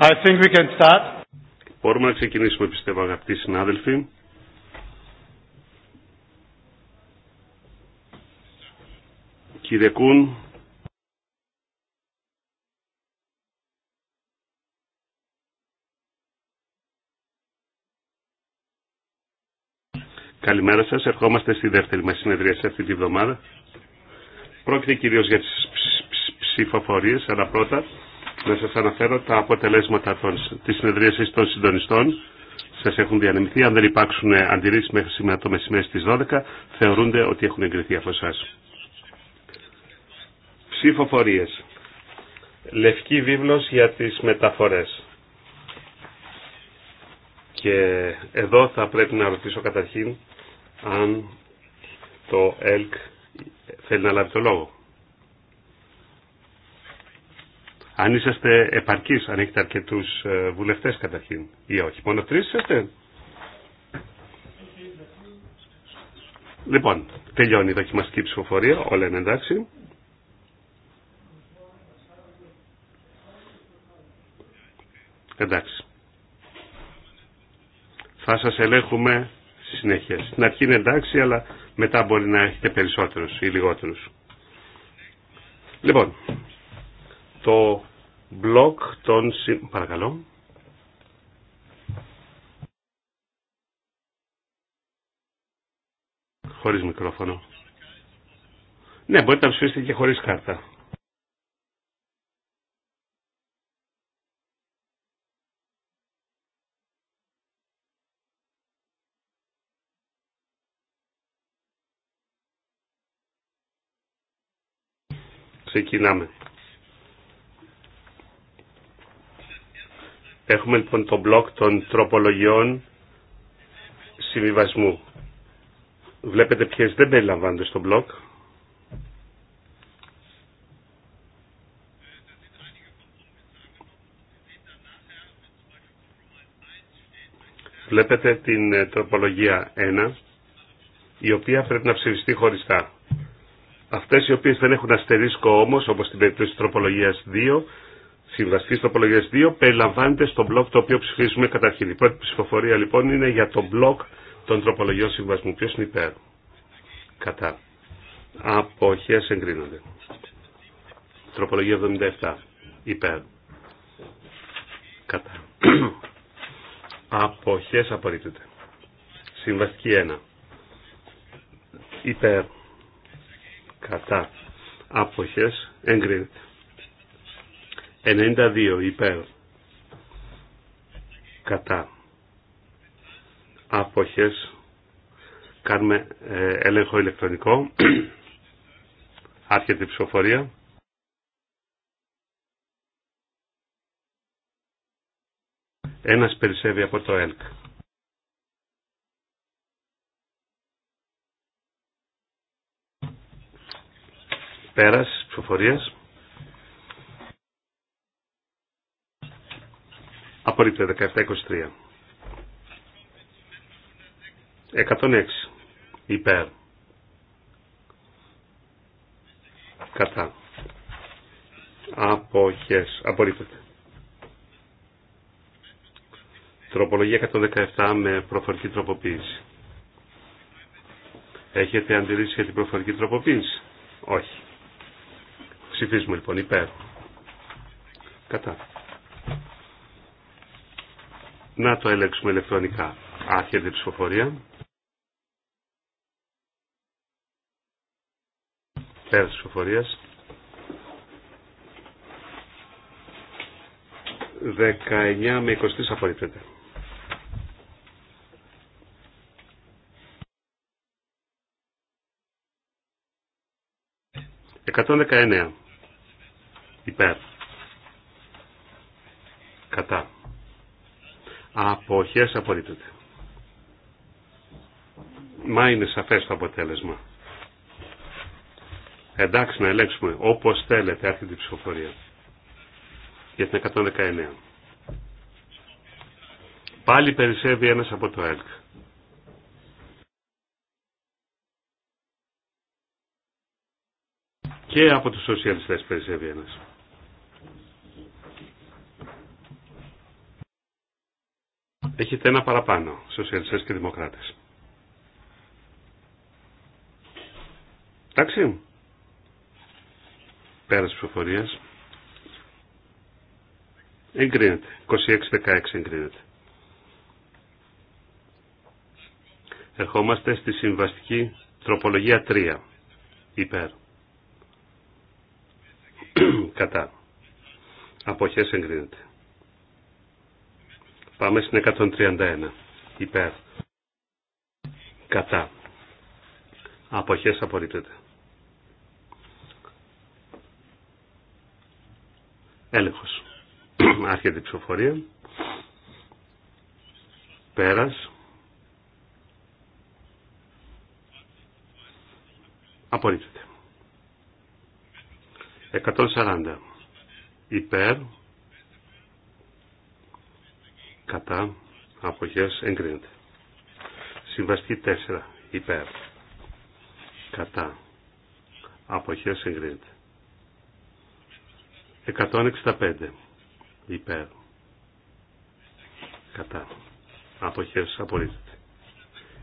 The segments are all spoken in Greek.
I think we can start. Μπορούμε να ξεκινήσουμε πιστεύω αγαπητοί συνάδελφοι. Κύριε Κούν. Καλημέρα σας. Ερχόμαστε στη δεύτερη μα συνεδρία σε αυτή τη βδομάδα. Πρόκειται κυρίως για τις ψηφοφορίες, αλλά πρώτα να σας αναφέρω τα αποτελέσματα των, της συνεδρίασης των συντονιστών. Σας έχουν διανεμηθεί. Αν δεν υπάρξουν αντιρρήσεις μέχρι σήμερα το μεσημέρι στις 12, θεωρούνται ότι έχουν εγκριθεί από εσάς. Ψηφοφορίες. Λευκή βίβλος για τις μεταφορές. Και εδώ θα πρέπει να ρωτήσω καταρχήν αν το ΕΛΚ θέλει να λάβει το λόγο. αν είσαστε επαρκείς, αν έχετε αρκετούς ε, βουλευτές καταρχήν ή όχι. Μόνο τρεις είσαστε. Λοιπόν, τελειώνει η δοκιμαστική ψηφοφορία, όλα είναι εντάξει. Εντάξει. Θα σας ελέγχουμε στη συνέχεια. Στην αρχή είναι εντάξει, αλλά μετά μπορεί να έχετε περισσότερους ή λιγότερους. Λοιπόν, το blog των... Παρακαλώ. Χωρίς μικρόφωνο. Ναι, μπορείτε να ψηφίσετε και χωρίς κάρτα. Ξεκινάμε. Έχουμε λοιπόν τον μπλοκ των τροπολογιών συμβιβασμού. Βλέπετε ποιες δεν περιλαμβάνονται στο μπλοκ. Βλέπετε την ε, τροπολογία 1, η οποία πρέπει να ψηφιστεί χωριστά. Αυτές οι οποίες δεν έχουν αστερίσκο όμως, όπως στην περίπτωση της τροπολογίας 2, Συμβαστική τροπολογία 2 περιλαμβάνεται στο μπλοκ το οποίο ψηφίζουμε καταρχήν. Η πρώτη ψηφοφορία λοιπόν είναι για το μπλοκ των τροπολογιών συμβασμού. Ποιο είναι υπέρ. Κατά. Αποχέ εγκρίνονται. Τροπολογία 77. Υπέρ. Κατά. Αποχέ απορρίπτεται. Συμβαστική 1. Υπέρ. Κατά. Αποχέ εγκρίνονται. 92 υπέρ κατά άποχες κάνουμε ε, έλεγχο ηλεκτρονικό άρχεται η ψηφοφορία ένας περισσεύει από το ΕΛΚ πέρας ψηφοφορίας Απορρίπτεται 17-23. 106 υπέρ. Κατά. Αποχές. Απορρίπτεται. Τροπολογία 117 με προφορική τροποποίηση. Έχετε αντιρρήσει για την προφορική τροποποίηση. Όχι. Ψηφίζουμε λοιπόν υπέρ. Κατά. Να το ελέγξουμε ηλεκτρονικά. Άρχεται η ψηφοφορία. Πέρα της ψηφοφορίας. 19 με 23 απορρίπτεται. Εκατόν Υπέρ. Κατά. Αποχές απορρίπτεται. Μα είναι σαφές το αποτέλεσμα. Εντάξει να ελέγξουμε όπως θέλετε αυτή την ψηφοφορία. Για την 119. Πάλι περισσεύει ένας από το ΕΛΚ. Και από τους σοσιαλιστές περισσεύει ένας. Έχετε ένα παραπάνω, σοσιαλιστές και δημοκράτες. Εντάξει. Πέρας ψηφοφορίας. Εγκρίνεται. 26-16 εγκρίνεται. Ερχόμαστε στη συμβαστική τροπολογία 3. Υπέρ. Κατά. Αποχές εγκρίνεται. Πάμε στην 131. Υπέρ. Κατά. Αποχές απορρίπτεται. Έλεγχος. Άρχεται η ψηφοφορία. Πέρας. Απορρίπτεται. 140. Υπέρ κατά αποχές εγκρίνεται. Συμβαστή 4 υπέρ κατά αποχές εγκρίνεται. 165 υπέρ κατά αποχές απορρίπτεται.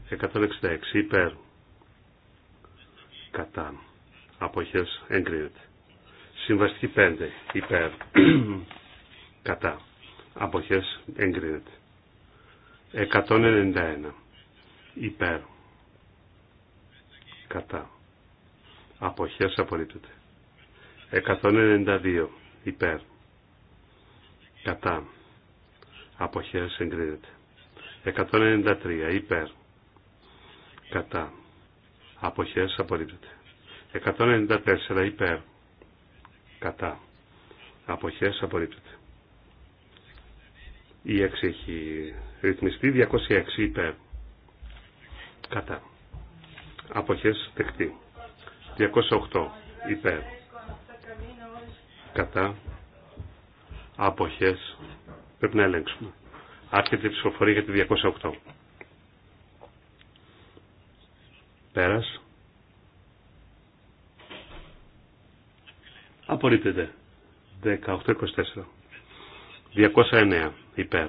166 υπέρ κατά αποχές εγκρίνεται. Συμβαστή 5 υπέρ κατά αποχές εγκρίνεται. 191 υπέρ κατά αποχές απορρίπτεται. 192 υπέρ κατά αποχές εγκρίνεται. 193 υπέρ κατά αποχές απορρίπτεται. 194 υπέρ κατά αποχές απορρίπτεται. Η έξι έχει ρυθμιστεί. 206 υπέρ. Κατά. Αποχές δεκτή. 208 υπέρ. Κατά. Αποχές. Πρέπει να ελέγξουμε. Άρχεται η ψηφοφορία για τη 208. Πέρας. Απορρίπτεται. 18-24. 209 υπέρ.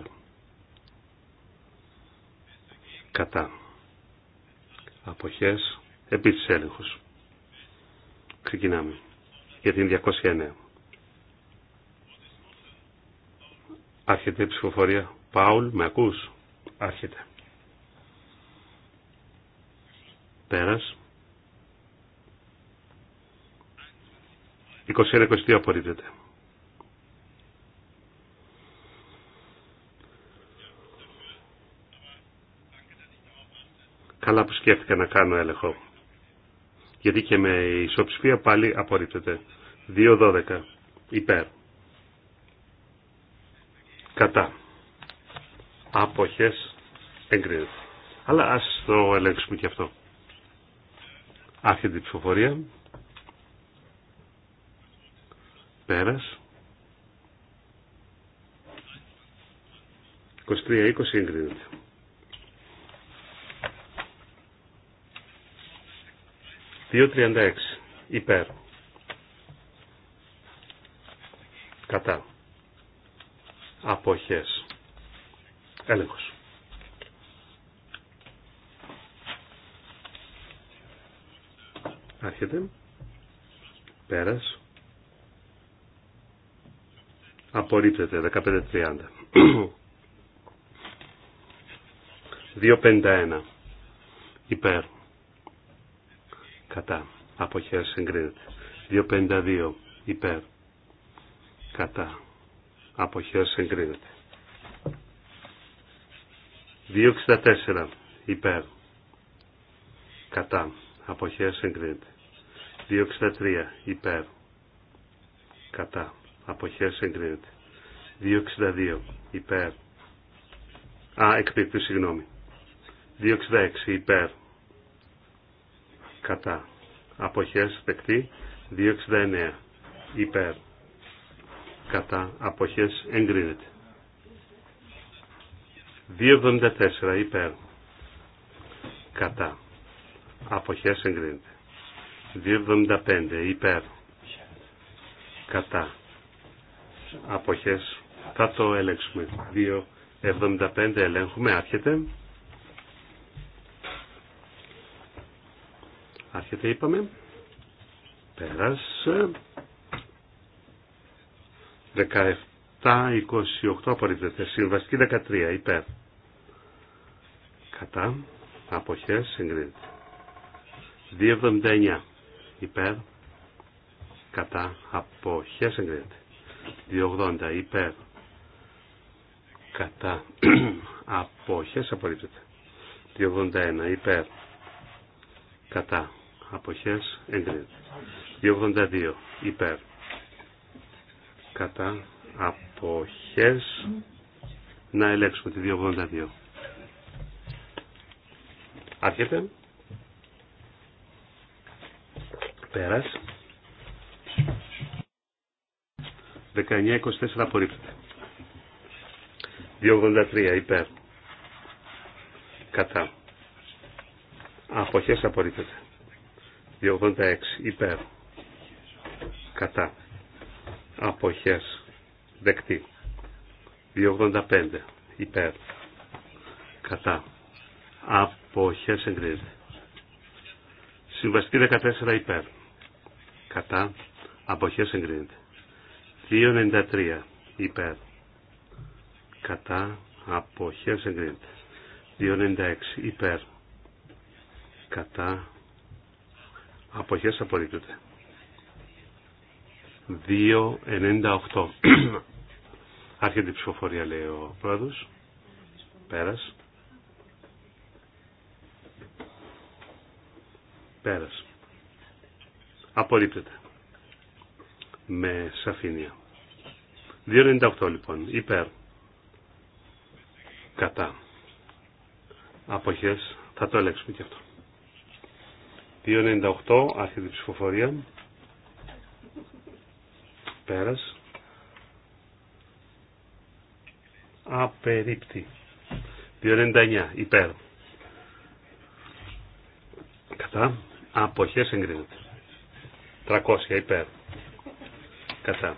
Κατά. Αποχές. Επίσης έλεγχος. Ξεκινάμε. Για την 209. Άρχεται η ψηφοφορία. Πάουλ, με ακούς. Άρχεται. Πέρας. 21-22 απορρίπτεται. Καλά που σκέφτηκα να κάνω έλεγχο. Γιατί και με ισοψηφία πάλι απορρίπτεται. 2-12. Υπέρ. Κατά. Αποχές εγκρίνεται. Αλλά ας το ελέγξουμε και αυτό. Άρχεται η ψηφοφορία. Πέρας. 23-20 εγκρίνεται. 2.36 υπέρ. Κατά. Αποχές. Έλεγχος. Άρχεται. Πέρας. Απορρίπτεται. 15.30. 2.51 υπέρ κατά χέρι Συγκρίνεται. 252 υπέρ κατά χέρι εγκρίνεται 264 υπέρ κατά χέρι εγκρίνεται 263 υπέρ κατά χέρι εγκρίνεται 262 υπέρ α εκπίπτει συγγνώμη 266 υπέρ κατά αποχές δεκτή 269 υπέρ κατά αποχές εγκρίνεται 274 υπέρ κατά αποχές εγκρίνεται 275 υπέρ κατά αποχές θα το ελέγξουμε 275 ελέγχουμε άρχεται Άρχεται είπαμε. Πέρασε. 17-28 απορρίπτεται. Συμβαστική 13 υπέρ. Κατά. Αποχές συγκρίτη. 2-79, υπέρ. Κατά. Αποχές συγγραφέτε, 2-80 υπέρ. Κατά. Αποχές απορρίπτεται. 2-81 υπέρ. Κατά αποχές εγκρίνεται. 282 υπέρ κατά αποχές να ελέγξουμε τη 282. Άρχεται. Πέρας. 19-24 απορρίπτεται. 283 υπέρ. Κατά. Αποχές απορρίπτεται. 286 υπέρ. Κατά. Αποχές. Δεκτή. 285 υπέρ. Κατά. Αποχές εγκρίνεται. Συμβαστή 14 υπέρ. Κατά. Αποχές εγκρίνεται. 2.93 υπέρ. Κατά. Αποχές εγκρίνεται. 2.96 υπέρ. Κατά. Αποχές απορρίπτεται. 2.98. Άρχεται η ψηφοφορία λέει ο πρόεδρος. Πέρας. Πέρας. Απορρίπτεται. Με σαφήνεια. 2.98 λοιπόν. Υπέρ. Κατά. Αποχές. Θα το ελέγξουμε και αυτό. 2.98 άρχεται η ψηφοφορία. Πέρας. Απερίπτη. 2.99 υπέρ. Κατά. Αποχές εγκρίνεται. 300 υπέρ. Κατά.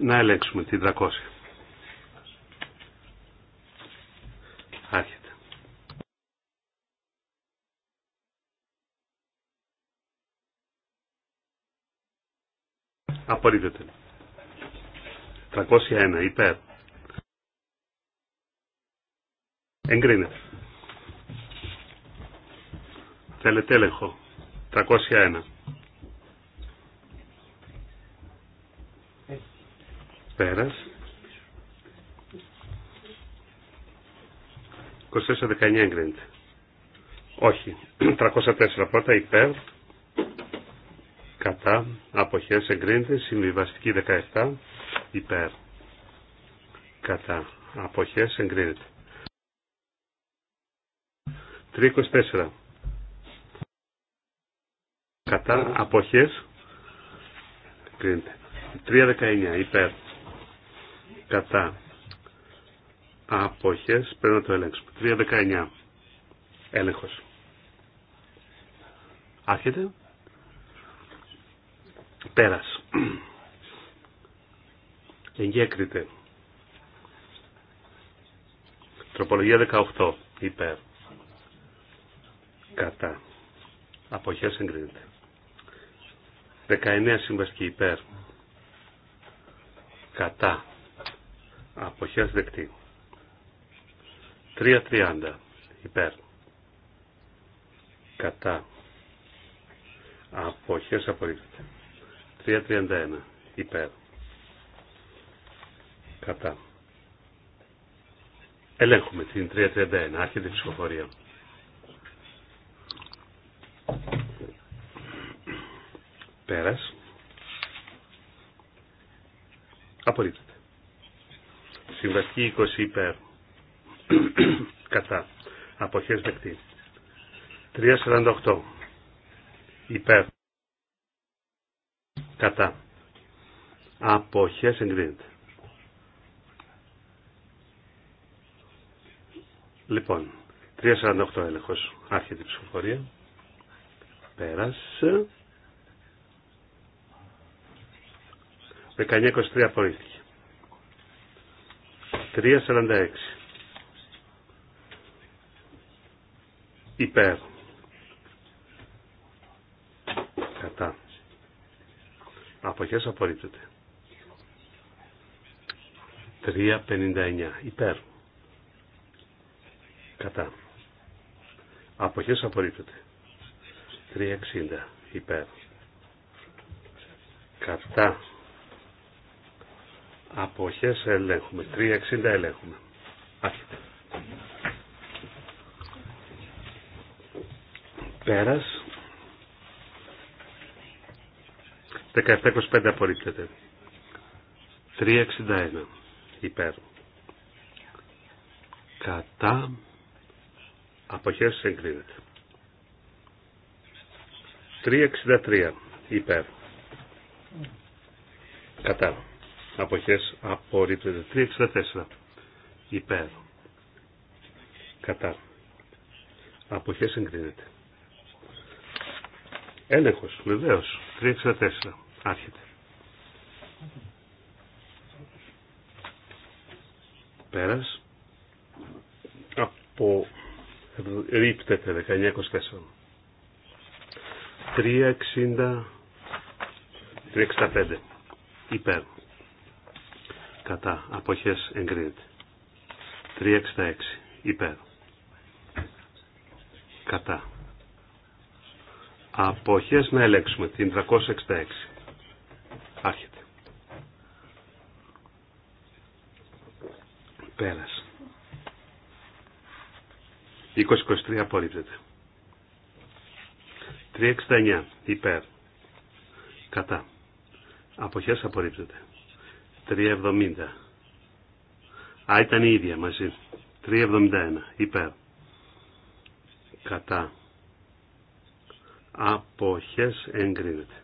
Να ελέγξουμε την 300. Απορρίπτεται. 301 υπέρ. Εγκρίνεται. Θέλετε έλεγχο. 301. Πέρας. 24-19 εγκρίνεται. Όχι. 304 πρώτα υπέρ κατά αποχές εγκρίνεται συμβιβαστική 17 υπέρ κατά αποχές εγκρίνεται 324 κατά αποχές εγκρίνεται 319 υπέρ κατά αποχές πρέπει να το ελέγξουμε 319 έλεγχος άρχεται Πέρας. Εγκέκριται. Τροπολογία 18. Υπέρ. Κατά. Αποχές εγκρίνεται. 19 συμβαστική υπέρ. Κατά. Αποχές δεκτή. 3.30 υπέρ. Κατά. Αποχές απορρίπτεται. 3.31 υπέρ κατά ελέγχουμε την 3.31 άρχεται η ψηφοφορία πέρας απορρίπτεται συμβαστική 20 υπέρ κατά αποχές δεκτή 3.48 υπέρ κατά αποχές εγκρίνεται. Λοιπόν, 3.48 έλεγχος άρχεται την ψηφοφορία. Πέρασε. 19.23 απορρίφθηκε. 3.46 υπέρ Αποχές απορρίπτεται. 3.59 υπέρ. Κατά. Αποχές απορρίπτεται. 3.60 υπέρ. Κατά. Αποχές ελέγχουμε. 3.60 ελέγχουμε. Άρχεται. Πέρας. 17-25 απορρίπτεται. 361 υπέρ. Κατά αποχές εγκρίνεται. 363 υπέρ. Κατά αποχές απορρίπτεται. 364 υπέρ. Κατά αποχές εγκρίνεται. Έλεγχος βεβαίως. 364 Άρχεται. Πέρας. Από ρίπτεται 1924. 360-365 υπέρ κατά αποχές εγκρίνεται 366 υπέρ κατά αποχές να ελέγξουμε την 366 Άρχεται. Πέρασε. 20-23 απορρίπτεται. 369 υπέρ. Κατά. Αποχές απορρίπτεται. 370. Α, ήταν η ίδια μαζί. 371 υπέρ. Κατά. Αποχές εγκρίνεται.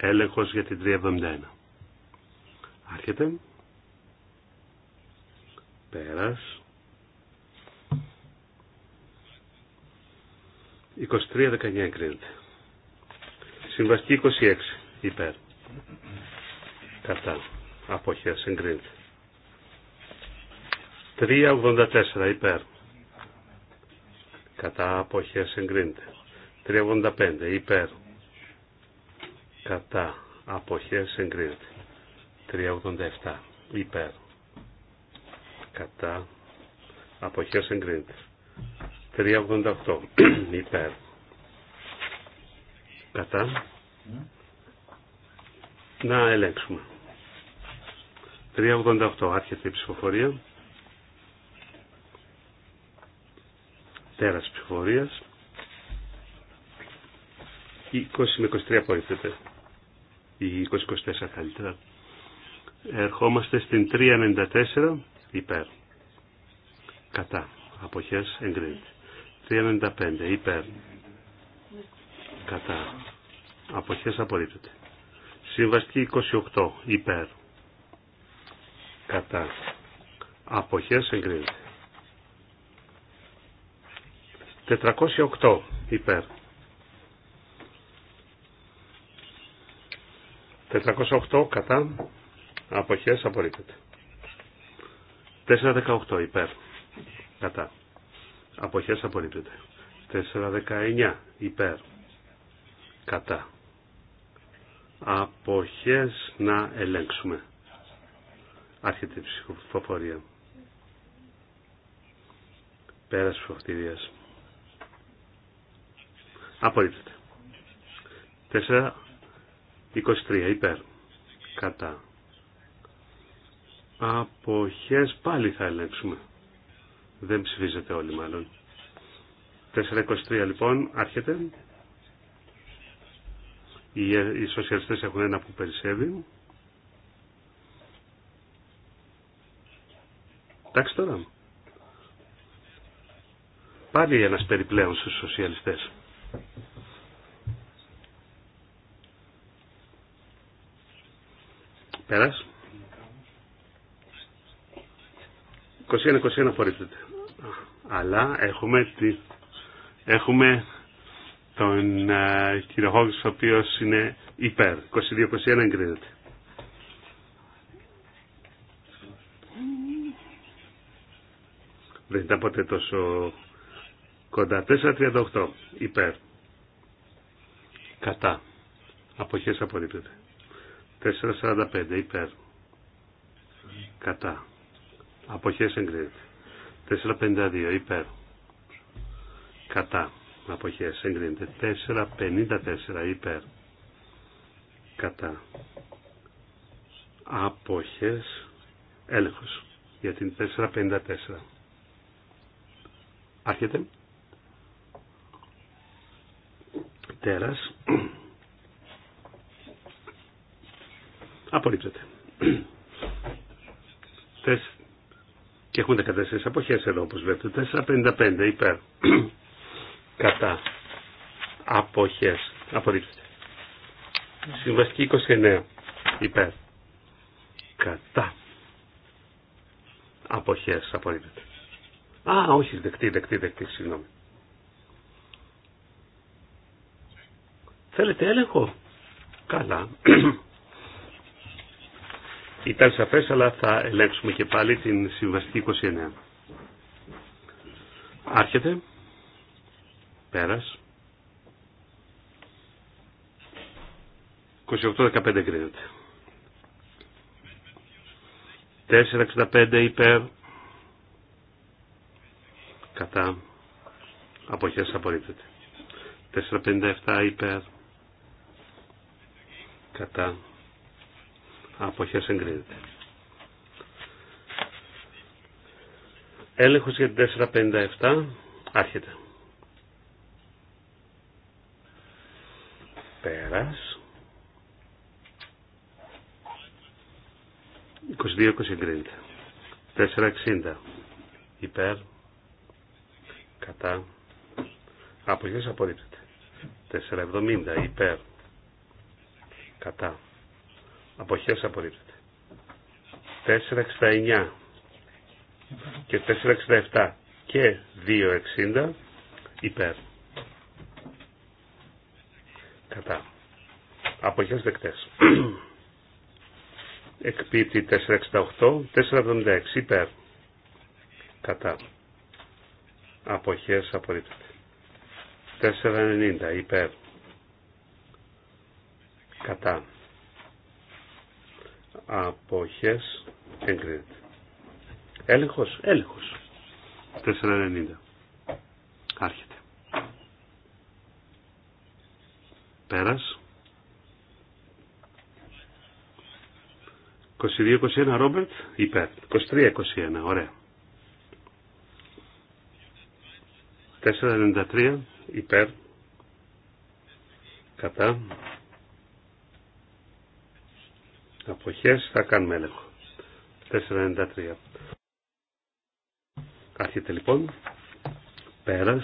Έλεγχος για την 371. Άρχεται. Πέρας. 23-19 εγκρίνεται. Συμβαστική 26 υπέρ. Κατά. Αποχές εγκρίνεται. 384 υπέρ. Κατά αποχές εγκρίνεται. 385 υπέρ κατά αποχές εγκρίνεται 387 υπέρ κατά αποχές εγκρίνεται 388 υπέρ κατά να ελέγξουμε 388 άρχεται η ψηφοφορία τέρας ψηφοφορίας 20 με 23 απορρίπτεται η 2024 καλύτερα. Ερχόμαστε στην 394 υπέρ. Κατά. Αποχές εγκρίνεται. 395 υπέρ. Κατά. Αποχές απορρίπτεται. Σύμβαστη 28 υπέρ. Κατά. Αποχές εγκρίνεται. 408 υπέρ 408 κατά αποχές απορρίπτεται. 418 υπέρ κατά αποχές απορρίπτεται. 419 υπέρ κατά αποχές να ελέγξουμε. Άρχεται η ψηφοφορία. Πέρας φροχτηρίας. Απορρίπτεται. 4 23 υπέρ. Κατά. Αποχές πάλι θα ελέγξουμε. Δεν ψηφίζεται όλοι μάλλον. 423 λοιπόν άρχεται. Οι, οι σοσιαλιστές έχουν ένα που περισσεύει. Εντάξει τώρα. Πάλι ένας περιπλέον στους σοσιαλιστές. Πέρας. 21-21 απορρίπτεται. Αλλά έχουμε, τη... έχουμε τον uh, κύριο Χόγκς ο οποίος είναι υπέρ. 22-21 εγκρίνεται. Δεν ήταν ποτέ τόσο κοντά. 4-38 υπέρ. Κατά. Αποχές απορρίπτεται. 4.45 υπέρ. Κατά. Αποχές εγκρίνεται. 4.52 υπέρ. Κατά. Αποχές εγκρίνεται. 4.54 υπέρ. Κατά. Αποχές έλεγχος για την 4.54. Άρχεται. Τέρας. Απορρίπτεται. Και έχουν 14 αποχές εδώ όπως βλέπετε. 4.55 υπέρ. Κατά. Αποχές. Απορρίπτεται. Συμβαστική 29 υπέρ. Κατά. Αποχές. Απορρίπτεται. Α, όχι, δεκτή, δεκτή, δεκτή, συγγνώμη. Θέλετε έλεγχο. Καλά. Ήταν σαφές, αλλά θα ελέγξουμε και πάλι την συμβαστική 29. Άρχεται. Πέρας. 28-15 κρίνεται. 4-65 υπέρ. Κατά. Αποχές απορρίπτεται. 4-57 υπέρ. Κατά αποχές εγκρίνεται. Έλεγχος για την 457 άρχεται. Πέρας. 22-20 εγκρίνεται. 460 υπέρ κατά αποχές απορρίπτεται. 470 υπέρ κατά Αποχές απορρίπτεται. 469 και 467 και 260 υπέρ. Κατά. Αποχές δεκτές. Εκπίτη 468, 476 υπέρ. Κατά. Αποχές απορρίπτεται. 490 υπέρ. Κατά αποχές εγκρίνεται. Έλεγχος, έλεγχος. 4.90. Άρχεται. Πέρας. 22-21 Ρόμπερτ, υπέρ. 23-21, ωραία. 4.93, υπέρ. Κατά αποχές θα κάνουμε έλεγχο. 493. Άρχεται λοιπόν. 21.24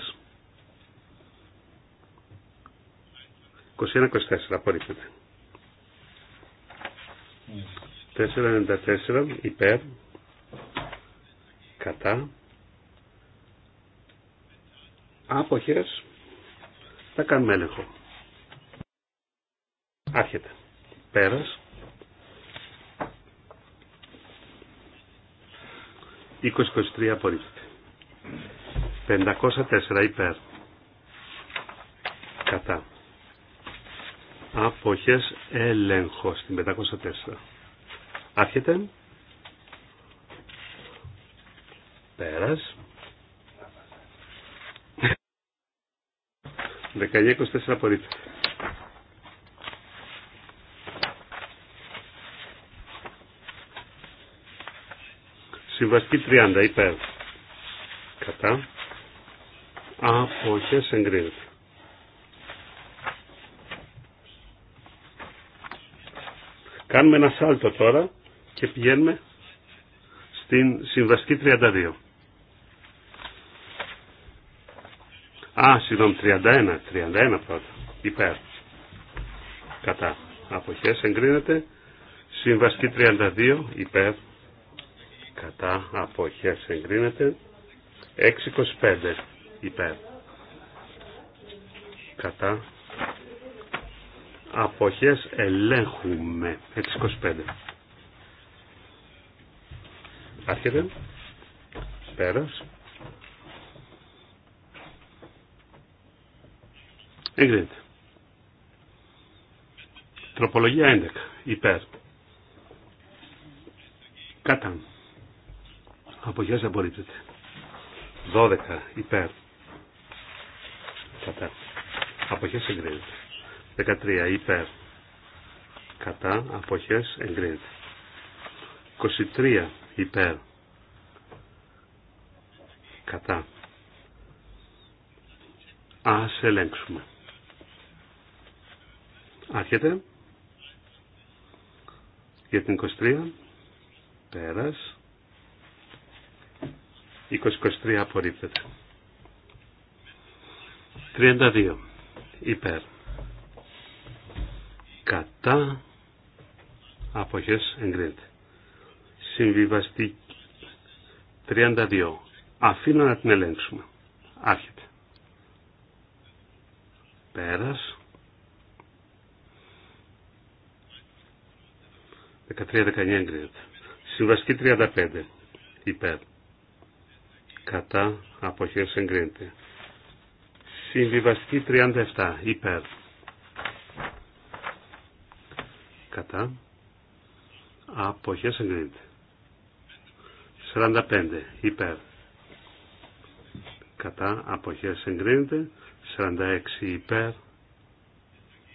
21-24 απορρίπτεται. 494 υπέρ κατά άποχες θα κάνουμε έλεγχο. Άρχεται. Πέρας. 20-23 απορρίφθηκε. 504 υπέρ. Κατά. Αποχές έλεγχο στην 504. Άρχεται. 1924 19-24 απορρίφθηκε. Συμβαστική 30 υπέρ. Κατά. Αποχές εγκρίνεται. Κάνουμε ένα σάλτο τώρα και πηγαίνουμε στην Συμβαστική 32. Α, συγγνώμη, 31, 31 πρώτα. Υπέρ. Κατά. Αποχές εγκρίνεται. Συμβαστική 32, υπέρ κατά αποχές εγκρίνεται 6.25 υπέρ κατά αποχές ελέγχουμε 6.25 άρχεται πέρας εγκρίνεται τροπολογία 11 υπέρ κατά Αποχές απορρίπτεται. 12 υπέρ. Κατά. Αποχές εγκρίνεται. 13 υπέρ. Κατά. Αποχές εγκρίνεται. 23 υπέρ. Κατά. Ας ελέγξουμε. Άρχεται. Για την 23. Πέρας. 20-23 απορρίπτεται. 32 υπέρ. Κατά αποχές εγκρίνεται. Συμβιβαστική 32. Αφήνω να την ελέγξουμε. Άρχεται. Πέρας. 13-19 εγκρίνεται. Συμβαστική 35 υπέρ κατά αποχές εγκρίνεται. Συμβιβαστική 37 υπέρ κατά αποχές εγκρίνεται. 45 υπέρ κατά αποχές εγκρίνεται. 46 υπέρ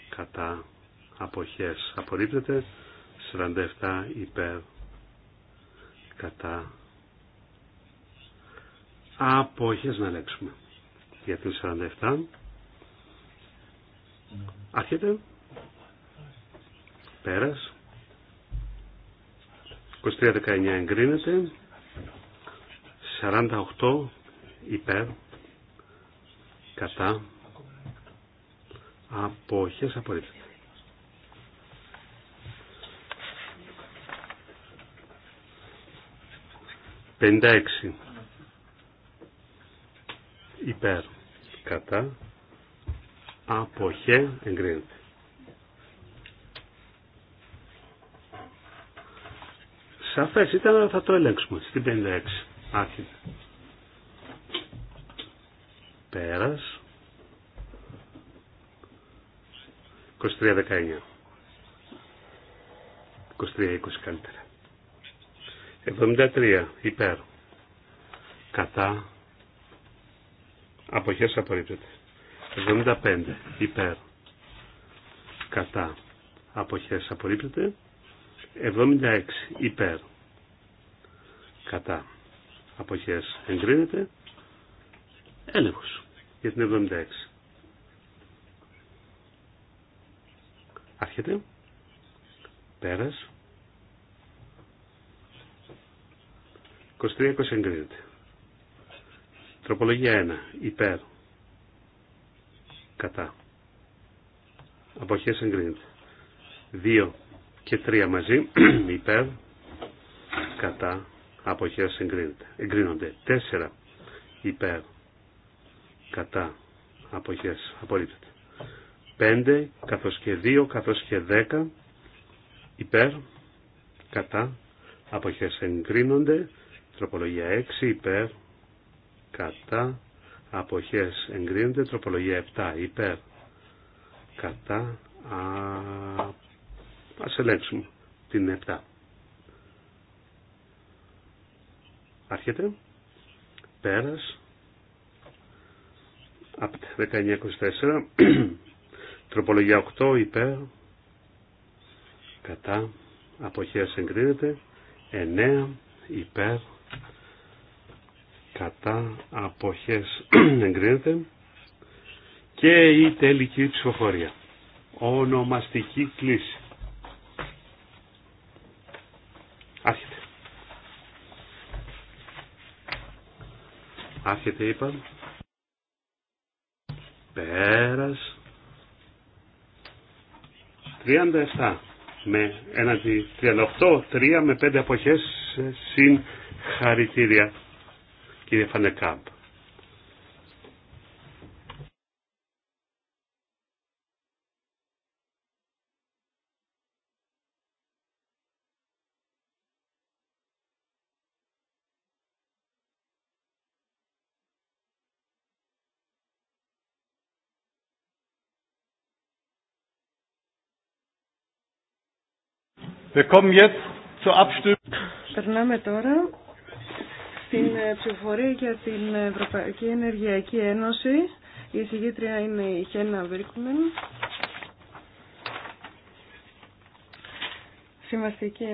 κατά αποχές απορρίπτεται. 47 υπέρ κατά Απόχες να λέξουμε. Για την 47. Άρχεται. Πέρας. 23-19 εγκρίνεται. 48 υπέρ. Κατά. Απόχες απορρίπτεται. 56 υπέρ κατά αποχέ εγκρίνεται. Σαφές ήταν αλλά θα το ελέγξουμε στην 56 άρχιτε. Πέρας 23-19 23-20 καλύτερα 73 υπέρ κατά Αποχές απορρίπτεται. 75 υπέρ. Κατά. Αποχές απορρίπτεται. 76 υπέρ. Κατά. Αποχές εγκρίνεται. Έλεγχος για την 76. Άρχεται. Πέρας. 23-20 εγκρίνεται. Τροπολογία 1. Υπέρ. Κατά. Αποχές εγκρίνεται. 2 και 3 μαζί. Υπέρ. Κατά. Αποχές εγκρίνεται. Εγκρίνονται. 4. Υπέρ. Κατά. Αποχές. Απορρίπτεται. 5 καθώς και 2 καθώς και 10 υπέρ κατά αποχές εγκρίνονται τροπολογία 6 υπέρ κατά αποχές εγκρίνεται τροπολογία 7 υπέρ κατά α, ας ελέγξουμε την 7 άρχεται πέρας από 1924 τροπολογία 8 υπέρ κατά αποχές εγκρίνεται 9 υπέρ κατά αποχές εγκρίνεται και η τελική ψηφοφορία. Ονομαστική κλίση. Άρχεται. Άρχεται είπα. Πέρας. 37 με έναντι 38, 3 με 5 αποχές ε, συν χαρητήρια κύριε Φανεκάμπ. Περνάμε τώρα στην ε, ψηφοφορία για την Ευρωπαϊκή Ενεργειακή Ένωση, η εισηγήτρια είναι η Χένα Βίρκουμεν. Συμβαστική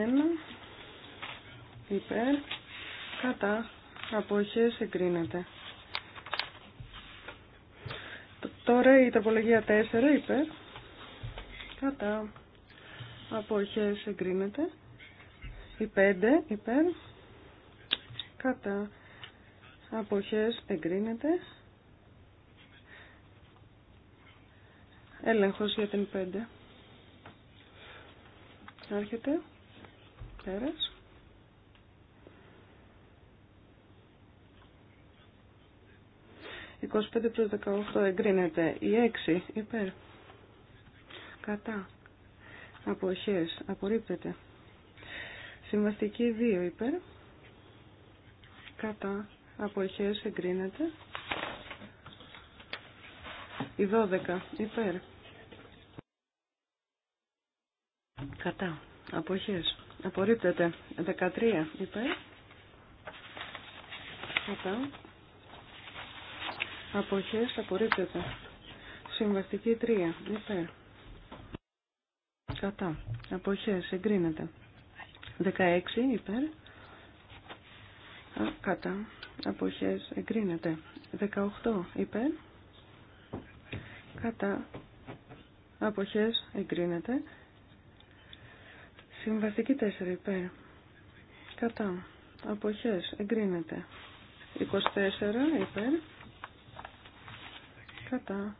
1, υπέρ, κατά, αποχές εγκρίνεται. Τώρα η τροπολογία 4, υπέρ, κατά, αποχές εγκρίνεται. Η 5, υπέρ, κατά αποχές εγκρίνεται. Έλεγχος για την 5. Άρχεται. Πέρας. 25 προς 18 εγκρίνεται. Η 6 υπέρ. Κατά. Αποχές. Απορρίπτεται. Συμβαστική 2 υπέρ κατά αποχές εγκρίνεται. Η 12 υπέρ. Κατά αποχές απορρίπτεται. 13 υπέρ. Κατά αποχές απορρίπτεται. Συμβαστική 3 υπέρ. Κατά αποχές εγκρίνεται. 16 υπέρ κατά αποχές εγκρίνεται 18 υπέρ κατά αποχές εγκρίνεται συμβαστική 4 υπέρ κατά αποχές εγκρίνεται 24 υπέρ κατά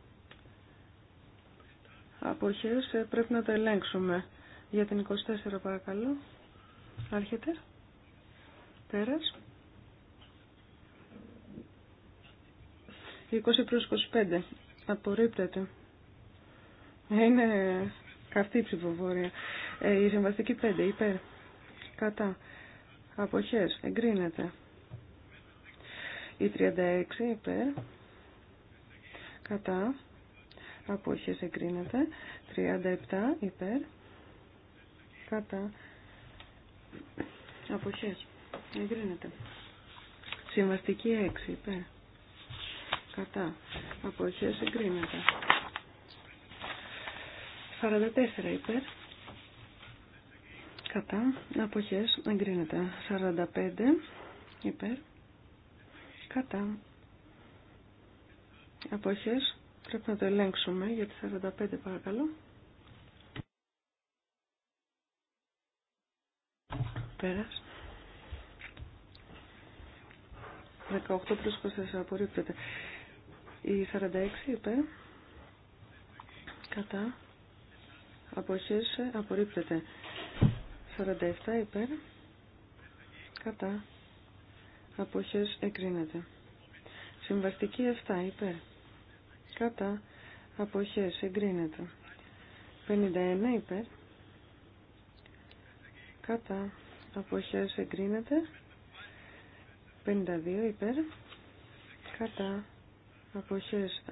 αποχές ε, πρέπει να το ελέγξουμε για την 24 παρακαλώ άρχεται πέρας 20 προς 25. Απορρίπτεται. Είναι καυτή η ψηφοφορία. Ε, η συμβαστική 5 υπέρ. Κατά. Αποχές. Εγκρίνεται. Η 36 υπέρ. Κατά. Αποχές εγκρίνεται. 37 υπέρ. Κατά. Αποχές. Εγκρίνεται. Συμβαστική 6 υπέρ κατά αποχές εγκρίνεται 44 υπέρ κατά αποχές εγκρίνεται 45 υπέρ κατά αποχές πρέπει να το ελέγξουμε για 45 παρακαλώ πέρας 18 προς 24 απορρίπτεται η 46 υπέρ κατά αποχές ε, απορρίπτεται. 47 υπέρ κατά αποχές εκρίνεται. Συμβαστική 7 υπέρ κατά αποχές εγκρίνεται. 51 υπέρ κατά αποχές εγκρίνεται. 52 υπέρ κατά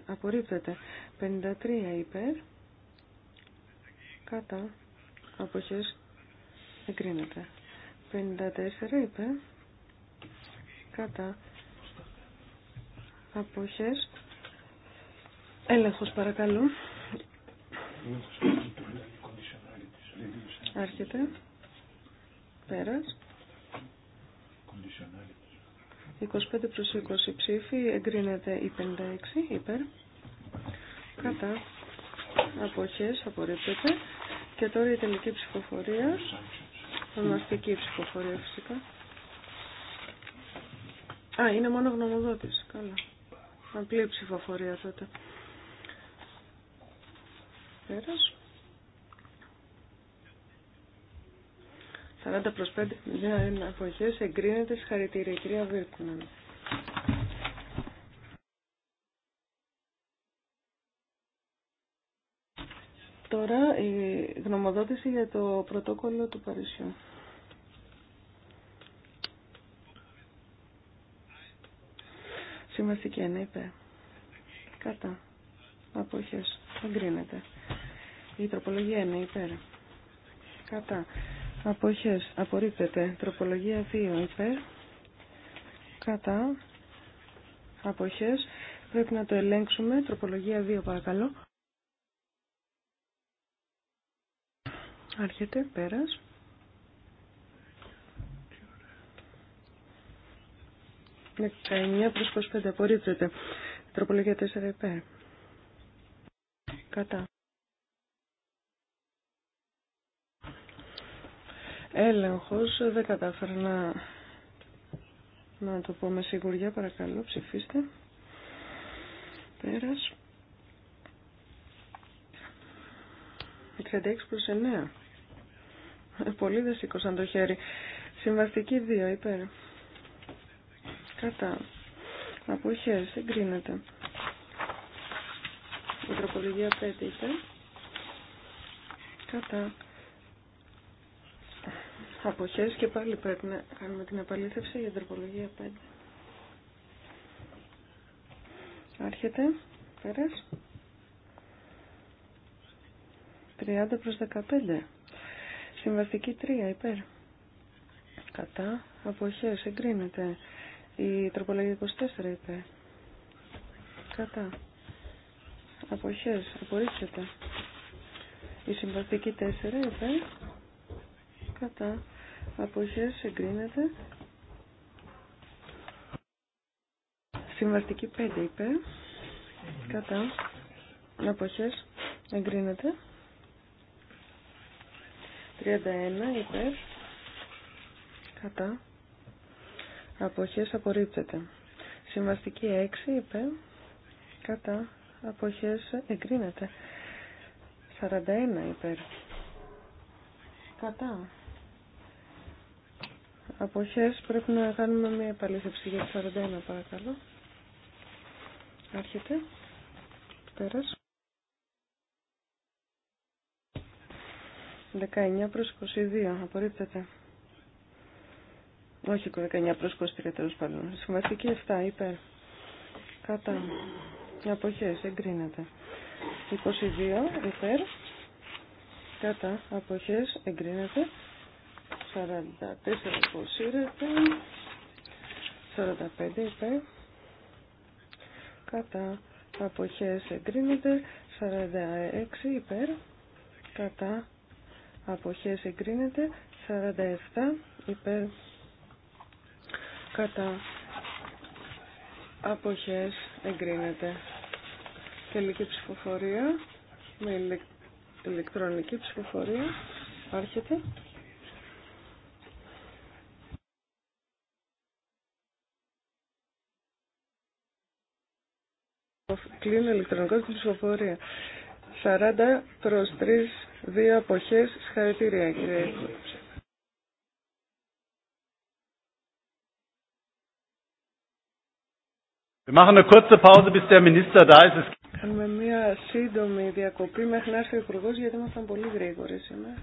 απορρίπτεται 53 υπέρ κατά αποχές εγκρίνεται 54 υπέρ κατά αποχές έλεγχος παρακαλώ άρχεται πέρας 25 προς 20 ψήφοι, εγκρίνεται η 56 υπέρ. Κατά αποχές απορρίπτεται. Και τώρα η τελική ψηφοφορία, ονομαστική ψηφοφορία φυσικά. Α, είναι μόνο γνωμοδότης, καλά. Απλή ψηφοφορία τότε. 40 προς 5 αποχές εγκρίνεται συγχαρητήρια κυρία Βίρκουναν. Τώρα η γνωμοδότηση για το πρωτόκολλο του Παρισιού. Συμβαστική ένα είπε. Κατά. Αποχές. Εγκρίνεται. Η τροπολογία είναι υπέρ. Κατά. Αποχές. Απορρίπτεται. Τροπολογία 2 υπέρ. Κατά. Αποχές. Πρέπει να το ελέγξουμε. Τροπολογία 2 παρακαλώ. Άρχεται. Πέρας. Με 19 προς 25 απορρίπτεται. Τροπολογία 4 υπέρ. Κατά. Έλεγχος, δεν κατάφερα να, να το πω με σιγουριά, παρακαλώ ψηφίστε. Πέρας. 66 προς 9. Ε, πολύ δεν σήκωσαν το χέρι. Συμβαστική 2, υπέρ. Κατά. Από εγκρίνεται. Η τροπολογία 5 υπέρ. Κατά Αποχέ και πάλι πρέπει να κάνουμε την επαλήθευση για τροπολογία 5. Άρχεται, πέρας. 30 προς 15. Συμβαστική 3, υπέρ. Κατά, Αποχέ, εγκρίνεται. Η τροπολογία 24, υπέρ. Κατά. Αποχέ, απορρίψεται. Η συμβαστική 4, υπέρ. Κατά εσείς εγκρίνεται. Συμβαστική 5 είπε, κατά, εσείς εγκρίνεται. 31 είπε, κατά, εσείς απορρίπτεται. Συμβαστική 6 είπε, κατά, εσείς εγκρίνεται. 41 υπέρ, κατά, αποχές πρέπει να κάνουμε μια επαλήθευση για το 41 παρακαλώ. Άρχεται. Πέρας. 19 προς 22. Απορρίπτεται. Όχι 19 προς 23 τέλος πάντων. Συμβατική 7 υπέρ. Κατά. Αποχές. Εγκρίνεται. 22 υπέρ. Κατά. Αποχές. Εγκρίνεται. 44 αποσύρεται. 45 υπέρ. Κατά αποχές εγκρίνεται. 46 υπέρ. Κατά αποχές εγκρίνεται. 47 υπέρ. Κατά αποχές εγκρίνεται. Τελική ψηφοφορία με ηλεκτρονική ψηφοφορία. Άρχεται. Κλείνω ηλεκτρονικό την ψηφοφορία. 40 προς 3, δύο αποχές. Συγχαρητήρια κύριε Κάνουμε μια σύντομη διακοπή μέχρι να έρθει ο Υπουργός γιατί ήμασταν πολύ γρήγοροι σήμερα.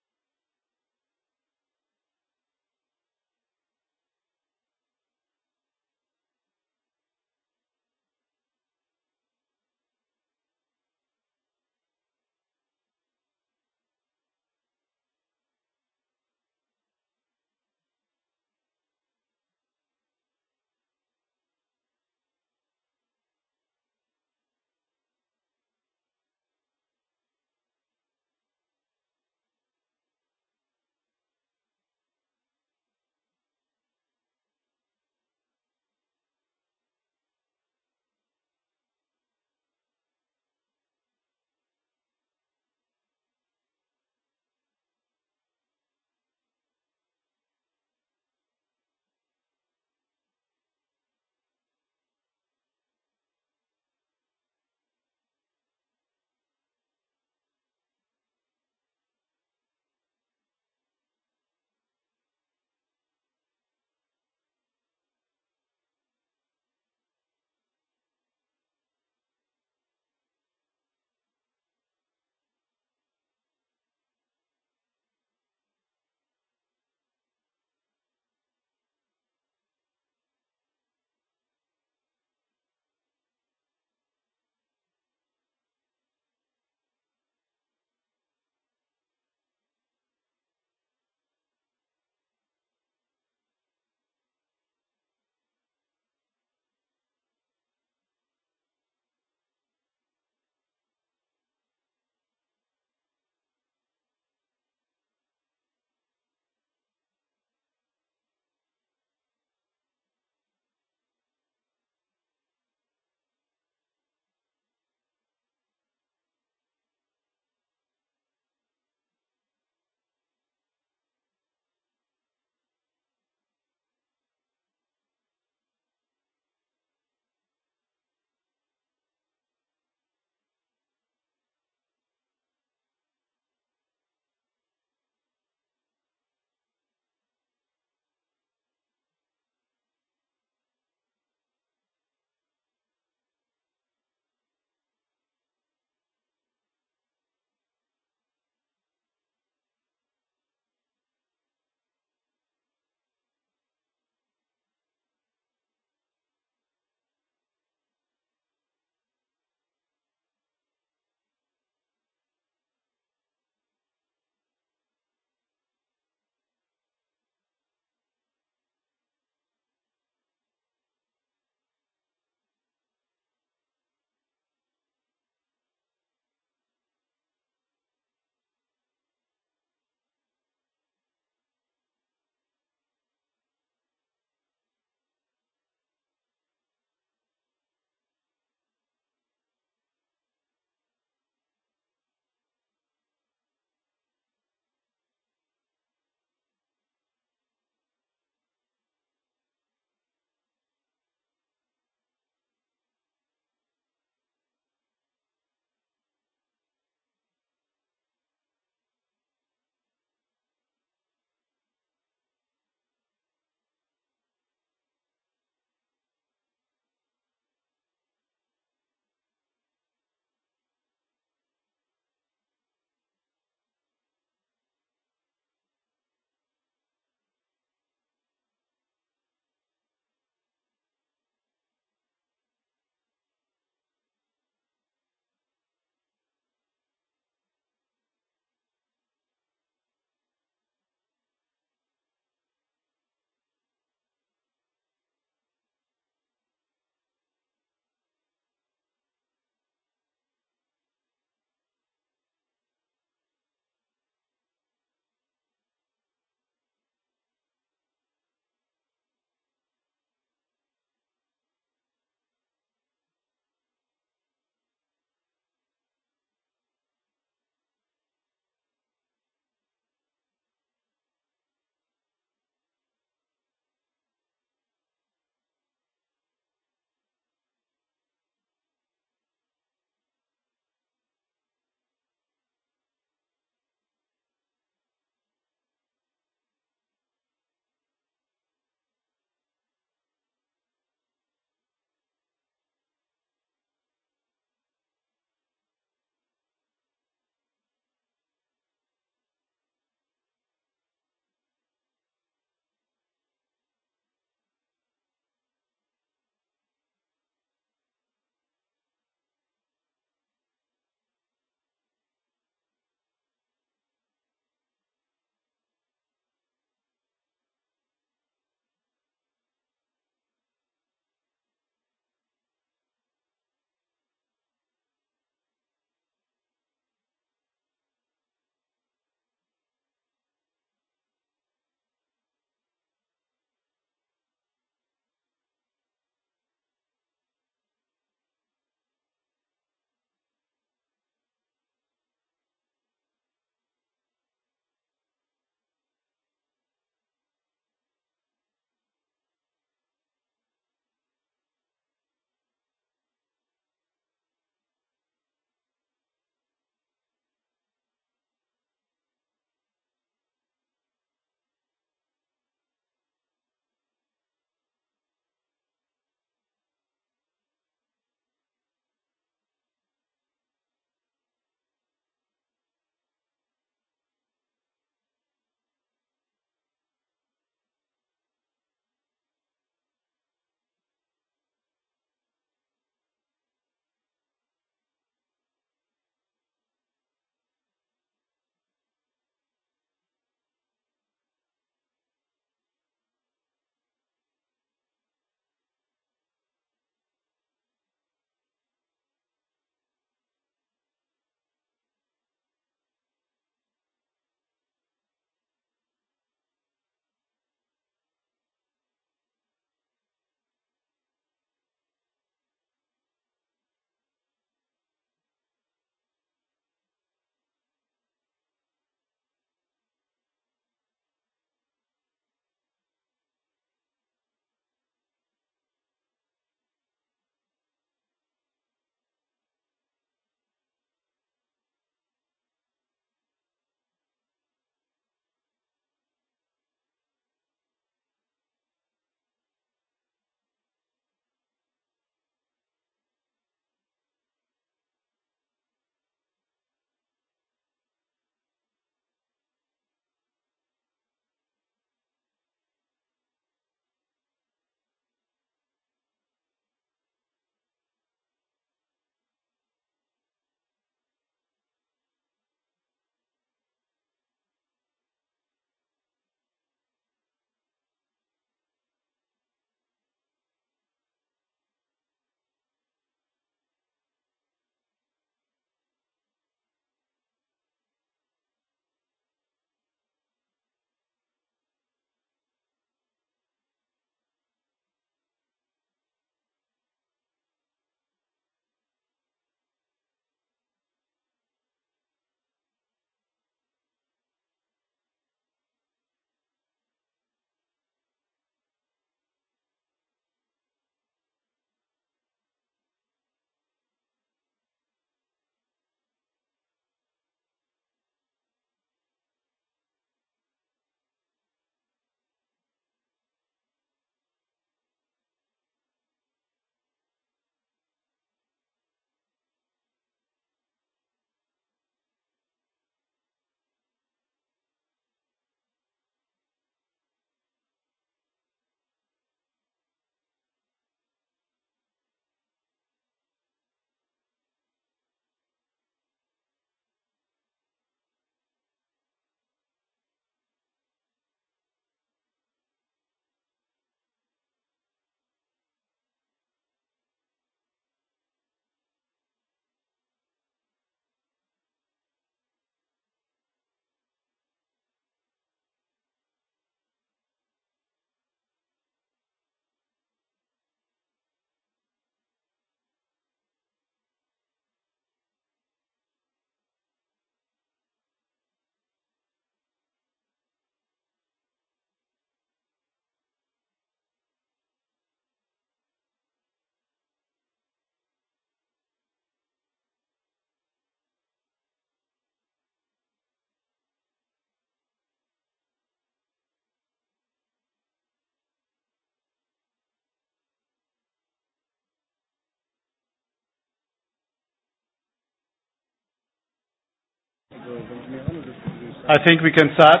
I think we can start.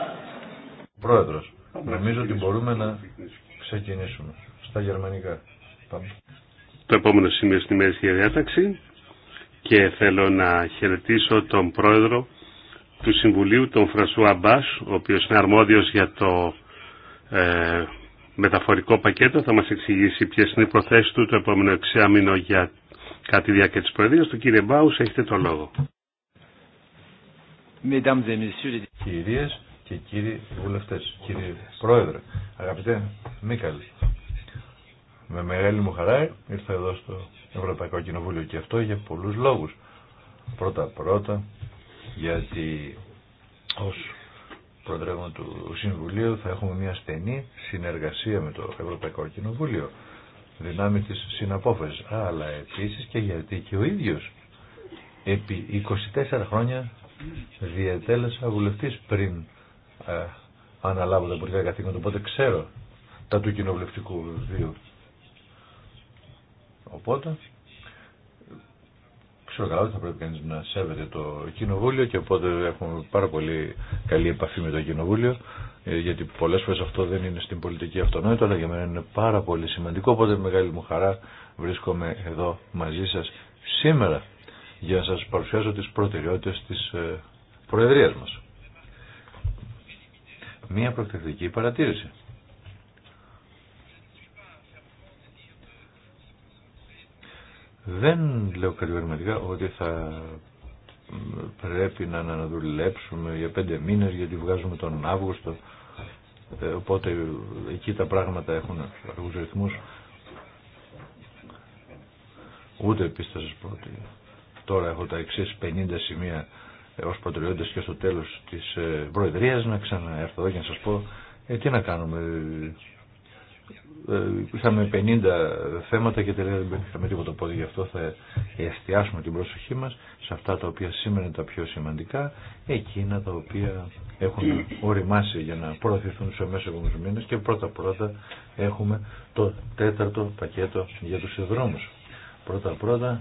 Πρόεδρος, νομίζω ότι μπορούμε να ξεκινήσουμε στα γερμανικά. Το επόμενο σημείο στη η για διάταξη και θέλω να χαιρετήσω τον πρόεδρο του Συμβουλίου, τον Φρασού Μπάς, ο οποίος είναι αρμόδιος για το ε, μεταφορικό πακέτο. Θα μας εξηγήσει ποιες είναι οι προθέσεις του το επόμενο εξάμεινο για κάτι διάρκεια της Προεδρίας. Του κύριε Μπάους, έχετε το λόγο. Κυρίες και κύριοι βουλευτές, κύριε Πρόεδρε, αγαπητέ Μίκαλ, με μεγάλη μου χαρά ήρθα εδώ στο Ευρωπαϊκό Κοινοβούλιο και αυτό για πολλούς λόγους. Πρώτα-πρώτα, γιατί ως Προεδρεύον του Συμβουλίου θα έχουμε μια στενή συνεργασία με το Ευρωπαϊκό Κοινοβούλιο δυνάμει της συναπόφασης αλλά επίσης και γιατί και ο ίδιος επί 24 χρόνια διετέλεσα βουλευτή πριν ε, αναλάβω τα πολιτικά καθήκοντα, οπότε ξέρω τα του κοινοβουλευτικού βίου. Οπότε, ξέρω καλά ότι θα πρέπει κανεί να σέβεται το κοινοβούλιο και οπότε έχουμε πάρα πολύ καλή επαφή με το κοινοβούλιο ε, γιατί πολλές φορές αυτό δεν είναι στην πολιτική αυτονόητο αλλά για μένα είναι πάρα πολύ σημαντικό οπότε μεγάλη μου χαρά βρίσκομαι εδώ μαζί σα σήμερα για να σας παρουσιάσω τις προτεραιότητες της ε, Προεδρίας μας. Μία προκτευτική παρατήρηση. Δεν λέω κατηγορηματικά ότι θα πρέπει να αναδουλέψουμε για πέντε μήνες γιατί βγάζουμε τον Αύγουστο ε, οπότε εκεί τα πράγματα έχουν αργούς ρυθμούς ούτε επίσης θα τώρα έχω τα εξή 50 σημεία ως προτεραιότητε και στο τέλος της ε, Προεδρία να ξαναέρθω εδώ και να σας πω ε, τι να κάνουμε. Ε, είχαμε 50 θέματα και τελικά δεν πετύχαμε τίποτα πόδι γι' αυτό θα εστιάσουμε την προσοχή μας σε αυτά τα οποία σήμερα είναι τα πιο σημαντικά εκείνα τα οποία έχουν οριμάσει για να προωθηθούν σε μέσα επόμενους και πρώτα πρώτα έχουμε το τέταρτο πακέτο για του συνδρόμους. Πρώτα πρώτα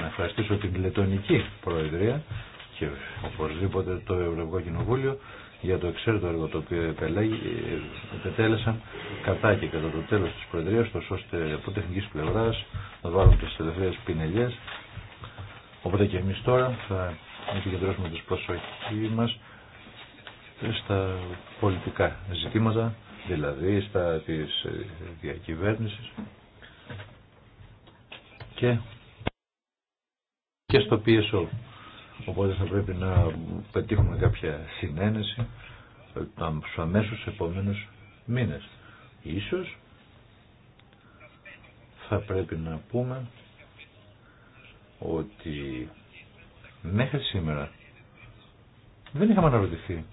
να ευχαριστήσω την Λετωνική Προεδρία και οπωσδήποτε το Ευρωπαϊκό Κοινοβούλιο για το εξαίρετο έργο το οποίο ε, επετέλεσαν κατά και κατά το τέλος της Προεδρίας τόσο ώστε από τεχνικής πλευράς να βάλουν τις τελευταίες πινελιές οπότε και εμείς τώρα θα επικεντρώσουμε τις προσοχή μας στα πολιτικά ζητήματα δηλαδή στα της ε, διακυβέρνησης και και στο PSO. Οπότε θα πρέπει να πετύχουμε κάποια συνένεση στους αμέσους επόμενους μήνες. Ίσως θα πρέπει να πούμε ότι μέχρι σήμερα δεν είχαμε αναρωτηθεί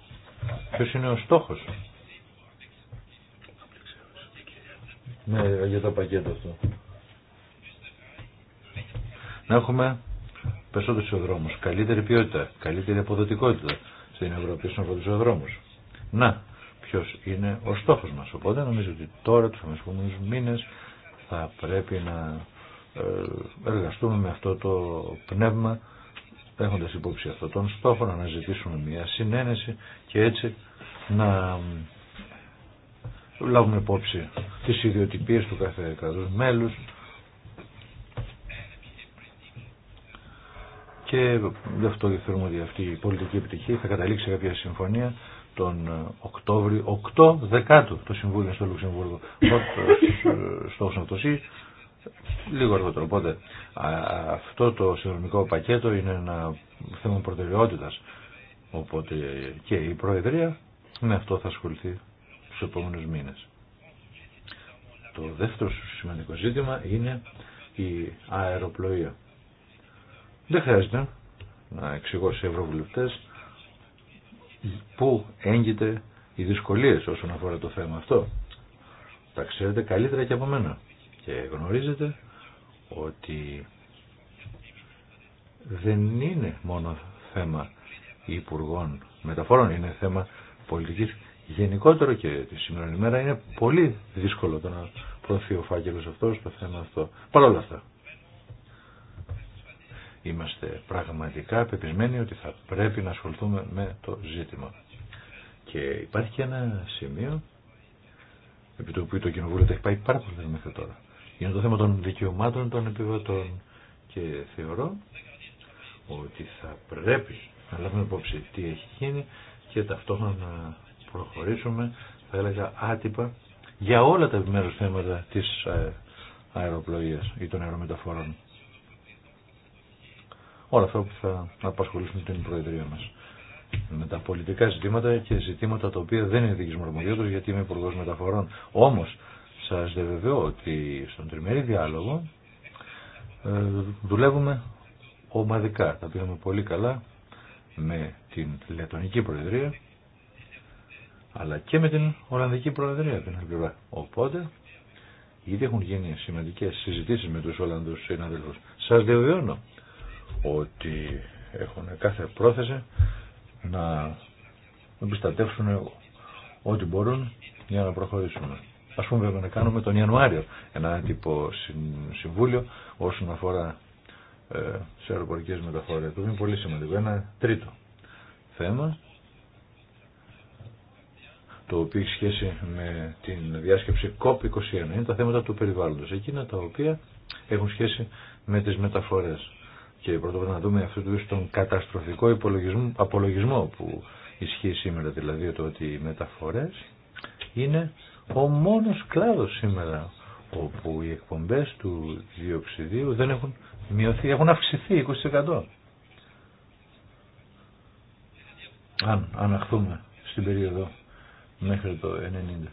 ποιος είναι ο στόχος ναι, για το πακέτο αυτό. Να έχουμε περισσότερου ισοδρόμου, καλύτερη ποιότητα, καλύτερη αποδοτικότητα στην Ευρώπη στον αφορά Να, ποιο είναι ο στόχο μα. Οπότε νομίζω ότι τώρα, του επόμενου μήνε, θα πρέπει να ε, εργαστούμε με αυτό το πνεύμα έχοντας υπόψη αυτό τον στόχο να αναζητήσουμε μια συνένεση και έτσι να ε, λάβουμε υπόψη τις ιδιοτυπίες του κάθε κράτους μέλους και γι' αυτό θεωρούμε ότι αυτή η πολιτική επιτυχία θα καταλήξει σε κάποια συμφωνία τον ε, Οκτώβριο, 8 Δεκάτου το Συμβούλιο στο Λουξεμβούργο. Στόχος να το λίγο αργότερο. Οπότε αυτό το συνολικό πακέτο είναι ένα θέμα προτεραιότητας. Οπότε και η Προεδρία με αυτό θα ασχοληθεί στους επόμενους μήνες. Το δεύτερο σημαντικό ζήτημα είναι η αεροπλοεία. Δεν χρειάζεται να εξηγώ σε ευρωβουλευτές πού έγκυται οι δυσκολίες όσον αφορά το θέμα αυτό. Τα ξέρετε καλύτερα και από μένα και γνωρίζετε ότι δεν είναι μόνο θέμα υπουργών μεταφορών, είναι θέμα πολιτικής γενικότερο και τη σημερινή μέρα είναι πολύ δύσκολο το να προωθεί ο φάκελος αυτό το θέμα αυτό. Παρ' όλα αυτά, Είμαστε πραγματικά πεπισμένοι ότι θα πρέπει να ασχοληθούμε με το ζήτημα. Και υπάρχει και ένα σημείο επί το οποίο το Κοινοβούλιο το έχει πάει πάρα πολύ μέχρι τώρα. Είναι το θέμα των δικαιωμάτων των επιβατών και θεωρώ ότι θα πρέπει να λάβουμε υπόψη τι έχει γίνει και ταυτόχρονα να προχωρήσουμε, θα έλεγα άτυπα, για όλα τα επιμέρους θέματα της ε, αεροπλοείας ή των αερομεταφορών όλα αυτά που θα απασχολήσουν την Προεδρία μα Με τα πολιτικά ζητήματα και ζητήματα τα οποία δεν είναι δική μου αρμοδιότητα γιατί είμαι υπουργό μεταφορών. Όμω, σα διαβεβαιώ ότι στον τριμερή διάλογο ε, δουλεύουμε ομαδικά. Τα πήγαμε πολύ καλά με την Λετωνική Προεδρία αλλά και με την Ολλανδική Προεδρία την Οπότε, ήδη έχουν γίνει σημαντικέ συζητήσει με του Ολλανδού συναδέλφου. Σα διαβεβαιώνω ότι έχουν κάθε πρόθεση να εμπιστατεύσουν ό,τι μπορούν για να προχωρήσουμε. Ας πούμε βέβαια, να κάνουμε τον Ιανουάριο ένα τύπο συμβούλιο όσον αφορά ε, σε αεροπορικές μεταφορές. Το είναι πολύ σημαντικό. Ένα τρίτο θέμα το οποίο έχει σχέση με την διάσκεψη COP21. Είναι τα θέματα του περιβάλλοντος. Εκείνα τα οποία έχουν σχέση με τις μεταφορές. Και πρώτα να δούμε αυτού του τον καταστροφικό υπολογισμό, απολογισμό που ισχύει σήμερα, δηλαδή το ότι οι μεταφορέ είναι ο μόνος κλάδος σήμερα όπου οι εκπομπές του διοξιδίου δεν έχουν μειωθεί, έχουν αυξηθεί 20%. Αν αναχθούμε στην περίοδο μέχρι το 90.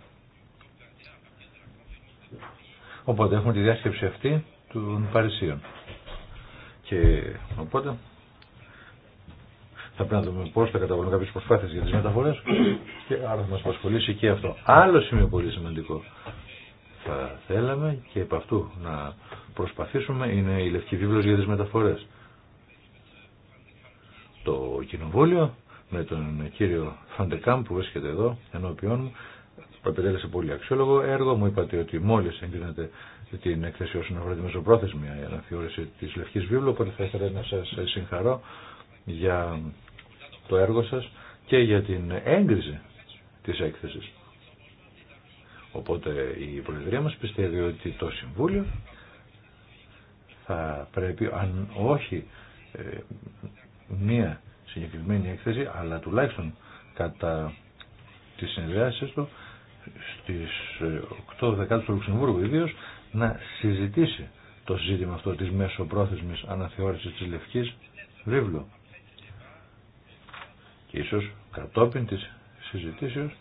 Οπότε έχουμε τη διάσκεψη αυτή των Παρισίων. Και οπότε θα πρέπει να δούμε πώ θα καταβάλουν κάποιε προσπάθειε για τι μεταφορέ και άρα θα μα απασχολήσει και αυτό. Άλλο σημείο πολύ σημαντικό θα θέλαμε και επ' αυτού να προσπαθήσουμε είναι η Λευκή βίβλο για τι μεταφορέ. Το κοινοβούλιο με τον κύριο Φαντεκάμ που βρίσκεται εδώ ενώπιόν μου Επιτέλεσε πολύ αξιόλογο έργο. Μου είπατε ότι μόλι έγκρινατε την έκθεση όσον αφορά τη μεσοπρόθεσμη αναθεώρηση τη Λευκή Βίβλου. Οπότε θα ήθελα να σα συγχαρώ για το έργο σα και για την έγκριση τη έκθεση. Οπότε η Προεδρία μας πιστεύει ότι το Συμβούλιο θα πρέπει, αν όχι ε, μία συγκεκριμένη έκθεση, αλλά τουλάχιστον κατά τις συνεδριάσεις του, στις 8 ε, 10 του Λουξεμβούργου ιδίως να συζητήσει το ζήτημα αυτό της μεσοπρόθεσμης αναθεώρησης της Λευκής Βίβλου. Και ίσως κατόπιν της συζητήσεως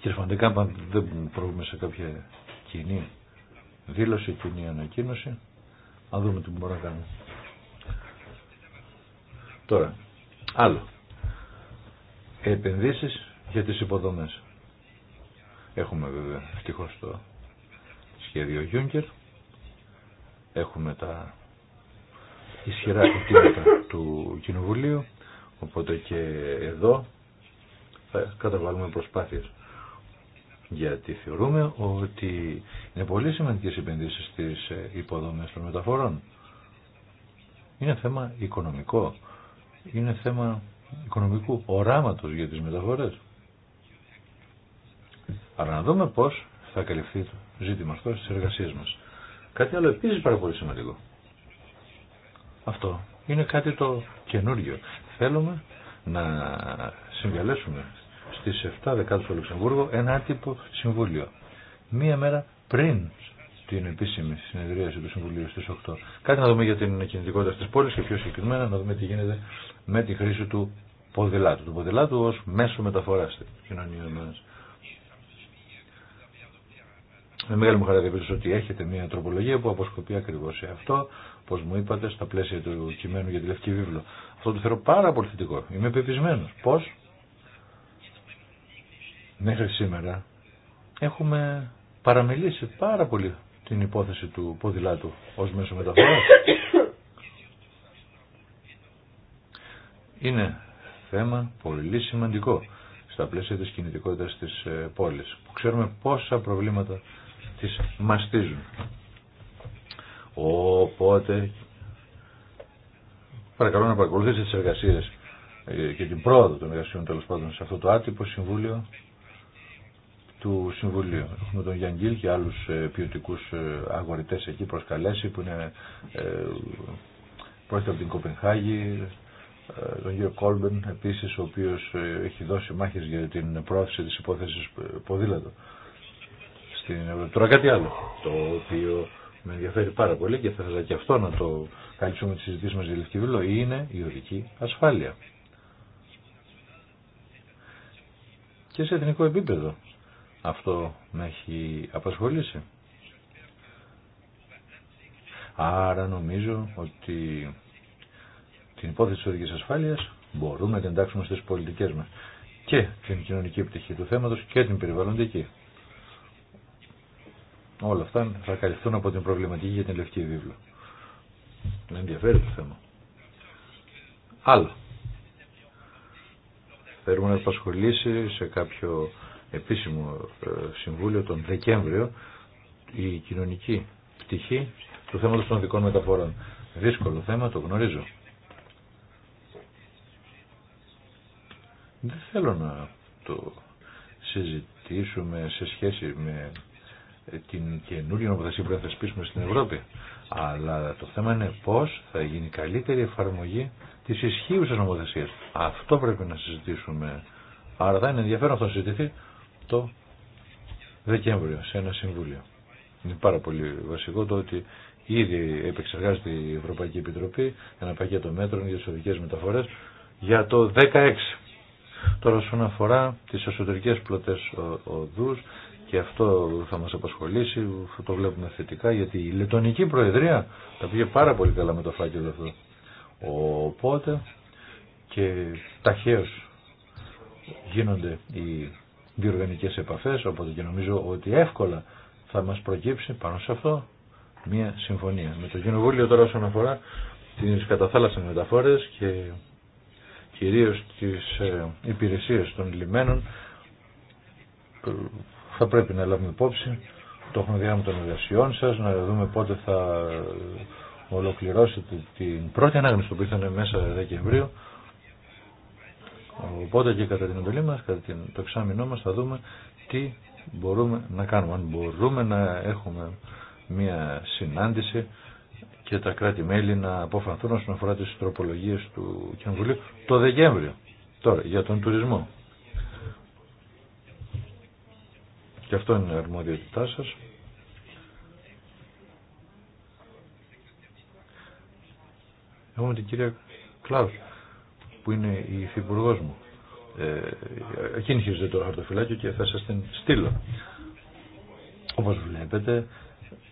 και σφαντικά δεν προβούμε σε κάποια κοινή δήλωση, κοινή ανακοίνωση. Να δούμε τι μπορούμε να κάνουμε. Τώρα, άλλο επενδύσεις για τις υποδομές. Έχουμε βέβαια ευτυχώ το σχέδιο Γιούγκερ. Έχουμε τα ισχυρά κοινότητα του Κοινοβουλίου. Οπότε και εδώ θα καταβάλουμε προσπάθειες. Γιατί θεωρούμε ότι είναι πολύ σημαντικές επενδύσεις στις ε, υποδομές των μεταφορών. Είναι θέμα οικονομικό. Είναι θέμα οικονομικού οράματος για τις μεταφορές. Αλλά να δούμε πώς θα καλυφθεί το ζήτημα αυτό στις εργασίες μας. Κάτι άλλο επίσης πάρα πολύ σημαντικό. Αυτό είναι κάτι το καινούργιο. Θέλουμε να συμβιαλέσουμε στις 7 Δεκάτου στο Λουξεμβούργο ένα άτυπο συμβούλιο. Μία μέρα πριν την επίσημη συνεδρίαση του Συμβουλίου στις 8. Κάτι να δούμε για την κινητικότητα στις πόλεις και πιο συγκεκριμένα να δούμε τι γίνεται με τη χρήση του ποδηλάτου. Του ποδηλάτου ως μέσο μεταφοράς στην κοινωνία μας. Με μεγάλη μου χαρά διαπίστωσα ότι έχετε μια τροπολογία που αποσκοπεί ακριβώ σε αυτό, όπω μου είπατε, στα πλαίσια του κειμένου για τη Λευκή Βίβλο. Αυτό το θεωρώ πάρα πολύ θετικό. Είμαι πεπισμένο. Πώ μέχρι σήμερα έχουμε παραμελήσει πάρα πολύ την υπόθεση του ποδηλάτου ω μέσο μεταφορά. είναι θέμα πολύ σημαντικό στα πλαίσια της κινητικότητας της ε, πόλης που ξέρουμε πόσα προβλήματα τις μαστίζουν. Οπότε παρακαλώ να παρακολουθήσετε τις εργασίες ε, και την πρόοδο των εργασιών τέλο πάντων σε αυτό το άτυπο συμβούλιο του Συμβουλίου. Έχουμε τον Γιάνν και άλλους ε, ποιοτικού αγορητές εκεί προσκαλέσει που είναι πρόκειται από την Κοπενχάγη, ε, τον κύριο Κόλμπεν επίσης ο οποίος ε, έχει δώσει μάχες για την πρόθεση της υπόθεσης ε, ποδήλατο στην Ευρώπη. Τώρα κάτι άλλο το οποίο με ενδιαφέρει πάρα πολύ και θα ήθελα και αυτό να το καλύψουμε τις συζητήσεις μας για Λευκή είναι η οδική ασφάλεια. Και σε εθνικό επίπεδο αυτό με έχει απασχολήσει. Άρα νομίζω ότι την υπόθεση της οδική ασφάλειας μπορούμε να την εντάξουμε στις πολιτικές μας και την κοινωνική πτυχή του θέματος και την περιβαλλοντική. Όλα αυτά θα καλυφθούν από την προβληματική για την Λευκή Βίβλο. Με ενδιαφέρει το θέμα. Άλλο. Θέλουμε να απασχολήσει σε κάποιο επίσημο ε, συμβούλιο τον Δεκέμβριο η κοινωνική πτυχή του θέματος των δικών μεταφορών. Δύσκολο θέμα, το γνωρίζω. Δεν θέλω να το συζητήσουμε σε σχέση με την καινούργια νομοθεσία που θα θεσπίσουμε στην Ευρώπη. Αλλά το θέμα είναι πώς θα γίνει καλύτερη εφαρμογή της ισχύουσας νομοθεσίας. Αυτό πρέπει να συζητήσουμε. Άρα θα είναι ενδιαφέρον αυτό να συζητηθεί το Δεκέμβριο σε ένα συμβούλιο. Είναι πάρα πολύ βασικό το ότι ήδη επεξεργάζεται η Ευρωπαϊκή Επιτροπή ένα πακέτο μέτρων για τις οδικές μεταφορές για το 16. Τώρα όσον αφορά τις εσωτερικές πλωτές οδούς και αυτό θα μας απασχολήσει, θα το βλέπουμε θετικά γιατί η Λετωνική Προεδρία τα πήγε πάρα πολύ καλά με το φάκελο αυτό. Οπότε και ταχαίως γίνονται οι διοργανικές επαφές, οπότε και νομίζω ότι εύκολα θα μας προκύψει πάνω σε αυτό μια συμφωνία. Με το Κοινοβούλιο τώρα όσον αφορά τις καταθάλασσες μεταφόρες και κυρίως τις ε, υπηρεσίες των λιμένων θα πρέπει να λάβουμε υπόψη το χρονοδιάγραμμα των εργασιών σας, να δούμε πότε θα ολοκληρώσετε την πρώτη ανάγνωση που ήρθανε μέσα Δεκεμβρίου. Οπότε και κατά την εντολή μας, κατά την, το εξάμεινό μας θα δούμε τι μπορούμε να κάνουμε. Αν μπορούμε να έχουμε μια συνάντηση και τα κράτη-μέλη να αποφανθούν όσον αφορά τις τροπολογίες του Κοινοβουλίου το Δεκέμβριο. Τώρα, για τον τουρισμό. Και αυτό είναι η αρμοδιότητά σας. Έχουμε την κυρία Κλάους, που είναι η υφυπουργός μου. Ε, εκείνη χειρίζεται το χαρτοφυλάκιο και θα σας την στείλω. Όπως βλέπετε,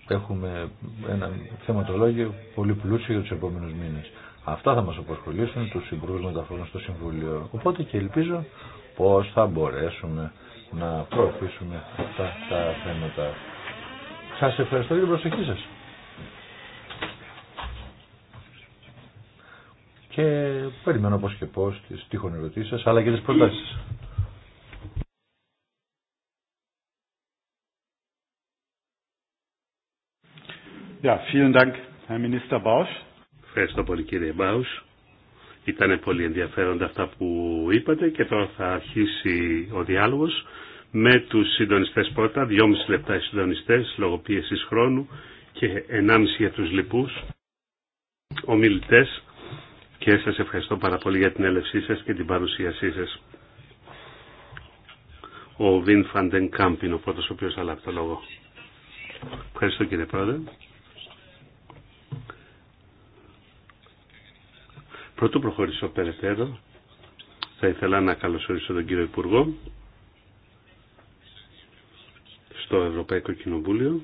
έχουμε ένα θεματολόγιο πολύ πλούσιο για τους επόμενους μήνες. Αυτά θα μας απασχολήσουν τους υπουργού μεταφορών στο Συμβουλίο. Οπότε και ελπίζω πώς θα μπορέσουμε να προωθήσουμε αυτά τα θέματα. Σα ευχαριστώ για την προσοχή σα. Και περιμένω πώς και πώ τις τείχων ερωτήσει αλλά και τι προτάσεις vielen Dank, Herr Minister Bausch. Ευχαριστώ πολύ κύριε Μπάους. Ήταν πολύ ενδιαφέροντα αυτά που είπατε και τώρα θα αρχίσει ο διάλογος με τους συντονιστές πρώτα, 2,5 λεπτά οι συντονιστές λόγω πίεσης χρόνου και ενάμιση για τους λοιπούς ομιλητές και σας ευχαριστώ πάρα πολύ για την έλευσή σας και την παρουσίασή σας. Ο Βιν Φαντεν Κάμπ είναι ο πρώτος ο οποίος θα λάβει το λόγο. Ευχαριστώ κύριε Πρόεδρε. Πρωτού προχωρήσω περαιτέρω, θα ήθελα να καλωσορίσω τον κύριο Υπουργό στο Ευρωπαϊκό Κοινοβούλιο.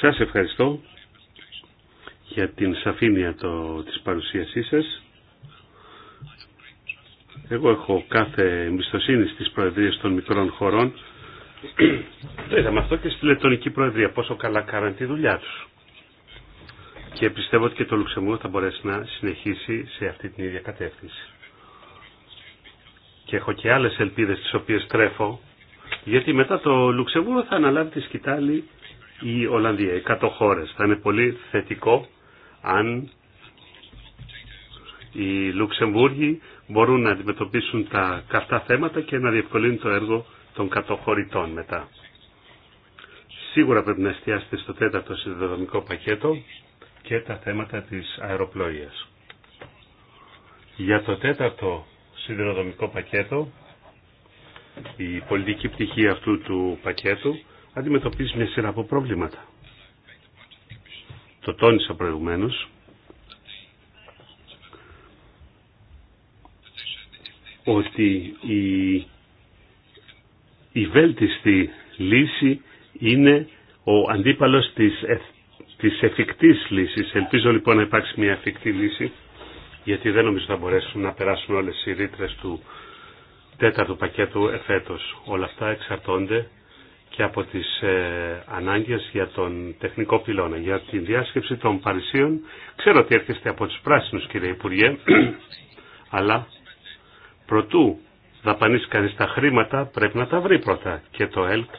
Σας ευχαριστώ για την σαφήνεια το, της παρουσίασής σας. Εγώ έχω κάθε εμπιστοσύνη στις προεδρίες των μικρών χωρών. Το είδαμε αυτό και στη Λετωνική Προεδρία, πόσο καλά κάναν τη δουλειά τους και πιστεύω ότι και το Λουξεμβούργο θα μπορέσει να συνεχίσει σε αυτή την ίδια κατεύθυνση. Και έχω και άλλες ελπίδες τις οποίες τρέφω, γιατί μετά το Λουξεμβούργο θα αναλάβει τη σκητάλη η Ολλανδία, οι 100 Θα είναι πολύ θετικό αν οι Λουξεμβούργοι μπορούν να αντιμετωπίσουν τα καυτά θέματα και να διευκολύνουν το έργο των κατοχωρητών μετά. Σίγουρα πρέπει να εστιάσετε στο τέταρτο συνδεδομικό πακέτο και τα θέματα της αεροπλοΐας. Για το τέταρτο σιδηροδομικό πακέτο, η πολιτική πτυχή αυτού του πακέτου αντιμετωπίζει μια σειρά από προβλήματα. Το τόνισα προηγουμένως. ότι η, η βέλτιστη λύση είναι ο αντίπαλος της της εφικτής λύσης. Ελπίζω λοιπόν να υπάρξει μια εφικτή λύση, γιατί δεν νομίζω θα μπορέσουν να περάσουν όλες οι ρήτρε του τέταρτου πακέτου εφέτος. Όλα αυτά εξαρτώνται και από τις ε, ανάγκες για τον τεχνικό πυλώνα, για τη διάσκεψη των Παρισίων. Ξέρω ότι έρχεστε από τους πράσινους κύριε Υπουργέ, αλλά προτού δαπανίσει κανείς τα χρήματα πρέπει να τα βρει πρώτα. Και το ΕΛΚ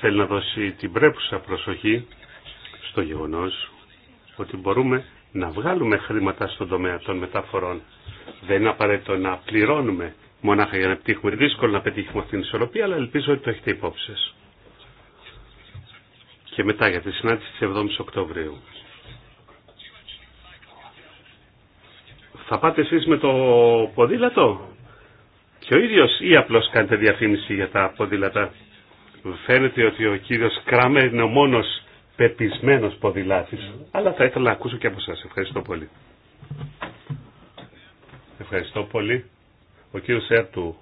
θέλει να δώσει την πρέπουσα προσοχή στο γεγονός ότι μπορούμε να βγάλουμε χρήματα στον τομέα των μεταφορών. Δεν είναι απαραίτητο να πληρώνουμε μονάχα για να πετύχουμε. Δύσκολο να πετύχουμε αυτήν την ισορροπία, αλλά ελπίζω ότι το έχετε υπόψη Και μετά για τη συνάντηση της 7ης Οκτωβρίου. Θα πάτε εσείς με το ποδήλατο και ο ίδιος ή απλώς κάνετε διαφήμιση για τα ποδήλατα. Φαίνεται ότι ο κύριος Κράμερ είναι ο μόνος πεπισμένος ποδηλάτης. Αλλά θα ήθελα να ακούσω και από σας. Ευχαριστώ πολύ. Ευχαριστώ πολύ. Ο κύριος Έρτου.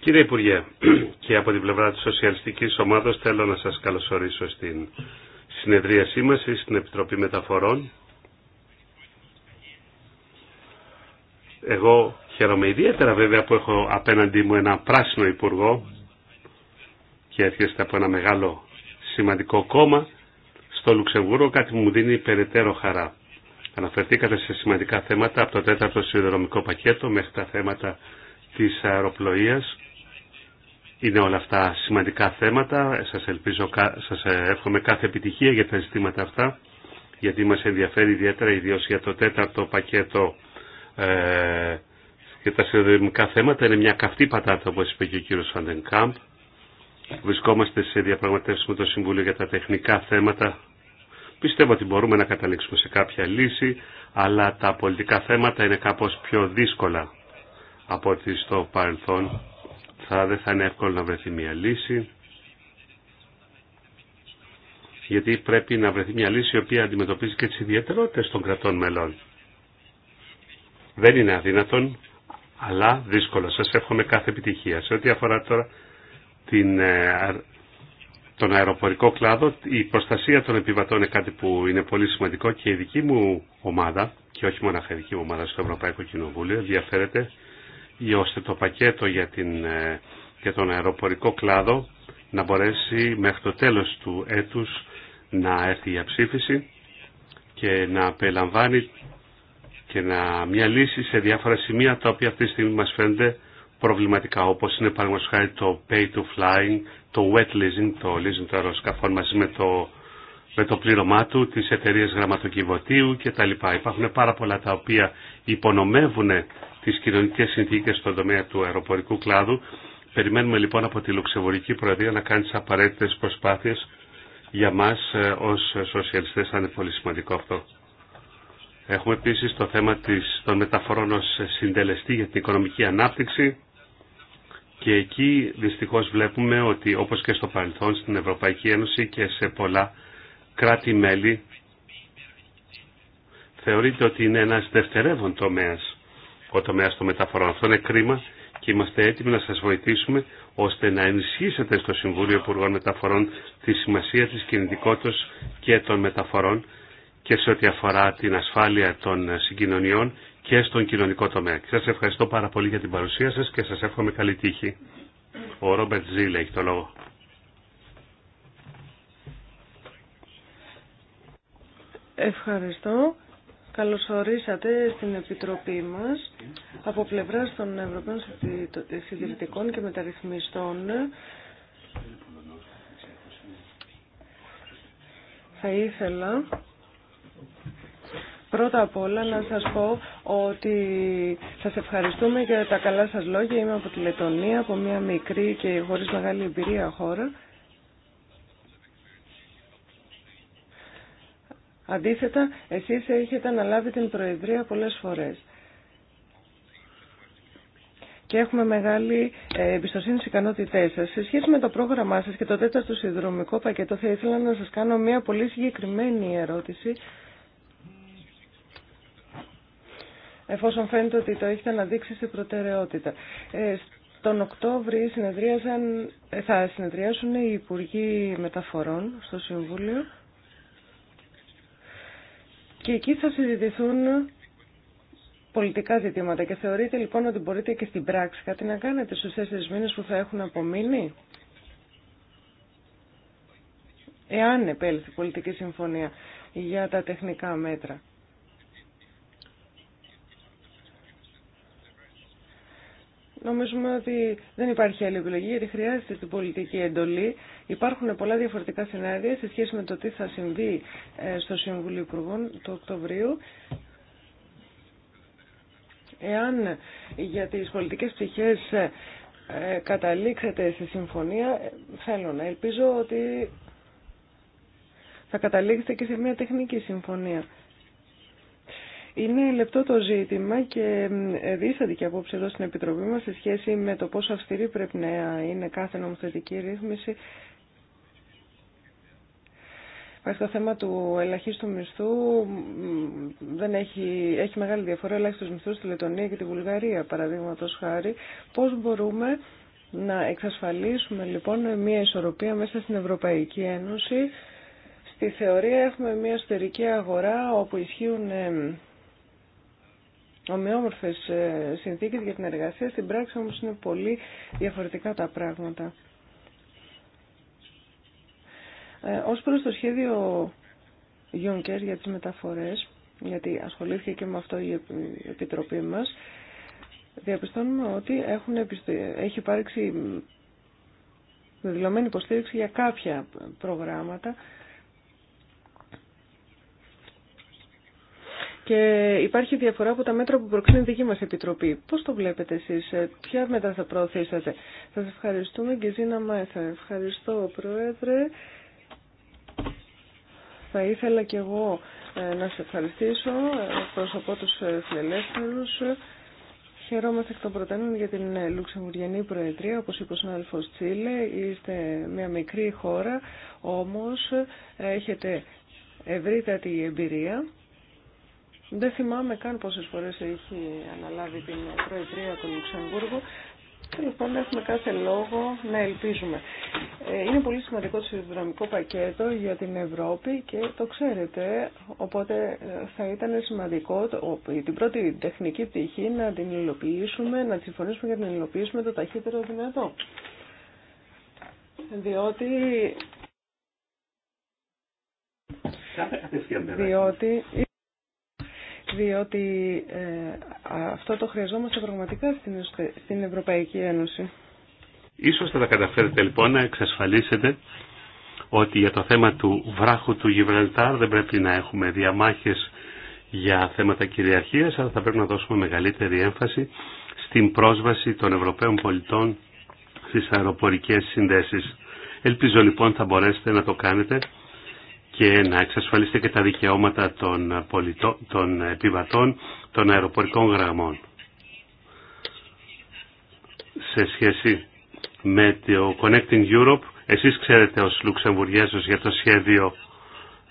Κύριε Υπουργέ, και από την πλευρά της Σοσιαλιστικής Ομάδος θέλω να σας καλωσορίσω στην συνεδρίασή μας ή στην Επιτροπή Μεταφορών. Εγώ Χαίρομαι ιδιαίτερα βέβαια που έχω απέναντί μου ένα πράσινο υπουργό και έρχεστε από ένα μεγάλο σημαντικό κόμμα στο Λουξεμβούργο, κάτι που μου δίνει περαιτέρω χαρά. Αναφερθήκατε σε σημαντικά θέματα από το τέταρτο σιδηροδρομικό πακέτο μέχρι τα θέματα της αεροπλοείας. Είναι όλα αυτά σημαντικά θέματα. Σας, ελπίζω, σας εύχομαι κάθε επιτυχία για τα ζητήματα αυτά, γιατί μας ενδιαφέρει ιδιαίτερα ιδίως για το τέταρτο πακέτο ε, για τα συνοδευτικά θέματα είναι μια καυτή πατάτα, όπω είπε και ο κύριος Φαντενκάμπ. Βρισκόμαστε σε διαπραγματεύσει με το Συμβούλιο για τα τεχνικά θέματα. Πιστεύω ότι μπορούμε να καταλήξουμε σε κάποια λύση, αλλά τα πολιτικά θέματα είναι κάπω πιο δύσκολα από ότι στο παρελθόν. Θα, δεν θα είναι εύκολο να βρεθεί μια λύση, γιατί πρέπει να βρεθεί μια λύση η οποία αντιμετωπίζει και τι ιδιαιτερότητε των κρατών μελών. Δεν είναι αδύνατον αλλά δύσκολο. Σας εύχομαι κάθε επιτυχία. Σε ό,τι αφορά τώρα την, ε, τον αεροπορικό κλάδο, η προστασία των επιβατών είναι κάτι που είναι πολύ σημαντικό και η δική μου ομάδα, και όχι μόνο η δική μου ομάδα στο Ευρωπαϊκό Κοινοβούλιο, ενδιαφέρεται ώστε το πακέτο για, την, ε, για τον αεροπορικό κλάδο να μπορέσει μέχρι το τέλος του έτους να έρθει η ψήφιση και να περιλαμβάνει και να μια λύση σε διάφορα σημεία τα οποία αυτή τη στιγμή μας φαίνονται προβληματικά όπως είναι παραδείγματος το pay to flying, το wet leasing, το leasing των αεροσκαφών μαζί με το, με το πλήρωμά του, τις εταιρείες γραμματοκιβωτίου κτλ. Υπάρχουν πάρα πολλά τα οποία υπονομεύουν τις κοινωνικές συνθήκες στον τομέα του αεροπορικού κλάδου. Περιμένουμε λοιπόν από τη Λουξεμβουργική Προεδρία να κάνει τις απαραίτητες προσπάθειες για μας ε, ως σοσιαλιστές θα είναι πολύ σημαντικό αυτό. Έχουμε επίση το θέμα της, των μεταφορών ως συντελεστή για την οικονομική ανάπτυξη και εκεί δυστυχώς βλέπουμε ότι όπως και στο παρελθόν στην Ευρωπαϊκή Ένωση και σε πολλά κράτη-μέλη θεωρείται ότι είναι ένας δευτερεύον τομέας ο των μεταφορών. Αυτό είναι κρίμα και είμαστε έτοιμοι να σας βοηθήσουμε ώστε να ενισχύσετε στο Συμβούλιο Υπουργών Μεταφορών τη σημασία της κινητικότητας και των μεταφορών και σε ό,τι αφορά την ασφάλεια των συγκοινωνιών και στον κοινωνικό τομέα. Σα ευχαριστώ πάρα πολύ για την παρουσία σας και σας εύχομαι καλή τύχη. Ο Ρόμπερτ Ζήλε έχει το λόγο. Ευχαριστώ. Καλωσορίσατε στην Επιτροπή μας από πλευράς των Ευρωπαίων Συντηρητικών και Μεταρρυθμιστών. Θα ήθελα Πρώτα απ' όλα να σας πω ότι σας ευχαριστούμε για τα καλά σας λόγια. Είμαι από τη Λετωνία, από μια μικρή και χωρίς μεγάλη εμπειρία χώρα. Αντίθετα, εσείς έχετε αναλάβει την Προεδρία πολλές φορές. Και έχουμε μεγάλη ε, εμπιστοσύνη στις ικανότητές σας. Σε σχέση με το πρόγραμμά σας και το τέταρτο συνδρομικό πακέτο, θα ήθελα να σας κάνω μια πολύ συγκεκριμένη ερώτηση. εφόσον φαίνεται ότι το έχετε αναδείξει σε προτεραιότητα. Ε, Τον Οκτώβρη ε, θα συνεδριάσουν οι Υπουργοί Μεταφορών στο Συμβούλιο και εκεί θα συζητηθούν πολιτικά ζητήματα και θεωρείτε λοιπόν ότι μπορείτε και στην πράξη κάτι να κάνετε στους τέσσερις μήνες που θα έχουν απομείνει εάν επέλθει πολιτική συμφωνία για τα τεχνικά μέτρα. Νομίζουμε ότι δεν υπάρχει άλλη επιλογή γιατί χρειάζεται την πολιτική εντολή. Υπάρχουν πολλά διαφορετικά σενάρια σε σχέση με το τι θα συμβεί ε, στο Συμβούλιο Υπουργών του Οκτωβρίου. Εάν για τις πολιτικές ψυχές ε, καταλήξετε σε συμφωνία, θέλω να ελπίζω ότι θα καταλήξετε και σε μια τεχνική συμφωνία. Είναι λεπτό το ζήτημα και δίστατη και απόψε εδώ στην Επιτροπή μας σε σχέση με το πόσο αυστηρή πρέπει να είναι κάθε νομοθετική ρύθμιση Υπάρχει το θέμα του ελαχίστου μισθού. Δεν έχει, έχει μεγάλη διαφορά ελάχιστος μισθού στη Λετωνία και τη Βουλγαρία, παραδείγματο χάρη. Πώς μπορούμε να εξασφαλίσουμε λοιπόν μια ισορροπία μέσα στην Ευρωπαϊκή Ένωση. Στη θεωρία έχουμε μια εσωτερική αγορά όπου ισχύουν ομοιόμορφες ε, συνθήκες για την εργασία, στην πράξη όμως είναι πολύ διαφορετικά τα πράγματα. Ε, ως προς το σχέδιο Juncker για τις μεταφορές, γιατί ασχολήθηκε και με αυτό η Επιτροπή μας, διαπιστώνουμε ότι έχουν έχει υπάρξει δηλωμένη υποστήριξη για κάποια προγράμματα, και υπάρχει διαφορά από τα μέτρα που προξένει η δική μας Επιτροπή. Πώς το βλέπετε εσείς, ε, ποια μέτρα θα προωθήσατε. Σας ευχαριστούμε και Ζήνα Μάεθα. Ευχαριστώ Πρόεδρε. Θα ήθελα κι εγώ ε, να σε ευχαριστήσω ε, προσωπώ τους φιλελεύθερους. Χαιρόμαστε εκ των προτέρων για την Λουξεμβουργιανή Προεδρία. Όπως είπε ο συνάδελφος Τσίλε, είστε μια μικρή χώρα, όμως έχετε ευρύτατη εμπειρία δεν θυμάμαι καν πόσες φορές έχει αναλάβει την Προεδρία του Λουξεμβούργου. Τέλο πάντων, έχουμε κάθε λόγο να ελπίζουμε. Ε, είναι πολύ σημαντικό το συνδυναμικό πακέτο για την Ευρώπη και το ξέρετε, οπότε ε, θα ήταν σημαντικό την πρώτη τεχνική πτυχή να την υλοποιήσουμε, να τη συμφωνήσουμε για να την υλοποιήσουμε το ταχύτερο δυνατό. Διότι... Διότι διότι ε, αυτό το χρειαζόμαστε πραγματικά στην Ευρωπαϊκή Ένωση. Ίσως θα τα καταφέρετε λοιπόν να εξασφαλίσετε ότι για το θέμα του βράχου του Γιβραλτάρ δεν πρέπει να έχουμε διαμάχες για θέματα κυριαρχίας, αλλά θα πρέπει να δώσουμε μεγαλύτερη έμφαση στην πρόσβαση των Ευρωπαίων πολιτών στις αεροπορικές συνδέσεις. Ελπίζω λοιπόν θα μπορέσετε να το κάνετε και να εξασφαλίσετε και τα δικαιώματα των, των επιβατών των αεροπορικών γραμμών. Σε σχέση με το Connecting Europe, εσείς ξέρετε ως Λουξεμβουργέζος για το σχέδιο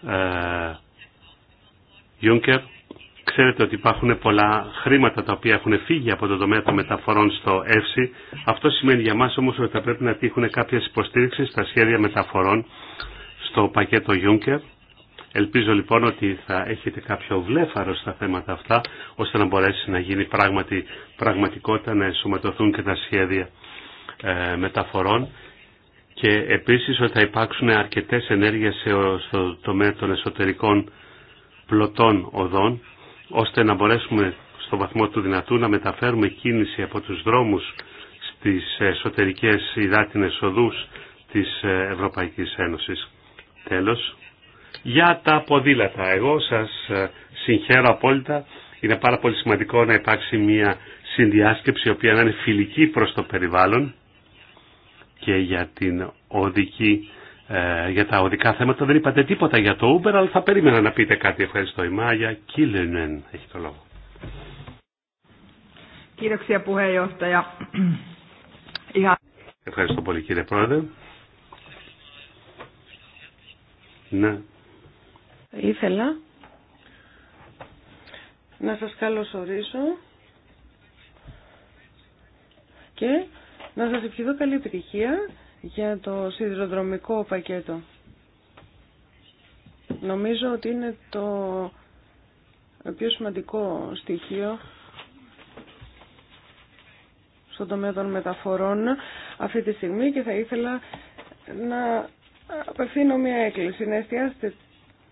ε, Juncker, ξέρετε ότι υπάρχουν πολλά χρήματα τα οποία έχουν φύγει από το τομέα των μεταφορών στο ΕΦΣΥ. Αυτό σημαίνει για μας όμως ότι θα πρέπει να τύχουν κάποιες υποστήριξεις στα σχέδια μεταφορών στο πακέτο Juncker. Ελπίζω λοιπόν ότι θα έχετε κάποιο βλέφαρο στα θέματα αυτά, ώστε να μπορέσει να γίνει πράγματι, πραγματικότητα, να ενσωματωθούν και τα σχέδια ε, μεταφορών και επίσης ότι θα υπάρξουν αρκετές ενέργειες στο τομέα των εσωτερικών πλωτών οδών, ώστε να μπορέσουμε στο βαθμό του δυνατού να μεταφέρουμε κίνηση από τους δρόμους στις εσωτερικές υδάτινες οδούς της ε, Ευρωπαϊκής Ένωσης. Τέλος, για τα ποδήλατα. Εγώ σας ε, συγχαίρω απόλυτα. Είναι πάρα πολύ σημαντικό να υπάρξει μια συνδιάσκεψη η οποία να είναι φιλική προς το περιβάλλον και για, την οδική, ε, για τα οδικά θέματα δεν είπατε τίποτα για το Uber αλλά θα περίμενα να πείτε κάτι. Ευχαριστώ η Μάγια Κίλενεν έχει το λόγο. Ευχαριστώ πολύ κύριε Πρόεδρε. να... Ήθελα να σας καλωσορίσω και να σας ευχηθώ καλή επιτυχία για το σιδηροδρομικό πακέτο. Νομίζω ότι είναι το πιο σημαντικό στοιχείο στον τομέα των μεταφορών αυτή τη στιγμή και θα ήθελα να απευθύνω μια έκκληση. Να εστιάσετε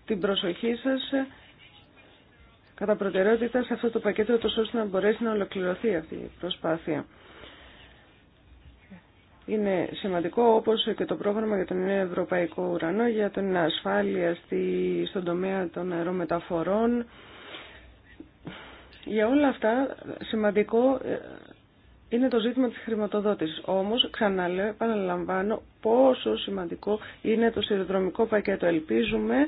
την προσοχή σας ε, κατά προτεραιότητα σε αυτό το πακέτο, ώστε να μπορέσει να ολοκληρωθεί αυτή η προσπάθεια. Είναι σημαντικό, όπως και το πρόγραμμα για τον Ευρωπαϊκό Ουρανό, για την ασφάλεια στη, στον τομέα των αερομεταφορών. Για όλα αυτά, σημαντικό ε, είναι το ζήτημα της χρηματοδότησης. Όμως, ξαναλέω, επαναλαμβάνω πόσο σημαντικό είναι το σειροδρομικό πακέτο. Ελπίζουμε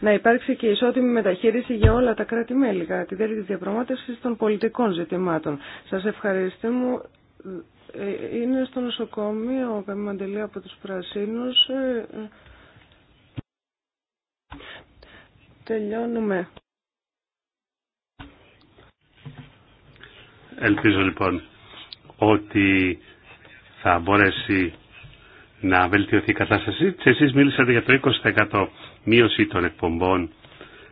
να υπάρξει και ισότιμη μεταχείριση για όλα τα κράτη-μέλη κατά τη διάρκεια της διαπραγμάτευσης των πολιτικών ζητημάτων. Σας ευχαριστώ ε, Είναι στο νοσοκομείο ο από τους Πρασίνους. Ε, ε, τελειώνουμε. Ελπίζω λοιπόν ότι θα μπορέσει να βελτιωθεί η κατάσταση. Εσείς μίλησατε για το 20% μείωση των εκπομπών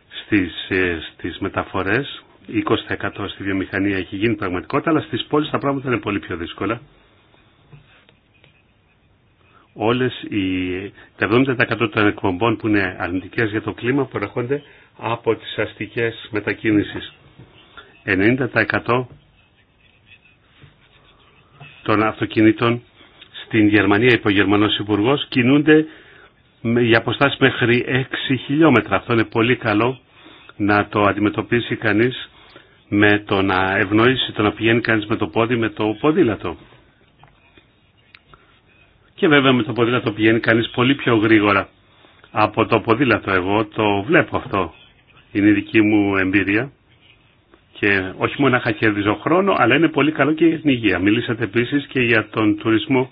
στις, ε, στις μεταφορές. 20% στη βιομηχανία έχει γίνει πραγματικότητα, αλλά στις πόλεις τα πράγματα είναι πολύ πιο δύσκολα. Όλες οι, 70% των εκπομπών που είναι αρνητικές για το κλίμα προέρχονται από τις αστικές μετακίνησεις. 90% των αυτοκινήτων στην Γερμανία, είπε ο Γερμανός Υπουργός, κινούνται για αποστάσεις μέχρι 6 χιλιόμετρα. Αυτό είναι πολύ καλό να το αντιμετωπίσει κανείς με το να ευνοήσει, το να πηγαίνει κανείς με το πόδι, με το ποδήλατο. Και βέβαια με το ποδήλατο πηγαίνει κανείς πολύ πιο γρήγορα από το ποδήλατο. Εγώ το βλέπω αυτό. Είναι η δική μου εμπειρία και όχι μόνο να κέρδιζε χρόνο, αλλά είναι πολύ καλό και για την υγεία. Μιλήσατε επίσης και για τον τουρισμό.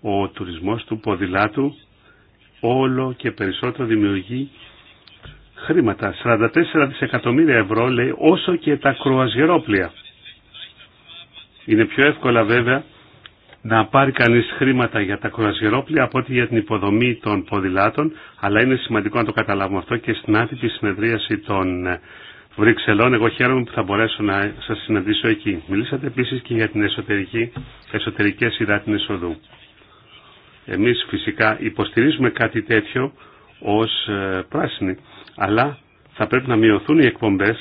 Ο τουρισμός του ποδηλάτου όλο και περισσότερο δημιουργεί χρήματα. 44 δισεκατομμύρια ευρώ λέει όσο και τα κρουαζιερόπλια. Είναι πιο εύκολα βέβαια να πάρει κανείς χρήματα για τα κρουαζιερόπλια από ότι για την υποδομή των ποδηλάτων, αλλά είναι σημαντικό να το καταλάβουμε αυτό και στην άτυπη συνεδρίαση των ε, Βρυξελών. Εγώ χαίρομαι που θα μπορέσω να σας συναντήσω εκεί. Μιλήσατε επίση και για την εσωτερική, σειρά την οδού. Εμείς φυσικά υποστηρίζουμε κάτι τέτοιο ως ε, πράσινη, αλλά θα πρέπει να μειωθούν οι εκπομπέ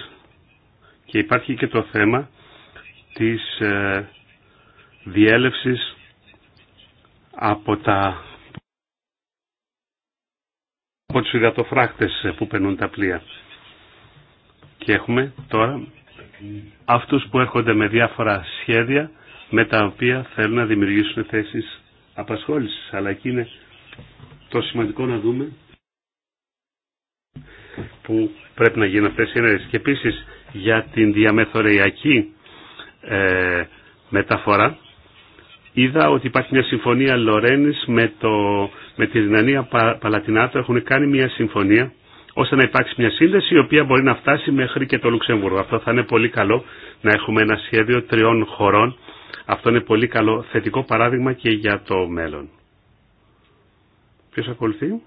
και υπάρχει και το θέμα της ε, διέλευσης από τα από τους υδατοφράκτες που περνούν τα πλοία. Και έχουμε τώρα αυτούς που έρχονται με διάφορα σχέδια με τα οποία θέλουν να δημιουργήσουν θέσεις απασχόλησης. Αλλά εκεί είναι το σημαντικό να δούμε που πρέπει να γίνουν αυτές οι ενέργειες. Και επίσης για την διαμεθοριακή ε, μεταφορά είδα ότι υπάρχει μια συμφωνία Λορένης με, το, με τη Δυνανία Παλατινάτο έχουν κάνει μια συμφωνία ώστε να υπάρξει μια σύνδεση η οποία μπορεί να φτάσει μέχρι και το Λουξεμβούργο. Αυτό θα είναι πολύ καλό να έχουμε ένα σχέδιο τριών χωρών. Αυτό είναι πολύ καλό θετικό παράδειγμα και για το μέλλον. Ποιος ακολουθεί?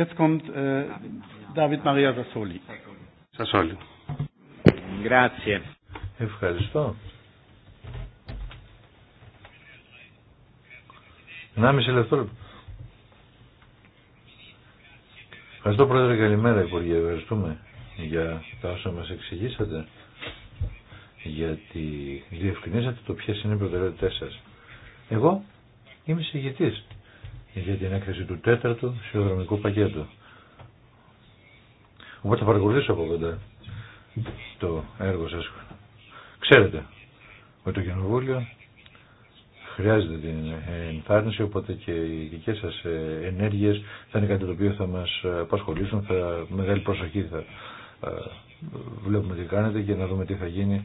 Jetzt kommt äh, David Maria Sassoli. Sassoli. Grazie. Ευχαριστώ. Να μισή λεπτό. Ευχαριστώ Πρόεδρε, καλημέρα Υπουργέ. Ευχαριστούμε για τα όσα μας εξηγήσατε. Γιατί διευκρινίσατε το ποιες είναι οι προτεραιότητές σας. Εγώ είμαι συγγητής για την έκθεση του τέταρτου σιδηροδρομικού πακέτου. Οπότε θα παρακολουθήσω από κοντά το έργο σας. Ξέρετε ότι το Κοινοβούλιο χρειάζεται την ε, ενθάρρυνση, οπότε και οι δικέ σα ε, ενέργειε θα είναι κάτι το οποίο θα μα απασχολήσουν. Θα, μεγάλη προσοχή θα ε, βλέπουμε τι κάνετε και να δούμε τι θα γίνει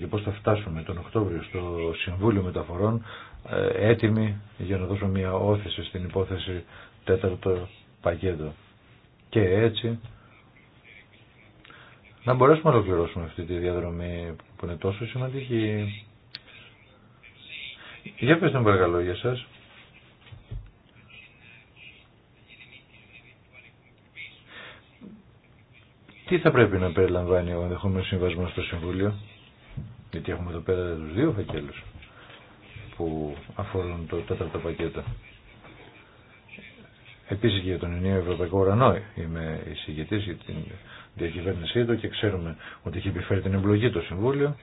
και πώς θα φτάσουμε τον Οκτώβριο στο Συμβούλιο Μεταφορών έτοιμοι για να δώσουμε μια όθηση στην υπόθεση τέταρτο πακέτο. Και έτσι να μπορέσουμε να ολοκληρώσουμε αυτή τη διαδρομή που είναι τόσο σημαντική. Για πες τον παρακαλώ για σας. Τι θα πρέπει να περιλαμβάνει ο ενδεχόμενο συμβασμό στο Συμβούλιο, γιατί έχουμε εδώ πέρα του δύο φακέλου που αφορούν το τέταρτο πακέτο. Επίση και για τον ενιαίο Ευρωπαϊκό Ουρανό είμαι εισηγητή για την διακυβέρνησή του και ξέρουμε ότι έχει επιφέρει την εμπλογή το Συμβούλιο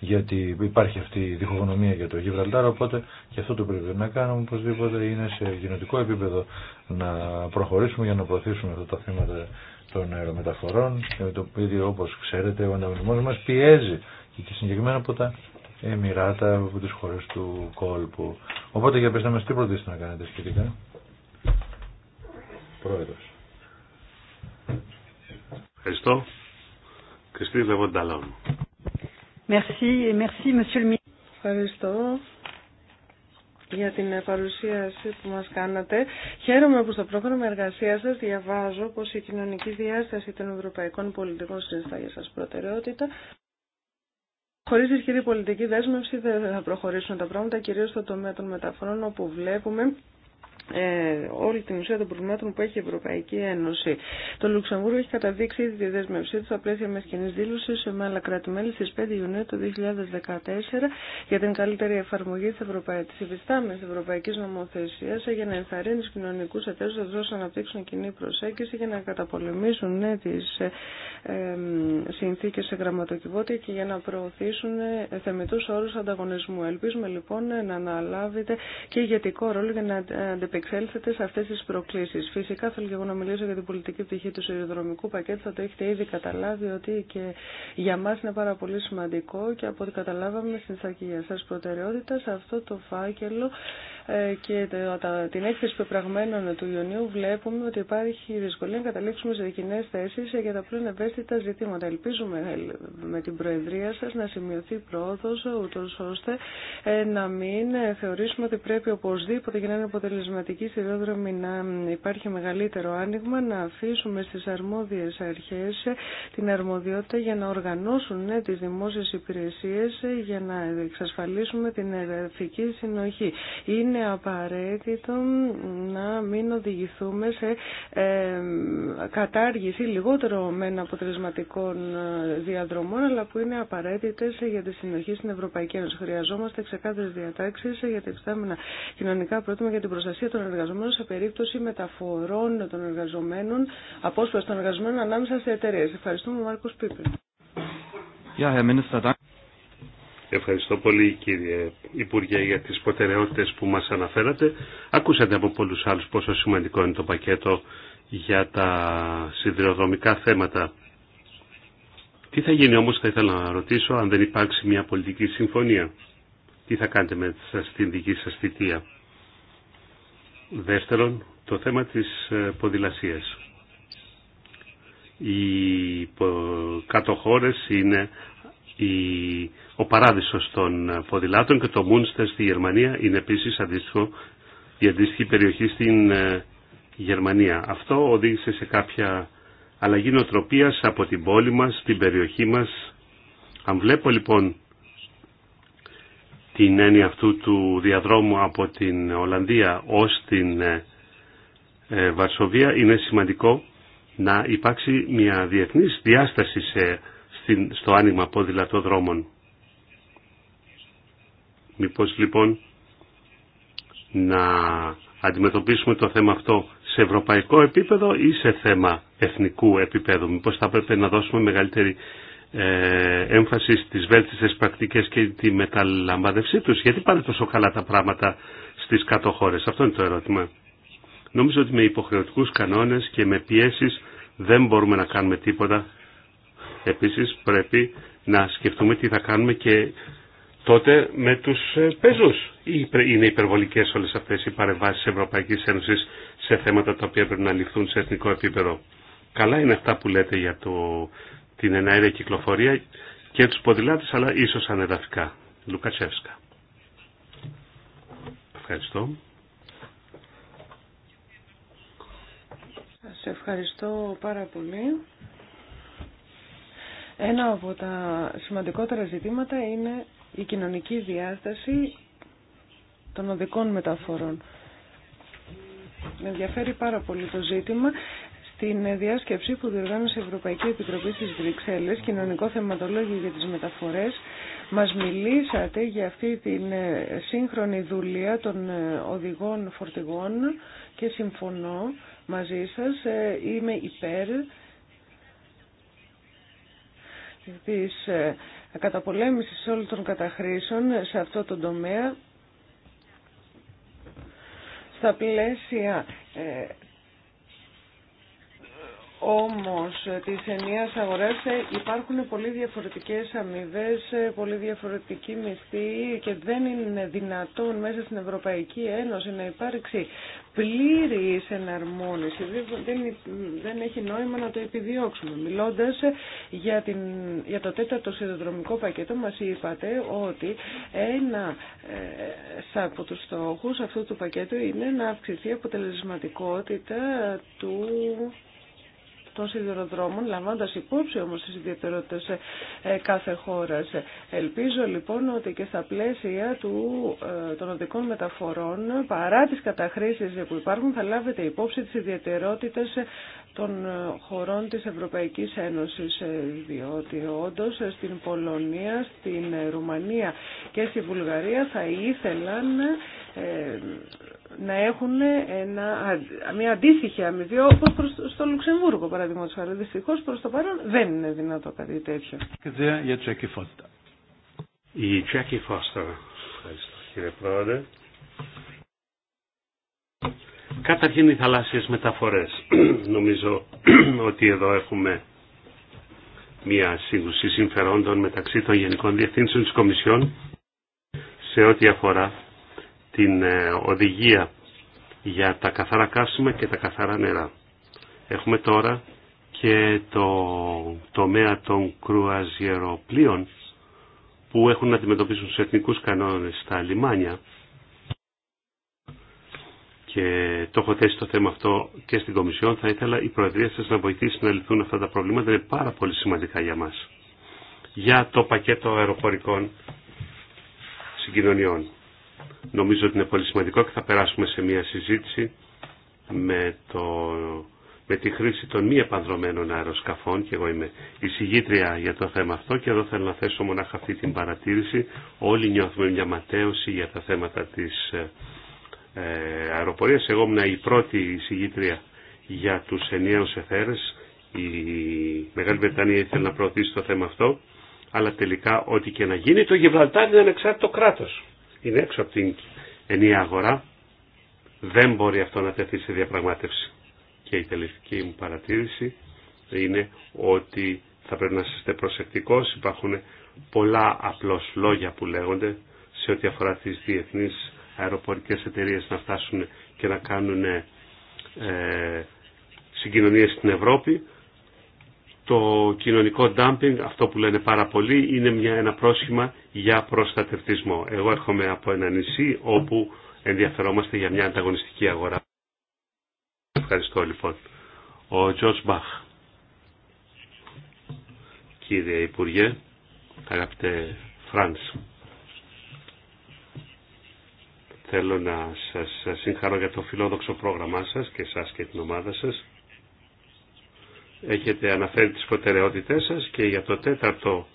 γιατί υπάρχει αυτή η διχογνωμία για το Γιβραλτάρ, οπότε και αυτό το πρέπει να κάνουμε οπωσδήποτε είναι σε γενοτικό επίπεδο να προχωρήσουμε για να προωθήσουμε αυτά τα θέματα των αερομεταφορών, το οποίο όπως ξέρετε ο ανταγωνισμός μας πιέζει και συγκεκριμένα από τα Εμμυράτα, από τις χώρες του κόλπου. Οπότε για πες μας τι προτείνετε να κάνετε σχετικά. Πρόεδρος. Ευχαριστώ. Κριστίνα Βονταλόν. Merci, merci, monsieur le Ευχαριστώ για την παρουσίαση που μας κάνατε. Χαίρομαι που στο πρόγραμμα εργασίας σας διαβάζω πως η κοινωνική διάσταση των ευρωπαϊκών πολιτικών συνιστά σας προτεραιότητα. Χωρίς ισχυρή πολιτική δέσμευση δεν θα προχωρήσουν τα πράγματα, κυρίως στο τομέα των μεταφορών όπου βλέπουμε ε, όλη την ουσία των προβλημάτων που έχει η Ευρωπαϊκή Ένωση. Το Λουξεμβούργο έχει καταδείξει τη δέσμευσή του στα πλαίσια μια κοινή δήλωση με άλλα κράτη-μέλη στι 5 Ιουνίου του 2014 για την καλύτερη εφαρμογή τη υφιστάμενη Ευρωπαϊκή Νομοθεσία για να ενθαρρύνει του κοινωνικού εταίρου να αναπτύξουν κοινή προσέγγιση για να καταπολεμήσουν ναι, τι ε, συνθήκε σε γραμματοκιβώτια και για να προωθήσουν ε, θεμητού όρου ανταγωνισμού. Ελπίζουμε λοιπόν να αναλάβετε και ηγετικό ρόλο για να ανταπεξέλθετε σε αυτές τις προκλήσεις. Φυσικά θέλω και εγώ να μιλήσω για την πολιτική πτυχή του σιδηροδρομικού πακέτου. Θα το έχετε ήδη καταλάβει ότι και για μα είναι πάρα πολύ σημαντικό και από ό,τι καταλάβαμε στην για σα προτεραιότητα σε αυτό το φάκελο ε, και την έκθεση των του Ιωνίου βλέπουμε ότι υπάρχει δυσκολία να καταλήξουμε σε κοινέ θέσει για τα πλέον ευαίσθητα ζητήματα. Ελπίζουμε ε, με την Προεδρία σα να σημειωθεί πρόοδο, ούτω ώστε ε, να μην θεωρήσουμε ότι πρέπει οπωσδήποτε για να είναι αποτελεσματική δρόμη να υπάρχει μεγαλύτερο άνοιγμα, να αφήσουμε στι αρμόδιε αρχέ την αρμοδιότητα για να οργανώσουν τι δημόσιε υπηρεσίε για να εξασφαλίσουμε την εδαφική συνοχή είναι απαραίτητο να μην οδηγηθούμε σε κατάργηση λιγότερο μεν αποτελεσματικών ε, διαδρομών, αλλά που είναι απαραίτητε για τη συνοχή στην Ευρωπαϊκή Ένωση. Χρειαζόμαστε ξεκάθαρε διατάξει για τα εξτάμενα κοινωνικά πρότυπα για την προστασία των εργαζομένων σε περίπτωση μεταφορών των εργαζομένων, απόσπαση των εργαζομένων ανάμεσα σε εταιρείε. Ευχαριστούμε, Μάρκο Πίπερ. Ευχαριστώ πολύ κύριε Υπουργέ για τις προτεραιότητες που μας αναφέρατε. Ακούσατε από πολλούς άλλους πόσο σημαντικό είναι το πακέτο για τα σιδηροδρομικά θέματα. Τι θα γίνει όμως θα ήθελα να ρωτήσω αν δεν υπάρξει μια πολιτική συμφωνία. Τι θα κάνετε με την δική σας θητεία. Δεύτερον, το θέμα της ε, ποδηλασίας. Οι κάτω είναι ο παράδεισος των ποδηλάτων και το Μούνστερ στη Γερμανία είναι επίσης αντίστοιχο, η αντίστοιχη περιοχή στην ε, Γερμανία. Αυτό οδήγησε σε κάποια αλλαγή νοοτροπίας από την πόλη μας, την περιοχή μας. Αν βλέπω λοιπόν την έννοια αυτού του διαδρόμου από την Ολλανδία ως την ε, ε, Βαρσοβία είναι σημαντικό να υπάρξει μια διεθνής διάσταση σε στο άνοιγμα δρόμων. Μήπως λοιπόν να αντιμετωπίσουμε το θέμα αυτό σε ευρωπαϊκό επίπεδο ή σε θέμα εθνικού επίπεδου. Μήπως θα πρέπει να δώσουμε μεγαλύτερη ε, έμφαση στις βέλτιστες πρακτικές και τη μεταλαμπάδευση τους. Γιατί πάνε τόσο καλά τα πράγματα στις κάτω χώρες. Αυτό είναι το ερώτημα. Νομίζω ότι με υποχρεωτικούς κανόνες και με πιέσεις δεν μπορούμε να κάνουμε τίποτα. Επίσης πρέπει να σκεφτούμε τι θα κάνουμε και τότε με τους ε, πεζούς. Είναι υπερβολικές όλες αυτές οι παρεμβάσεις της Ευρωπαϊκής Ένωσης σε θέματα τα οποία πρέπει να ληφθούν σε εθνικό επίπεδο. Καλά είναι αυτά που λέτε για το, την εναέρια κυκλοφορία και τους ποδηλάτες, αλλά ίσως ανεδαφικά. Λουκατσέφσκα. Ευχαριστώ. Σας ευχαριστώ πάρα πολύ. Ένα από τα σημαντικότερα ζητήματα είναι η κοινωνική διάσταση των οδικών μεταφορών. Με ενδιαφέρει πάρα πολύ το ζήτημα. Στην διάσκεψη που διοργάνωσε η Ευρωπαϊκή Επιτροπή στις Βρυξέλλες, κοινωνικό θεματολόγιο για τις μεταφορές, μας μιλήσατε για αυτή την ε, σύγχρονη δουλεία των ε, οδηγών φορτηγών και συμφωνώ μαζί σας, ε, είμαι υπέρ της ε, καταπολέμησης όλων των καταχρήσεων σε αυτό το τομέα στα πλαίσια ε, όμως ε, τη ενίας αγοράς ε, υπάρχουν πολύ διαφορετικές αμοιβέ, ε, πολύ διαφορετική μισθή και δεν είναι δυνατόν μέσα στην Ευρωπαϊκή Ένωση να υπάρξει πλήρη εναρμόνιση. Δεν, δεν έχει νόημα να το επιδιώξουμε. Μιλώντας για, για το τέταρτο σιδηροδρομικό πακέτο μας είπατε ότι ένα από τους στόχους αυτού του πακέτου είναι να αυξηθεί η αποτελεσματικότητα του των σιδηροδρόμων, λαμβάνοντας υπόψη όμως τι ιδιαιτερότητες ε, κάθε χώρας. Ελπίζω λοιπόν ότι και στα πλαίσια του, ε, των οδικών μεταφορών, παρά τις καταχρήσεις που υπάρχουν, θα λάβετε υπόψη τις ιδιαιτερότητες των ε, χωρών της Ευρωπαϊκής Ένωσης, διότι όντως στην Πολωνία, στην Ρουμανία και στη Βουλγαρία θα ήθελαν να έχουν ένα, μια αντίστοιχη αμοιβή όπως στο Λουξεμβούργο παραδείγματο. χάρη. Δυστυχώ προς το παρόν δεν είναι δυνατό κάτι τέτοιο. Η Φώστα. Ευχαριστώ κύριε Πρόεδρε. Καταρχήν οι θαλάσσιες μεταφορές. Νομίζω ότι εδώ έχουμε μια σύγκρουση συμφερόντων μεταξύ των Γενικών Διευθύνσεων της Κομισιόν σε ό,τι αφορά την ε, οδηγία για τα καθαρά καύσιμα και τα καθαρά νερά. Έχουμε τώρα και το τομέα των κρουαζιεροπλοίων που έχουν να αντιμετωπίσουν στους εθνικούς κανόνες στα λιμάνια και το έχω θέσει το θέμα αυτό και στην Κομισιόν. Θα ήθελα η Προεδρία σας να βοηθήσει να λυθούν αυτά τα προβλήματα. Είναι πάρα πολύ σημαντικά για μας. Για το πακέτο αεροπορικών συγκοινωνιών. Νομίζω ότι είναι πολύ σημαντικό και θα περάσουμε σε μια συζήτηση με, το, με τη χρήση των μη επανδρομένων αεροσκαφών και εγώ είμαι εισηγήτρια για το θέμα αυτό και εδώ θέλω να θέσω μονάχα αυτή την παρατήρηση. Όλοι νιώθουμε μια ματέωση για τα θέματα της ε, ε αεροπορίας. Εγώ ήμουν η πρώτη εισηγήτρια για τους ενιαίους εθέρες. Η Μεγάλη Βρετανία ήθελε να προωθήσει το θέμα αυτό αλλά τελικά ό,τι και να γίνει το Γιβραλτάρ είναι ανεξάρτητο κράτος είναι έξω από την ενιαία αγορά, δεν μπορεί αυτό να τεθεί σε διαπραγμάτευση. Και η τελευταία μου παρατήρηση είναι ότι θα πρέπει να είστε προσεκτικός, υπάρχουν πολλά απλώς λόγια που λέγονται σε ό,τι αφορά τις διεθνείς αεροπορικές εταιρείες να φτάσουν και να κάνουν ε, συγκοινωνίες στην Ευρώπη το κοινωνικό dumping, αυτό που λένε πάρα πολύ, είναι μια, ένα πρόσχημα για προστατευτισμό. Εγώ έρχομαι από ένα νησί όπου ενδιαφερόμαστε για μια ανταγωνιστική αγορά. Ευχαριστώ λοιπόν. Ο Τζος Μπαχ. Κύριε Υπουργέ, αγαπητέ Φράνς. Θέλω να σας συγχαρώ για το φιλόδοξο πρόγραμμά σας και σας και την ομάδα σας έχετε αναφέρει τις προτεραιότητές σας και για το τέταρτο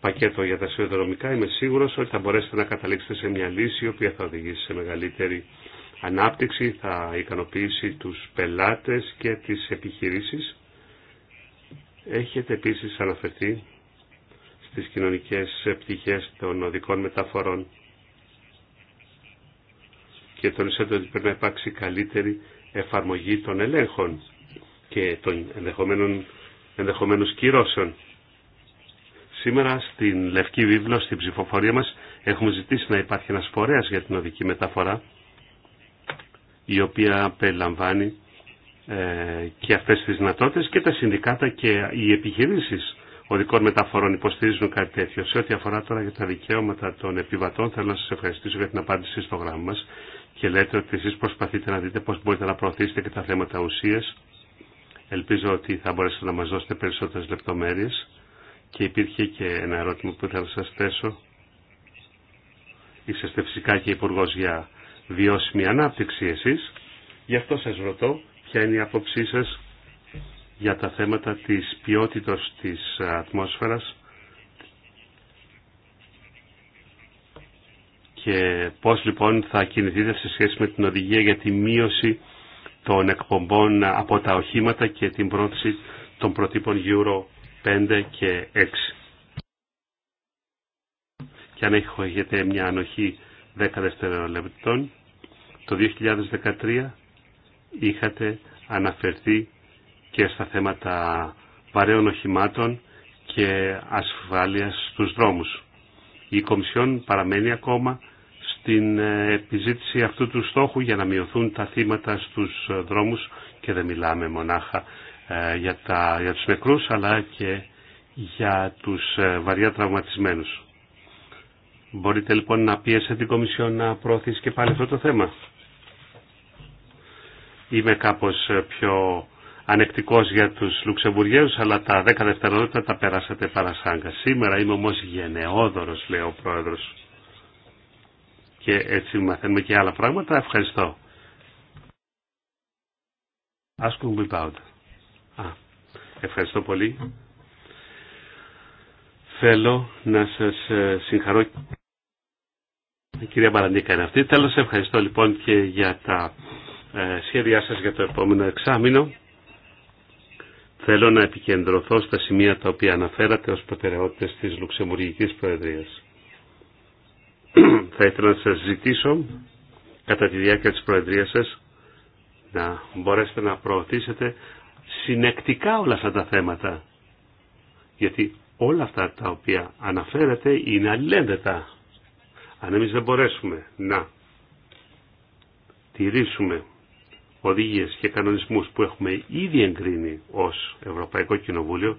πακέτο για τα σιδηροδρομικά είμαι σίγουρος ότι θα μπορέσετε να καταλήξετε σε μια λύση η οποία θα οδηγήσει σε μεγαλύτερη ανάπτυξη, θα ικανοποιήσει τους πελάτες και τις επιχειρήσεις. Έχετε επίσης αναφερθεί στις κοινωνικές πτυχές των οδικών μεταφορών και τονίσατε ότι πρέπει να υπάρξει καλύτερη εφαρμογή των ελέγχων και των ενδεχομένων, ενδεχομένους κυρώσεων. Σήμερα στην Λευκή Βίβλο, στην ψηφοφορία μας, έχουμε ζητήσει να υπάρχει ένας φορέας για την οδική μεταφορά, η οποία περιλαμβάνει ε, και αυτές τις δυνατότητες και τα συνδικάτα και οι επιχειρήσεις οδικών μεταφορών υποστηρίζουν κάτι τέτοιο. Σε ό,τι αφορά τώρα για τα δικαιώματα των επιβατών, θέλω να σας ευχαριστήσω για την απάντηση στο γράμμα μας και λέτε ότι εσείς προσπαθείτε να δείτε πώς μπορείτε να προωθήσετε και τα θέματα ουσίας Ελπίζω ότι θα μπορέσετε να μας δώσετε περισσότερες λεπτομέρειες και υπήρχε και ένα ερώτημα που ήθελα να σας θέσω. Είσαστε φυσικά και υπουργό για βιώσιμη ανάπτυξη εσείς. Γι' αυτό σας ρωτώ ποια είναι η άποψή σας για τα θέματα της ποιότητας της ατμόσφαιρας και πώς λοιπόν θα κινηθείτε σε σχέση με την οδηγία για τη μείωση των εκπομπών από τα οχήματα και την πρόθεση των προτύπων Euro 5 και 6. Και αν έχετε μια ανοχή 10 δευτερολεπτών, το 2013 είχατε αναφερθεί και στα θέματα βαρέων οχημάτων και ασφάλειας στους δρόμους. Η Κομισιόν παραμένει ακόμα την ε, επιζήτηση αυτού του στόχου για να μειωθούν τα θύματα στους ε, δρόμους και δεν μιλάμε μονάχα ε, για, τα, για τους νεκρούς αλλά και για τους βαριά τραυματισμένους. Μπορείτε λοιπόν να πιέσετε την Κομισιό να προωθήσει και πάλι αυτό το θέμα. Είμαι κάπως πιο ανεκτικός για τους Λουξεμβουργέους, αλλά τα δέκα δευτερόλεπτα τα περάσατε παρασάγκα. Σήμερα είμαι όμως γενναιόδωρος, λέει ο Πρόεδρος και έτσι μαθαίνουμε και άλλα πράγματα. Ευχαριστώ. Α, ευχαριστώ πολύ. Θέλω να σας ε, συγχαρώ. κυρία Μπαραντίκα είναι αυτή. Τέλος, ευχαριστώ λοιπόν και για τα ε, σχέδιά σας για το επόμενο εξάμεινο. Θέλω να επικεντρωθώ στα σημεία τα οποία αναφέρατε ως προτεραιότητες της Λουξεμβουργικής Προεδρίας θα ήθελα να σας ζητήσω κατά τη διάρκεια της Προεδρίας σας να μπορέσετε να προωθήσετε συνεκτικά όλα αυτά τα θέματα. Γιατί όλα αυτά τα οποία αναφέρετε είναι αλληλένδετα. Αν εμείς δεν μπορέσουμε να τηρήσουμε οδηγίες και κανονισμούς που έχουμε ήδη εγκρίνει ως Ευρωπαϊκό Κοινοβούλιο,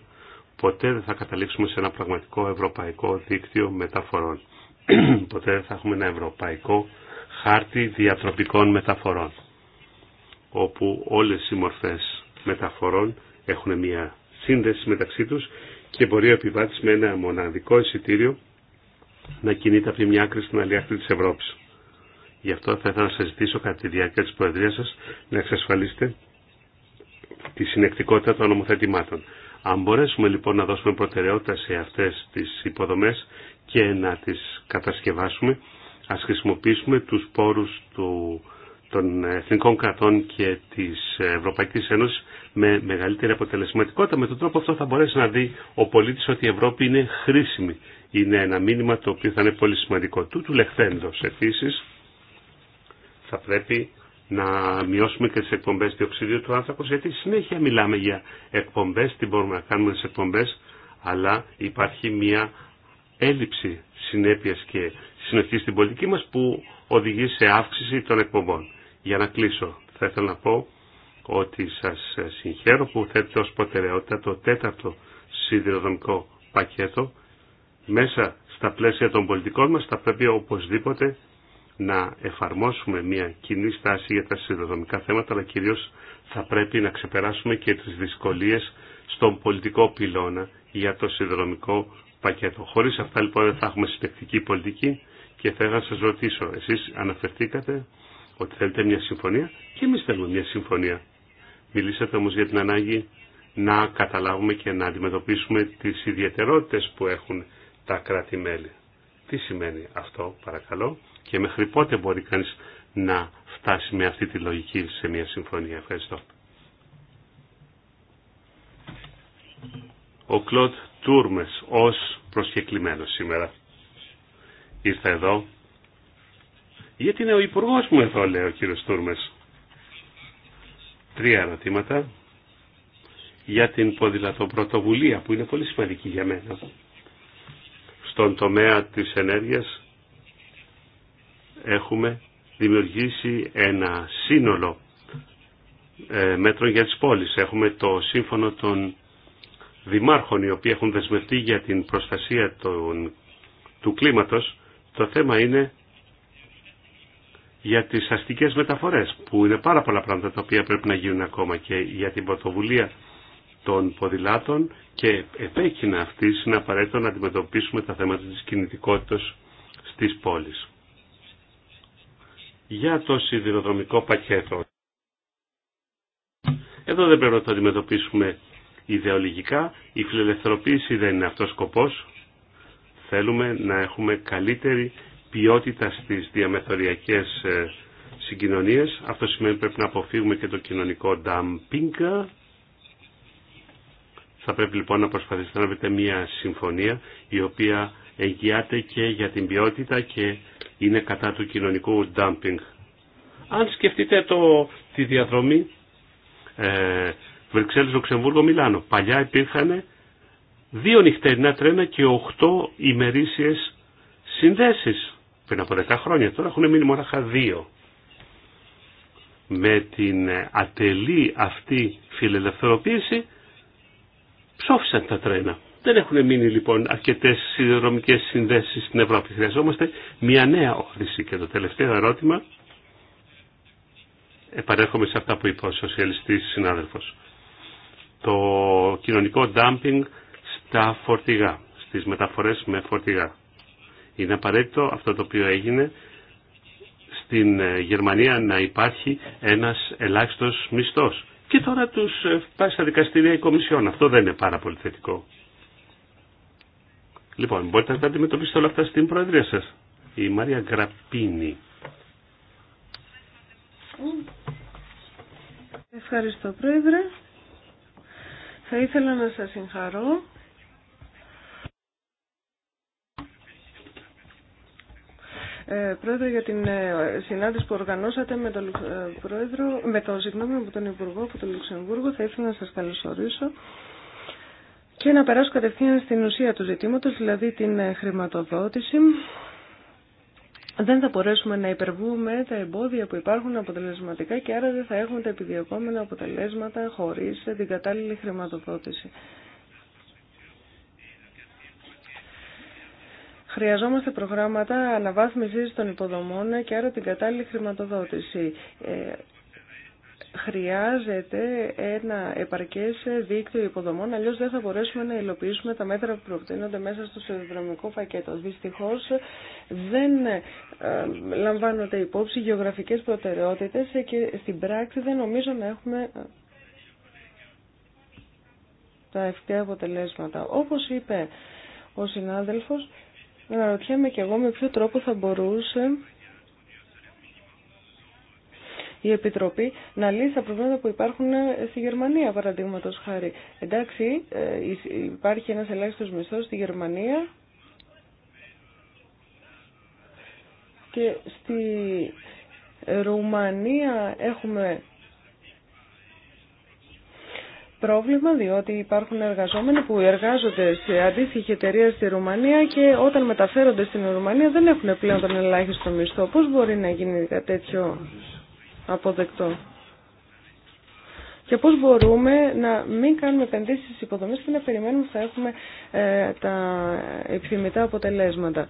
ποτέ δεν θα καταλήξουμε σε ένα πραγματικό ευρωπαϊκό δίκτυο μεταφορών. ποτέ δεν θα έχουμε ένα ευρωπαϊκό χάρτη διατροπικών μεταφορών όπου όλες οι μορφές μεταφορών έχουν μια σύνδεση μεταξύ τους και μπορεί ο επιβάτης με ένα μοναδικό εισιτήριο να κινείται από τη μια άκρη στην άλλη άκρη της Ευρώπης. Γι' αυτό θα ήθελα να σας ζητήσω κατά τη διάρκεια της Προεδρίας σας να εξασφαλίσετε τη συνεκτικότητα των νομοθετημάτων. Αν μπορέσουμε λοιπόν να δώσουμε προτεραιότητα σε αυτές τις υποδομές, και να τις κατασκευάσουμε. Ας χρησιμοποιήσουμε τους πόρους του, των εθνικών κρατών και της Ευρωπαϊκής Ένωσης με μεγαλύτερη αποτελεσματικότητα. Με τον τρόπο αυτό θα μπορέσει να δει ο πολίτης ότι η Ευρώπη είναι χρήσιμη. Είναι ένα μήνυμα το οποίο θα είναι πολύ σημαντικό. Τούτου λεχθέντος επίσης θα πρέπει να μειώσουμε και τις εκπομπές διοξιδίου του άνθρακος γιατί συνέχεια μιλάμε για εκπομπές, τι μπορούμε να κάνουμε στις εκπομπές αλλά υπάρχει μια έλλειψη συνέπειας και συνοχή στην πολιτική μας που οδηγεί σε αύξηση των εκπομπών. Για να κλείσω, θα ήθελα να πω ότι σας συγχαίρω που θέτετε ως προτεραιότητα το τέταρτο σιδηροδρομικό πακέτο μέσα στα πλαίσια των πολιτικών μας θα πρέπει οπωσδήποτε να εφαρμόσουμε μια κοινή στάση για τα σιδηροδρομικά θέματα αλλά κυρίως θα πρέπει να ξεπεράσουμε και τις δυσκολίες στον πολιτικό πυλώνα για το σιδηροδρομικό πακέτο. Χωρίς αυτά λοιπόν δεν θα έχουμε συντεκτική πολιτική και θα ήθελα να σας ρωτήσω, εσείς αναφερθήκατε ότι θέλετε μια συμφωνία και εμείς θέλουμε μια συμφωνία. Μιλήσατε όμως για την ανάγκη να καταλάβουμε και να αντιμετωπίσουμε τις ιδιαιτερότητες που έχουν τα κράτη-μέλη. Τι σημαίνει αυτό παρακαλώ και μέχρι πότε μπορεί κανείς να φτάσει με αυτή τη λογική σε μια συμφωνία. Ευχαριστώ. Ο Τούρμες ως προσκεκλημένο σήμερα. Ήρθα εδώ. Γιατί είναι ο υπουργό μου εδώ, λέει ο κύριος Τούρμες. Τρία ερωτήματα για την ποδηλατοπρωτοβουλία που είναι πολύ σημαντική για μένα. Στον τομέα της ενέργειας έχουμε δημιουργήσει ένα σύνολο ε, μέτρων για τις πόλεις. Έχουμε το σύμφωνο των δημάρχων οι οποίοι έχουν δεσμευτεί για την προστασία του κλίματος. Το θέμα είναι για τις αστικές μεταφορές που είναι πάρα πολλά πράγματα τα οποία πρέπει να γίνουν ακόμα και για την πρωτοβουλία των ποδηλάτων και επέκεινα αυτής είναι απαραίτητο να αντιμετωπίσουμε τα θέματα της κινητικότητας στις πόλεις. Για το σιδηροδρομικό πακέτο. Εδώ δεν πρέπει να το αντιμετωπίσουμε ιδεολογικά. Η φιλελευθερωποίηση δεν είναι αυτός σκοπός. Θέλουμε να έχουμε καλύτερη ποιότητα στις διαμεθοριακές ε, συγκοινωνίες. Αυτό σημαίνει πρέπει να αποφύγουμε και το κοινωνικό dumping. Θα πρέπει λοιπόν να προσπαθήσετε να βρείτε μια συμφωνία η οποία εγγυάται και για την ποιότητα και είναι κατά του κοινωνικού dumping. Αν σκεφτείτε το, τη διαδρομή ε, Βρυξέλλες, Λουξεμβούργο, Μιλάνο. Παλιά υπήρχαν δύο νυχτερινά τρένα και οχτώ ημερήσιες συνδέσεις πριν από δεκα χρόνια. Τώρα έχουν μείνει μόνο δύο. Με την ε, ατελή αυτή φιλελευθερωποίηση ψόφισαν τα τρένα. Δεν έχουν μείνει λοιπόν αρκετέ συνδρομικέ συνδέσει στην Ευρώπη. Χρειαζόμαστε μια νέα όθηση. Και το τελευταίο ερώτημα. Επανέρχομαι σε αυτά που είπε ο σοσιαλιστή συνάδελφο το κοινωνικό dumping στα φορτηγά, στις μεταφορές με φορτηγά. Είναι απαραίτητο αυτό το οποίο έγινε στην ε, Γερμανία να υπάρχει ένας ελάχιστος μισθός. Και τώρα τους ε, πάει στα δικαστήρια η Κομισιόν. Αυτό δεν είναι πάρα πολύ θετικό. Λοιπόν, μπορείτε να αντιμετωπίσετε όλα αυτά στην Προεδρία σας. Η Μαρία Γραπίνη Ευχαριστώ Πρόεδρε. Θα ήθελα να σας συγχαρώ. Ε, πρόεδρε, για την ε, συνάντηση που οργανώσατε με τον, ε, πρόεδρο, με τον, συγγνώμη, από τον Υπουργό από το Λουξεμβούργο, θα ήθελα να σας καλωσορίσω. Και να περάσω κατευθείαν στην ουσία του ζητήματος, δηλαδή την ε, χρηματοδότηση δεν θα μπορέσουμε να υπερβούμε τα εμπόδια που υπάρχουν αποτελεσματικά και άρα δεν θα έχουμε τα επιδιωκόμενα αποτελέσματα χωρίς την κατάλληλη χρηματοδότηση. Χρειαζόμαστε προγράμματα αναβάθμισης των υποδομών και άρα την κατάλληλη χρηματοδότηση. Ε, χρειάζεται ένα επαρκές δίκτυο υποδομών, αλλιώς δεν θα μπορέσουμε να υλοποιήσουμε τα μέτρα που προτείνονται μέσα στο σιδηροδρομικό πακέτο. Δυστυχώς δεν ε, λαμβάνονται υπόψη γεωγραφικές προτεραιότητες και στην πράξη δεν νομίζω να έχουμε ε, τα ευκαιρία αποτελέσματα. Όπως είπε ο συνάδελφος, αναρωτιέμαι και εγώ με ποιο τρόπο θα μπορούσε η Επιτροπή να λύσει τα προβλήματα που υπάρχουν ε, στη Γερμανία, παραδείγματο χάρη. Εντάξει, ε, υπάρχει ένα ελάχιστο μισθό στη Γερμανία και στη Ρουμανία έχουμε πρόβλημα διότι υπάρχουν εργαζόμενοι που εργάζονται σε αντίστοιχη εταιρεία στη Ρουμανία και όταν μεταφέρονται στην Ρουμανία δεν έχουν πλέον τον ελάχιστο μισθό. Πώς μπορεί να γίνει κάτι τέτοιο αποδεκτό. Και πώς μπορούμε να μην κάνουμε επενδύσεις στις υποδομές και να περιμένουμε ότι θα έχουμε ε, τα επιθυμητά αποτελέσματα.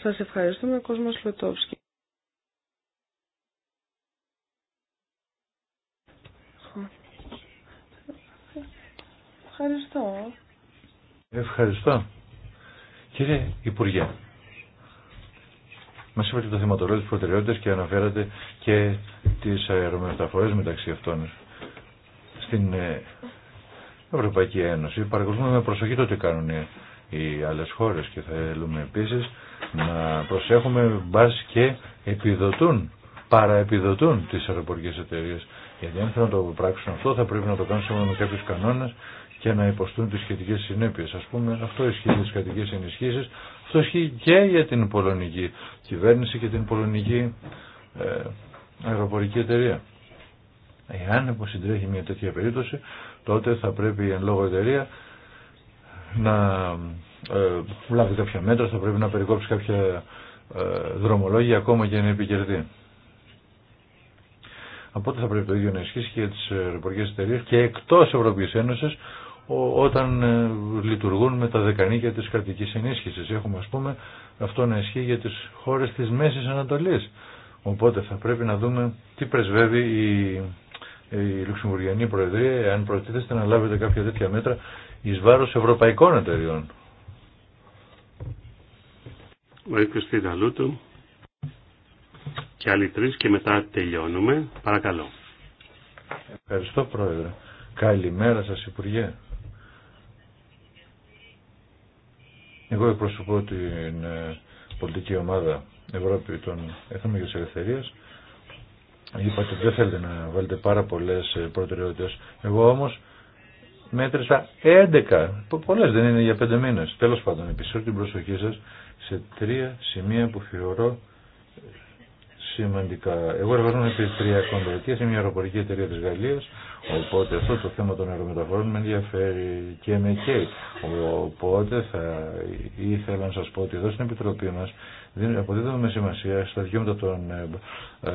Σας ευχαριστούμε, Κόσμος Λουτόφσκι. Ευχαριστώ. Ευχαριστώ. Κύριε Υπουργέ, Μα είπατε το θεματολόγιο τη προτεραιότητα και αναφέρατε και τι αερομεταφορέ μεταξύ αυτών. Στην ε, Ευρωπαϊκή Ένωση παρακολουθούμε με προσοχή το τι κάνουν ε, οι άλλε χώρε και θέλουμε επίση να προσέχουμε μπα και επιδοτούν, παραεπιδοτούν τι αεροπορικέ εταιρείε. Γιατί αν θέλουν να το πράξουν αυτό θα πρέπει να το κάνουν σύμφωνα με κάποιου κανόνε και να υποστούν τις σχετικές συνέπειες. Ας πούμε αυτό ισχύει για τις κρατικές ενισχύσεις, αυτό ισχύει και για την πολωνική κυβέρνηση και την πολωνική ε, αεροπορική εταιρεία. Εάν υποσυντρέχει μια τέτοια περίπτωση, τότε θα πρέπει η εν λόγω εταιρεία να ε, λάβει κάποια μέτρα, θα πρέπει να περικόψει κάποια ε, δρομολόγια ακόμα και να επικερδεί. Οπότε θα πρέπει το ίδιο να ισχύσει και για τι αεροπορικέ εταιρείε και εκτό Ευρωπαϊκή Ένωση όταν ε, λειτουργούν με τα δεκανίκια της κρατικής ενίσχυσης. Έχουμε ας πούμε αυτό να ισχύει για τις χώρες της Μέσης Ανατολής. Οπότε θα πρέπει να δούμε τι πρεσβεύει η, η Προεδρία αν προτίθεστε να λάβετε κάποια τέτοια μέτρα εις βάρος ευρωπαϊκών εταιριών. Ο και άλλοι τρεις και μετά τελειώνουμε. Παρακαλώ. Ευχαριστώ Πρόεδρε. Καλημέρα σας Υπουργέ. Εγώ εκπροσωπώ την ε, πολιτική ομάδα Ευρώπη των Έθνων και ελευθερία Είπατε ότι δεν θέλετε να βάλετε πάρα πολλές ε, προτεραιότητες. Εγώ όμως μέτρησα 11. Πολλές δεν είναι για 5 μήνες. Τέλος πάντων, επισύρω την προσοχή σας σε τρία σημεία που θεωρώ σημαντικά. Εγώ εργαζόμουν επί 30 ετία σε μια αεροπορική εταιρεία τη Γαλλία, οπότε αυτό το θέμα των αερομεταφορών με ενδιαφέρει και με καίει. Οπότε θα ήθελα να σα πω ότι εδώ στην Επιτροπή μα αποδίδουμε σημασία στα δικαιώματα των, ε, ε,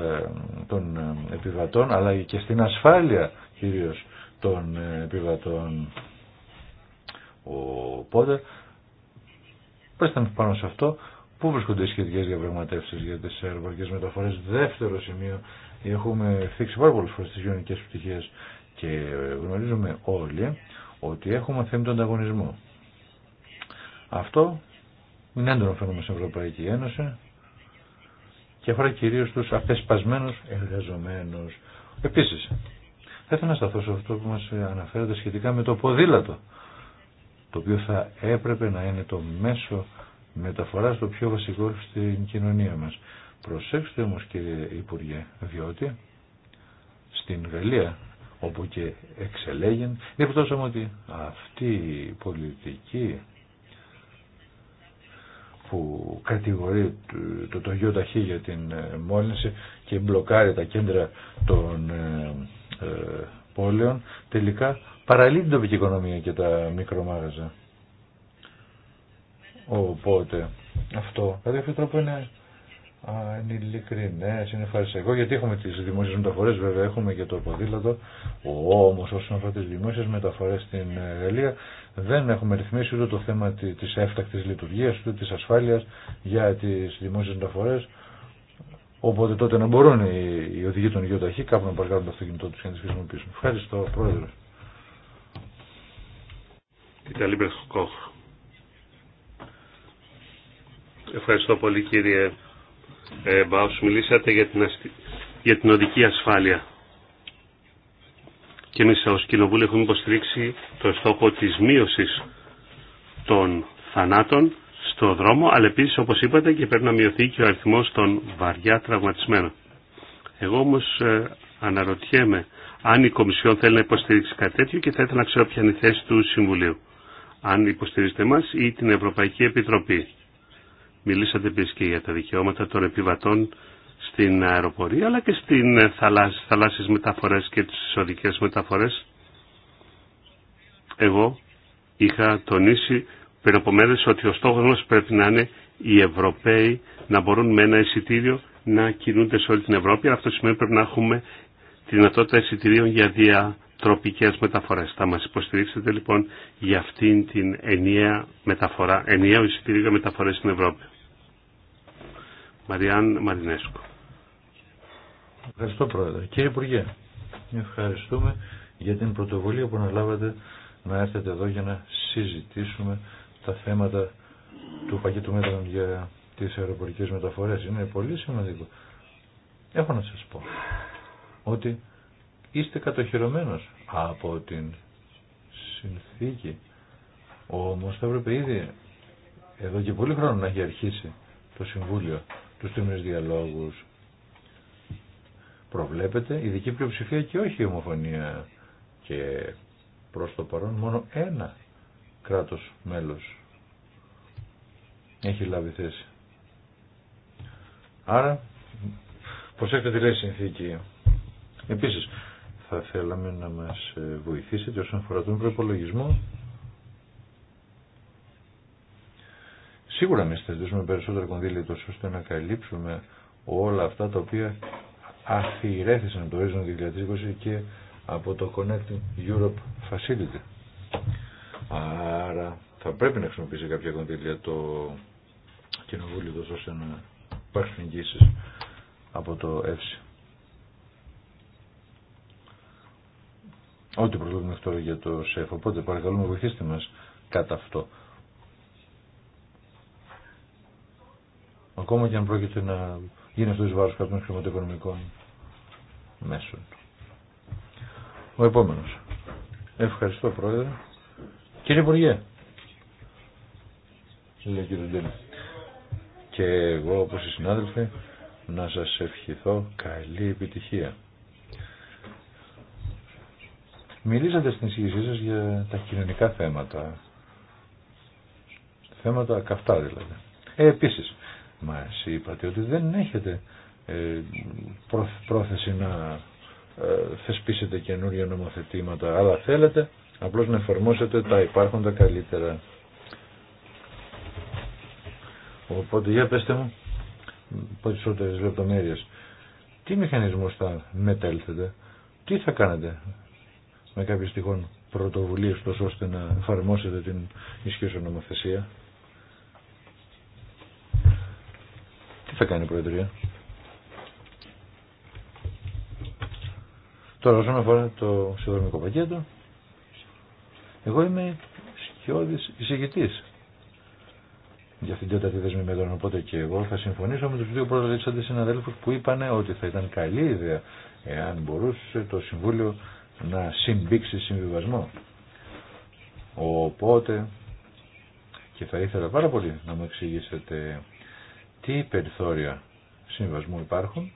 των ε, επιβατών, αλλά και στην ασφάλεια κυρίω των επιβατών. Οπότε, πέστε πάνω σε αυτό Πού βρίσκονται οι σχετικέ διαπραγματεύσει για τι αεροπορικέ μεταφορέ. Δεύτερο σημείο, έχουμε θίξει πάρα πολλέ φορέ τι γεωνικέ πτυχέ και γνωρίζουμε όλοι ότι έχουμε θέμα τον ανταγωνισμό. Αυτό είναι έντονο φαινόμενο στην Ευρωπαϊκή Ένωση και αφορά κυρίω του απεσπασμένου εργαζομένου. Επίση, θα ήθελα να σταθώ σε αυτό που μα αναφέρατε σχετικά με το ποδήλατο, το οποίο θα έπρεπε να είναι το μέσο μεταφορά στο πιο βασικό στην κοινωνία μας. Προσέξτε όμως κύριε Υπουργέ, διότι στην Γαλλία όπου και εξελέγεν, διαπιστώσαμε ότι αυτή η πολιτική που κατηγορεί το το ταχύ για την ε, μόλυνση και μπλοκάρει τα κέντρα των ε, ε πόλεων τελικά παραλύει την τοπική οικονομία και τα μικρομάγαζα. Οπότε αυτό κατά κάποιο τρόπο είναι ανηλικρινέ, είναι φαρισαϊκό γιατί έχουμε τι δημόσιε μεταφορέ, βέβαια έχουμε και το ποδήλατο. Όμω όσον αφορά τι δημόσιε μεταφορέ στην ε, Γαλλία δεν έχουμε ρυθμίσει ούτε το θέμα τη έφτακτη λειτουργία ούτε τη ασφάλεια για τι δημόσιε μεταφορέ. Οπότε τότε να μπορούν οι οδηγοί των γεωταχή κάπου να παρκάρουν το αυτοκίνητό του και να τι χρησιμοποιήσουν. Ευχαριστώ, Πρόεδρε. Ευχαριστώ πολύ κύριε ε, Μπάους. Μιλήσατε για την, για την οδική ασφάλεια. Και εμείς ως Κοινοβούλιο έχουμε υποστηρίξει το στόχο της μείωσης των θανάτων στο δρόμο, αλλά επίσης όπως είπατε και πρέπει να μειωθεί και ο αριθμός των βαριά τραυματισμένων. Εγώ όμως ε, αναρωτιέμαι αν η Κομισιόν θέλει να υποστηρίξει κάτι τέτοιο και θα ήθελα να ξέρω ποια είναι η θέση του Συμβουλίου. Αν υποστηρίζετε εμά ή την Ευρωπαϊκή Επιτροπή. Μιλήσατε επίσης και για τα δικαιώματα των επιβατών στην αεροπορία αλλά και στις θαλάσσι, θαλάσσιες μεταφορές και τις οδικές μεταφορές. Εγώ είχα τονίσει πριν από μέρες ότι ο στόχος μας πρέπει να είναι οι Ευρωπαίοι να μπορούν με ένα εισιτήριο να κινούνται σε όλη την Ευρώπη, αυτό σημαίνει πρέπει να έχουμε τη δυνατότητα εισιτηρίων για διατροπικές μεταφορές. Θα μας υποστηρίξετε λοιπόν για αυτήν την ενιαία μεταφορά, ενιαίο εισιτήριο για μεταφορές στην Ευρώπη. Μαριάν Μαρινέσκο. Ευχαριστώ Πρόεδρε. Κύριε Υπουργέ, ευχαριστούμε για την πρωτοβουλία που αναλάβατε να έρθετε εδώ για να συζητήσουμε τα θέματα του πακέτου μέτρων για τις αεροπορικές μεταφορές. Είναι πολύ σημαντικό. Έχω να σας πω ότι είστε κατοχυρωμένος από την συνθήκη. Όμως θα έπρεπε ήδη εδώ και πολύ χρόνο να έχει αρχίσει το Συμβούλιο τους τριμμένους διαλόγους. Προβλέπεται ειδική πλειοψηφία και όχι η ομοφωνία και προς το παρόν μόνο ένα κράτος μέλος έχει λάβει θέση. Άρα, προσέξτε τη λέει συνθήκη. Επίσης, θα θέλαμε να μας βοηθήσετε όσον αφορά τον προπολογισμό Σίγουρα εμεί θα ζητήσουμε περισσότερα κονδύλια τόσο ώστε να καλύψουμε όλα αυτά τα οποία αφιερέθησαν το Horizon 2020 και από το Connecting Europe Facility. Άρα θα πρέπει να χρησιμοποιήσει κάποια κονδύλια το κοινοβούλιο τόσο ώστε να υπάρχουν εγγύσεις από το ΕΦΣΙ. Ό,τι προβλέπουμε αυτό για το ΣΕΦ. Οπότε παρακαλούμε βοηθήστε μας κατά αυτό. Ακόμα και αν πρόκειται να γίνει αυτό ει βάρο κάποιων χρηματοοικονομικών μέσων. Ο επόμενος. Ευχαριστώ Πρόεδρε. Κύριε Υπουργέ. Λέει κύριε Ντέλη. Και εγώ όπως οι συνάδελφοι να σα ευχηθώ καλή επιτυχία. Μιλήσατε στην εισηγησή σα για τα κοινωνικά θέματα. Θέματα καυτά δηλαδή. Ε, επίσης, μα είπατε ότι δεν έχετε ε, πρόθεση να ε, θεσπίσετε καινούργια νομοθετήματα, αλλά θέλετε απλώς να εφαρμόσετε τα υπάρχοντα καλύτερα. Οπότε για πέστε μου περισσότερες λεπτομέρειες. Τι μηχανισμός θα μετέλθετε, τι θα κάνετε με κάποιες τυχόν πρωτοβουλίες τόσο ώστε να εφαρμόσετε την ισχύουσα νομοθεσία. θα κάνει η Προεδρία. Τώρα όσον αφορά το συνδρομικό πακέτο, εγώ είμαι σκιώδης εισηγητής για αυτήν την τέταρτη δεσμή με τον οπότε και εγώ θα συμφωνήσω με τους δύο προλεξάντες συναδέλφους που είπαν ότι θα ήταν καλή ιδέα εάν μπορούσε το Συμβούλιο να συμπήξει συμβιβασμό. Οπότε και θα ήθελα πάρα πολύ να μου εξηγήσετε τι περιθώρια συμβασμού υπάρχουν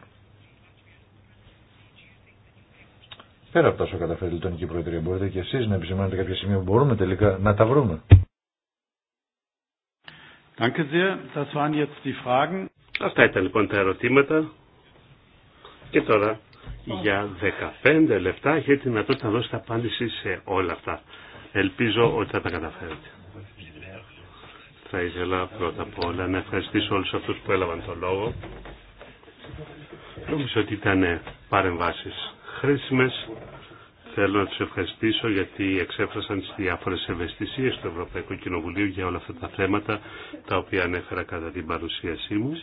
πέρα από τα όσα καταφέρει η Λιτωνική Προεδρία. Μπορείτε και εσείς να επισημάνετε κάποια σημεία που μπορούμε τελικά να τα βρούμε. Αυτά ήταν λοιπόν τα ερωτήματα. Και τώρα για 15 λεπτά έχετε δυνατότητα να δώσετε απάντηση σε όλα αυτά. Ελπίζω ότι θα τα καταφέρετε. Θα ήθελα πρώτα απ' όλα να ευχαριστήσω όλους αυτούς που έλαβαν το λόγο. Νομίζω ότι ήταν παρεμβάσεις χρήσιμες. Θέλω να τους ευχαριστήσω γιατί εξέφρασαν τι διάφορες ευαισθησίες του Ευρωπαϊκού Κοινοβουλίου για όλα αυτά τα θέματα τα οποία ανέφερα κατά την παρουσίασή μου.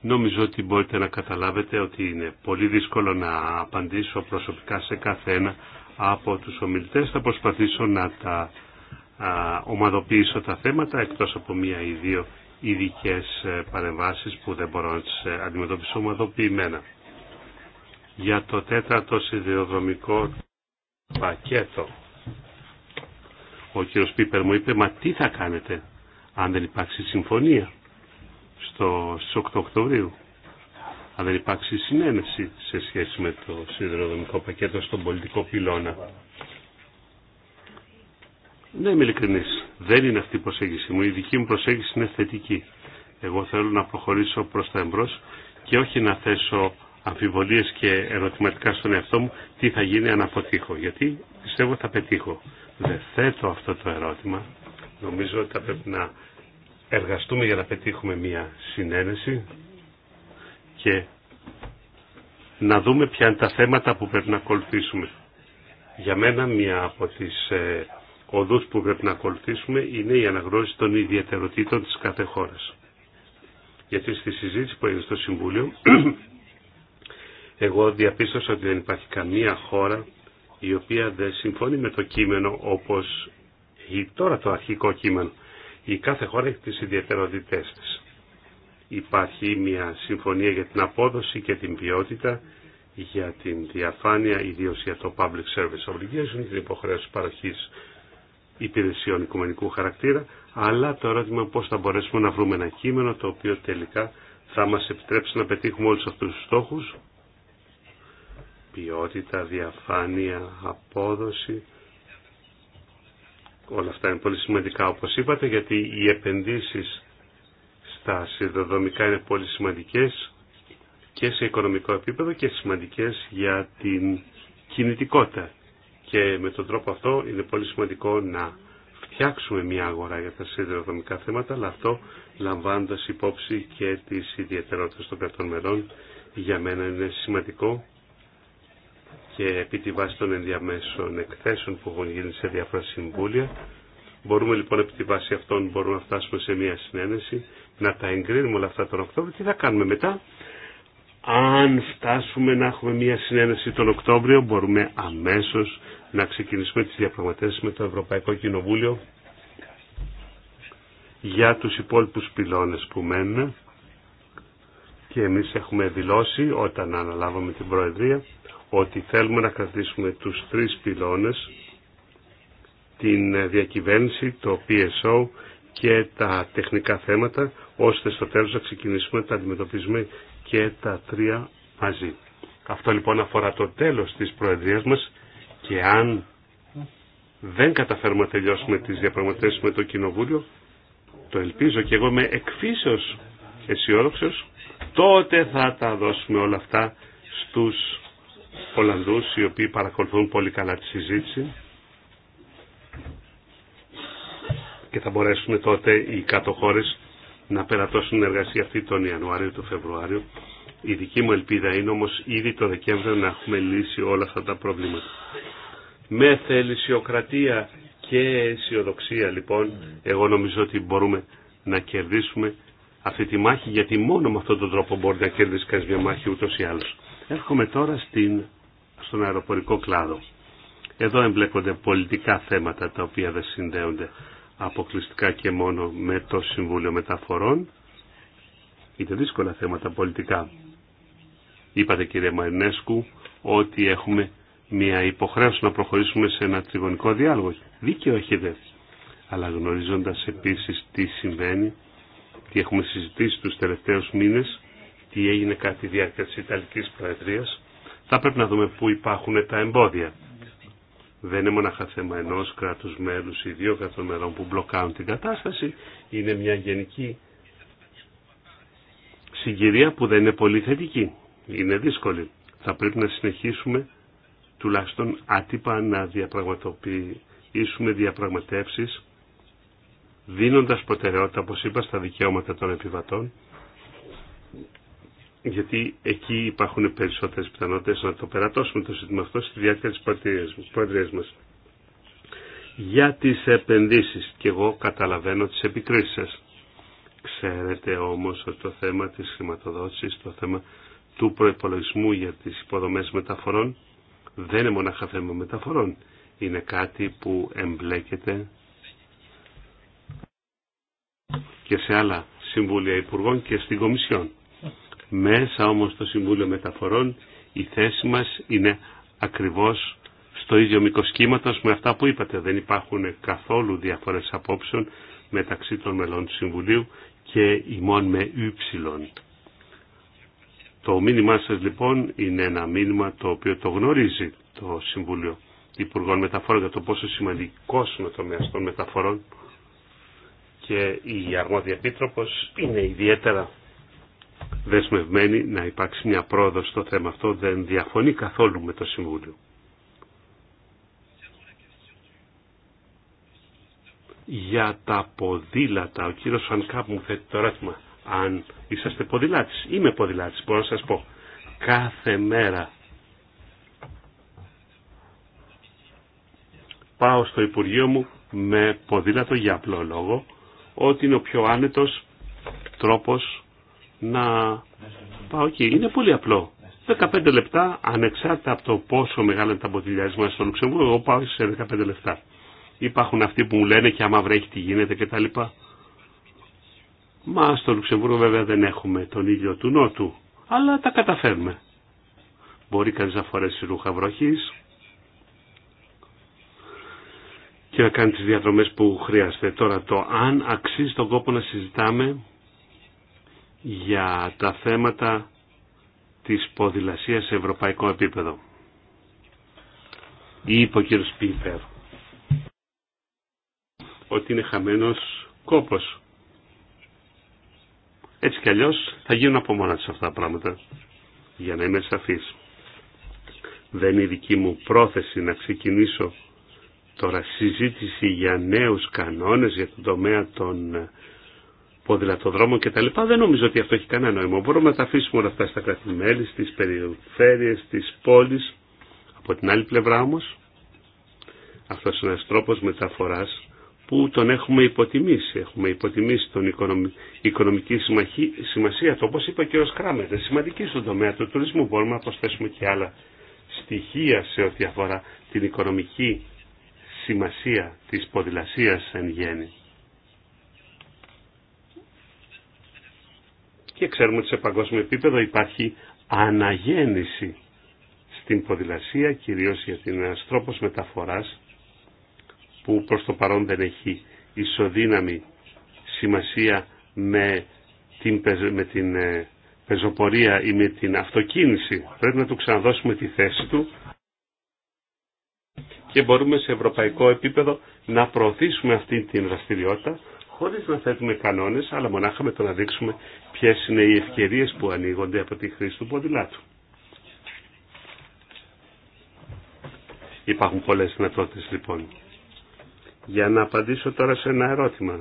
Νομίζω ότι μπορείτε να καταλάβετε ότι είναι πολύ δύσκολο να απαντήσω προσωπικά σε κάθε ένα από τους ομιλητές. Θα προσπαθήσω να τα ομαδοποιήσω τα θέματα εκτός από μία ή δύο ειδικέ ε, παρεμβάσεις που δεν μπορώ να τις ε, αντιμετωπίσω ομαδοποιημένα. Για το τέταρτο σιδηροδρομικό πακέτο. Ο κ. Πίπερ μου είπε, μα τι θα κάνετε αν δεν υπάρξει συμφωνία στο, 8 Οκτωβρίου. Αν δεν υπάρξει συνένεση σε σχέση με το σιδηροδρομικό πακέτο στον πολιτικό πυλώνα. Ναι, είμαι ειλικρινής. Δεν είναι αυτή η προσέγγιση μου. Η δική μου προσέγγιση είναι θετική. Εγώ θέλω να προχωρήσω προς τα εμπρός και όχι να θέσω αμφιβολίες και ερωτηματικά στον εαυτό μου τι θα γίνει αν αποτύχω. Γιατί πιστεύω θα πετύχω. Δεν θέτω αυτό το ερώτημα. Νομίζω ότι θα πρέπει να εργαστούμε για να πετύχουμε μια συνένεση και να δούμε ποια είναι τα θέματα που πρέπει να ακολουθήσουμε. Για μένα μία από ε, οδούς που πρέπει να ακολουθήσουμε είναι η αναγνώριση των ιδιαιτεροτήτων της κάθε χώρας. Γιατί στη συζήτηση που έγινε στο Συμβούλιο, εγώ διαπίστωσα ότι δεν υπάρχει καμία χώρα η οποία δεν συμφωνεί με το κείμενο όπως Η τώρα το αρχικό κείμενο. Η κάθε χώρα έχει τις ιδιαιτερότητές της. Υπάρχει μια συμφωνία για την απόδοση και την ποιότητα, για την διαφάνεια, ιδίως για το public service obligation, την υποχρέωση παροχής υπηρεσιών οικουμενικού χαρακτήρα, αλλά το ερώτημα πώς θα μπορέσουμε να βρούμε ένα κείμενο το οποίο τελικά θα μας επιτρέψει να πετύχουμε όλους αυτούς τους στόχους. Ποιότητα, διαφάνεια, απόδοση. Όλα αυτά είναι πολύ σημαντικά όπως είπατε γιατί οι επενδύσεις στα συνδεδομικά είναι πολύ σημαντικές και σε οικονομικό επίπεδο και σημαντικές για την κινητικότητα και με τον τρόπο αυτό είναι πολύ σημαντικό να φτιάξουμε μια αγορά για τα σιδηροδρομικά θέματα, αλλά αυτό λαμβάνοντας υπόψη και τις ιδιαιτερότητες των κρατών μερών, για μένα είναι σημαντικό και επί τη βάση των ενδιαμέσων εκθέσεων που έχουν γίνει σε διάφορα συμβούλια, μπορούμε λοιπόν επί τη βάση αυτών μπορούμε να φτάσουμε σε μια συνένεση, να τα εγκρίνουμε όλα αυτά τον Οκτώβριο, τι θα κάνουμε μετά. Αν φτάσουμε να έχουμε μια συνένεση τον Οκτώβριο, μπορούμε αμέσως να ξεκινήσουμε τις διαπραγματεύσεις με το Ευρωπαϊκό Κοινοβούλιο για τους υπόλοιπους πυλώνες που μένουν και εμείς έχουμε δηλώσει όταν αναλάβαμε την Προεδρία ότι θέλουμε να κρατήσουμε τους τρεις πυλώνες την διακυβέρνηση, το PSO και τα τεχνικά θέματα ώστε στο τέλος να ξεκινήσουμε να τα αντιμετωπίζουμε και τα τρία μαζί. Αυτό λοιπόν αφορά το τέλος της Προεδρίας μας και αν δεν καταφέρουμε να τελειώσουμε τις διαπραγματεύσεις με το Κοινοβούλιο, το ελπίζω και εγώ είμαι εκφύσεως αισιόδοξο, τότε θα τα δώσουμε όλα αυτά στους Ολλανδούς οι οποίοι παρακολουθούν πολύ καλά τη συζήτηση και θα μπορέσουν τότε οι κάτω να περατώσουν εργασία αυτή τον Ιανουάριο, τον Φεβρουάριο η δική μου ελπίδα είναι όμως ήδη το Δεκέμβριο να έχουμε λύσει όλα αυτά τα προβλήματα. Με θελησιοκρατία και αισιοδοξία λοιπόν, εγώ νομίζω ότι μπορούμε να κερδίσουμε αυτή τη μάχη, γιατί μόνο με αυτόν τον τρόπο μπορεί να κερδίσει κανείς μια μάχη ούτως ή άλλως. Έρχομαι τώρα στην, στον αεροπορικό κλάδο. Εδώ εμπλέκονται πολιτικά θέματα τα οποία δεν συνδέονται αποκλειστικά και μόνο με το Συμβούλιο Μεταφορών. Είναι δύσκολα θέματα πολιτικά. Είπατε κύριε Μαρινέσκου ότι έχουμε μια υποχρέωση να προχωρήσουμε σε ένα τριγωνικό διάλογο. Δίκαιο έχετε. Αλλά γνωρίζοντας επίσης τι συμβαίνει, τι έχουμε συζητήσει τους τελευταίους μήνες, τι έγινε κατι τη διάρκεια της Ιταλικής Προεδρίας, θα πρέπει να δούμε πού υπάρχουν τα εμπόδια. Δεν είναι μοναχα θέμα ενό κράτου μέλου ή δύο κρατών μελών που υπαρχουν τα εμποδια δεν ειναι μοναχα θεμα ενο κρατου μελου η δυο κρατων που μπλοκαρουν την κατάσταση. Είναι μια γενική συγκυρία που δεν είναι πολύ θετική είναι δύσκολη. Θα πρέπει να συνεχίσουμε τουλάχιστον άτυπα να διαπραγματοποιήσουμε διαπραγματεύσεις δίνοντας προτεραιότητα, όπως είπα, στα δικαιώματα των επιβατών γιατί εκεί υπάρχουν περισσότερες πιθανότητες να το περατώσουμε το ζήτημα αυτό στη διάρκεια της μας. Για τις επενδύσεις, και εγώ καταλαβαίνω τις επικρίσεις σας. Ξέρετε όμως ότι το θέμα της χρηματοδότησης, το θέμα του προϋπολογισμού για τις υποδομές μεταφορών δεν είναι μονάχα θέμα μεταφορών. Είναι κάτι που εμπλέκεται και σε άλλα Συμβούλια Υπουργών και στην Κομισιόν. Μέσα όμως στο Συμβούλιο Μεταφορών η θέση μας είναι ακριβώς στο ίδιο μήκος με αυτά που είπατε. Δεν υπάρχουν καθόλου διαφορές απόψεων μεταξύ των μελών του Συμβουλίου και ημών με ύψιλον. Το μήνυμά σας λοιπόν είναι ένα μήνυμα το οποίο το γνωρίζει το Συμβούλιο Υπουργών Μεταφορών για το πόσο σημαντικό είναι το τομέας των μεταφορών και η αρμόδια επίτροπος είναι ιδιαίτερα δεσμευμένη να υπάρξει μια πρόοδο στο θέμα αυτό. Δεν διαφωνεί καθόλου με το Συμβούλιο. Για τα ποδήλατα, ο κύριος Φανκάπ μου θέτει το αν είσαστε ποδηλάτης. Είμαι ποδηλάτης, μπορώ να σας πω. Κάθε μέρα πάω στο Υπουργείο μου με ποδήλατο για απλό λόγο ότι είναι ο πιο άνετος τρόπος να πάω εκεί. Είναι πολύ απλό. 15 λεπτά ανεξάρτητα από το πόσο μεγάλα είναι τα ποτηλιάρισμα στο Λουξεμβούργο, εγώ πάω σε 15 λεπτά. Υπάρχουν αυτοί που μου λένε και άμα βρέχει τι γίνεται κτλ. Μα στο Λουξεμβούργο βέβαια δεν έχουμε τον ήλιο του Νότου, αλλά τα καταφέρουμε. Μπορεί κανείς να φορέσει ρούχα βροχής και να κάνει τις διαδρομές που χρειάζεται. Τώρα το αν αξίζει τον κόπο να συζητάμε για τα θέματα της ποδηλασίας σε ευρωπαϊκό επίπεδο. Ή είπε ο κύριος Πίπερ ότι είναι χαμένος κόπος. Έτσι κι αλλιώς θα γίνουν από μόνα τους αυτά τα πράγματα. Για να είμαι σαφής. Δεν είναι η δική μου πρόθεση να ξεκινήσω τώρα συζήτηση για νέους κανόνες για τον τομέα των ποδηλατοδρόμων κτλ. Δεν νομίζω ότι αυτό έχει κανένα νόημα. Μπορούμε να τα αφήσουμε όλα αυτά στα κρατημέλη, στις περιφέρειες, στις πόλεις. Από την άλλη πλευρά όμως, αυτός είναι ένας τρόπος μεταφοράς που τον έχουμε υποτιμήσει. Έχουμε υποτιμήσει τον οικονομική σημασία του, όπως είπε και ο Σκράμερ, σημαντική στον τομέα του τουρισμού. Μπορούμε να προσθέσουμε και άλλα στοιχεία σε ό,τι αφορά την οικονομική σημασία της ποδηλασίας εν γέννη. Και ξέρουμε ότι σε παγκόσμιο επίπεδο υπάρχει αναγέννηση στην ποδηλασία, κυρίως γιατί είναι ένας τρόπος μεταφοράς που προς το παρόν δεν έχει ισοδύναμη σημασία με την, με την ε, πεζοπορία ή με την αυτοκίνηση. Πρέπει να του ξαναδώσουμε τη θέση του και μπορούμε σε ευρωπαϊκό επίπεδο να προωθήσουμε αυτή την δραστηριότητα χωρίς να θέτουμε κανόνες, αλλά μονάχα με το να δείξουμε ποιες είναι οι ευκαιρίες που ανοίγονται από τη χρήση του ποδηλάτου. Υπάρχουν πολλές δυνατότητες λοιπόν για να απαντήσω τώρα σε ένα ερώτημα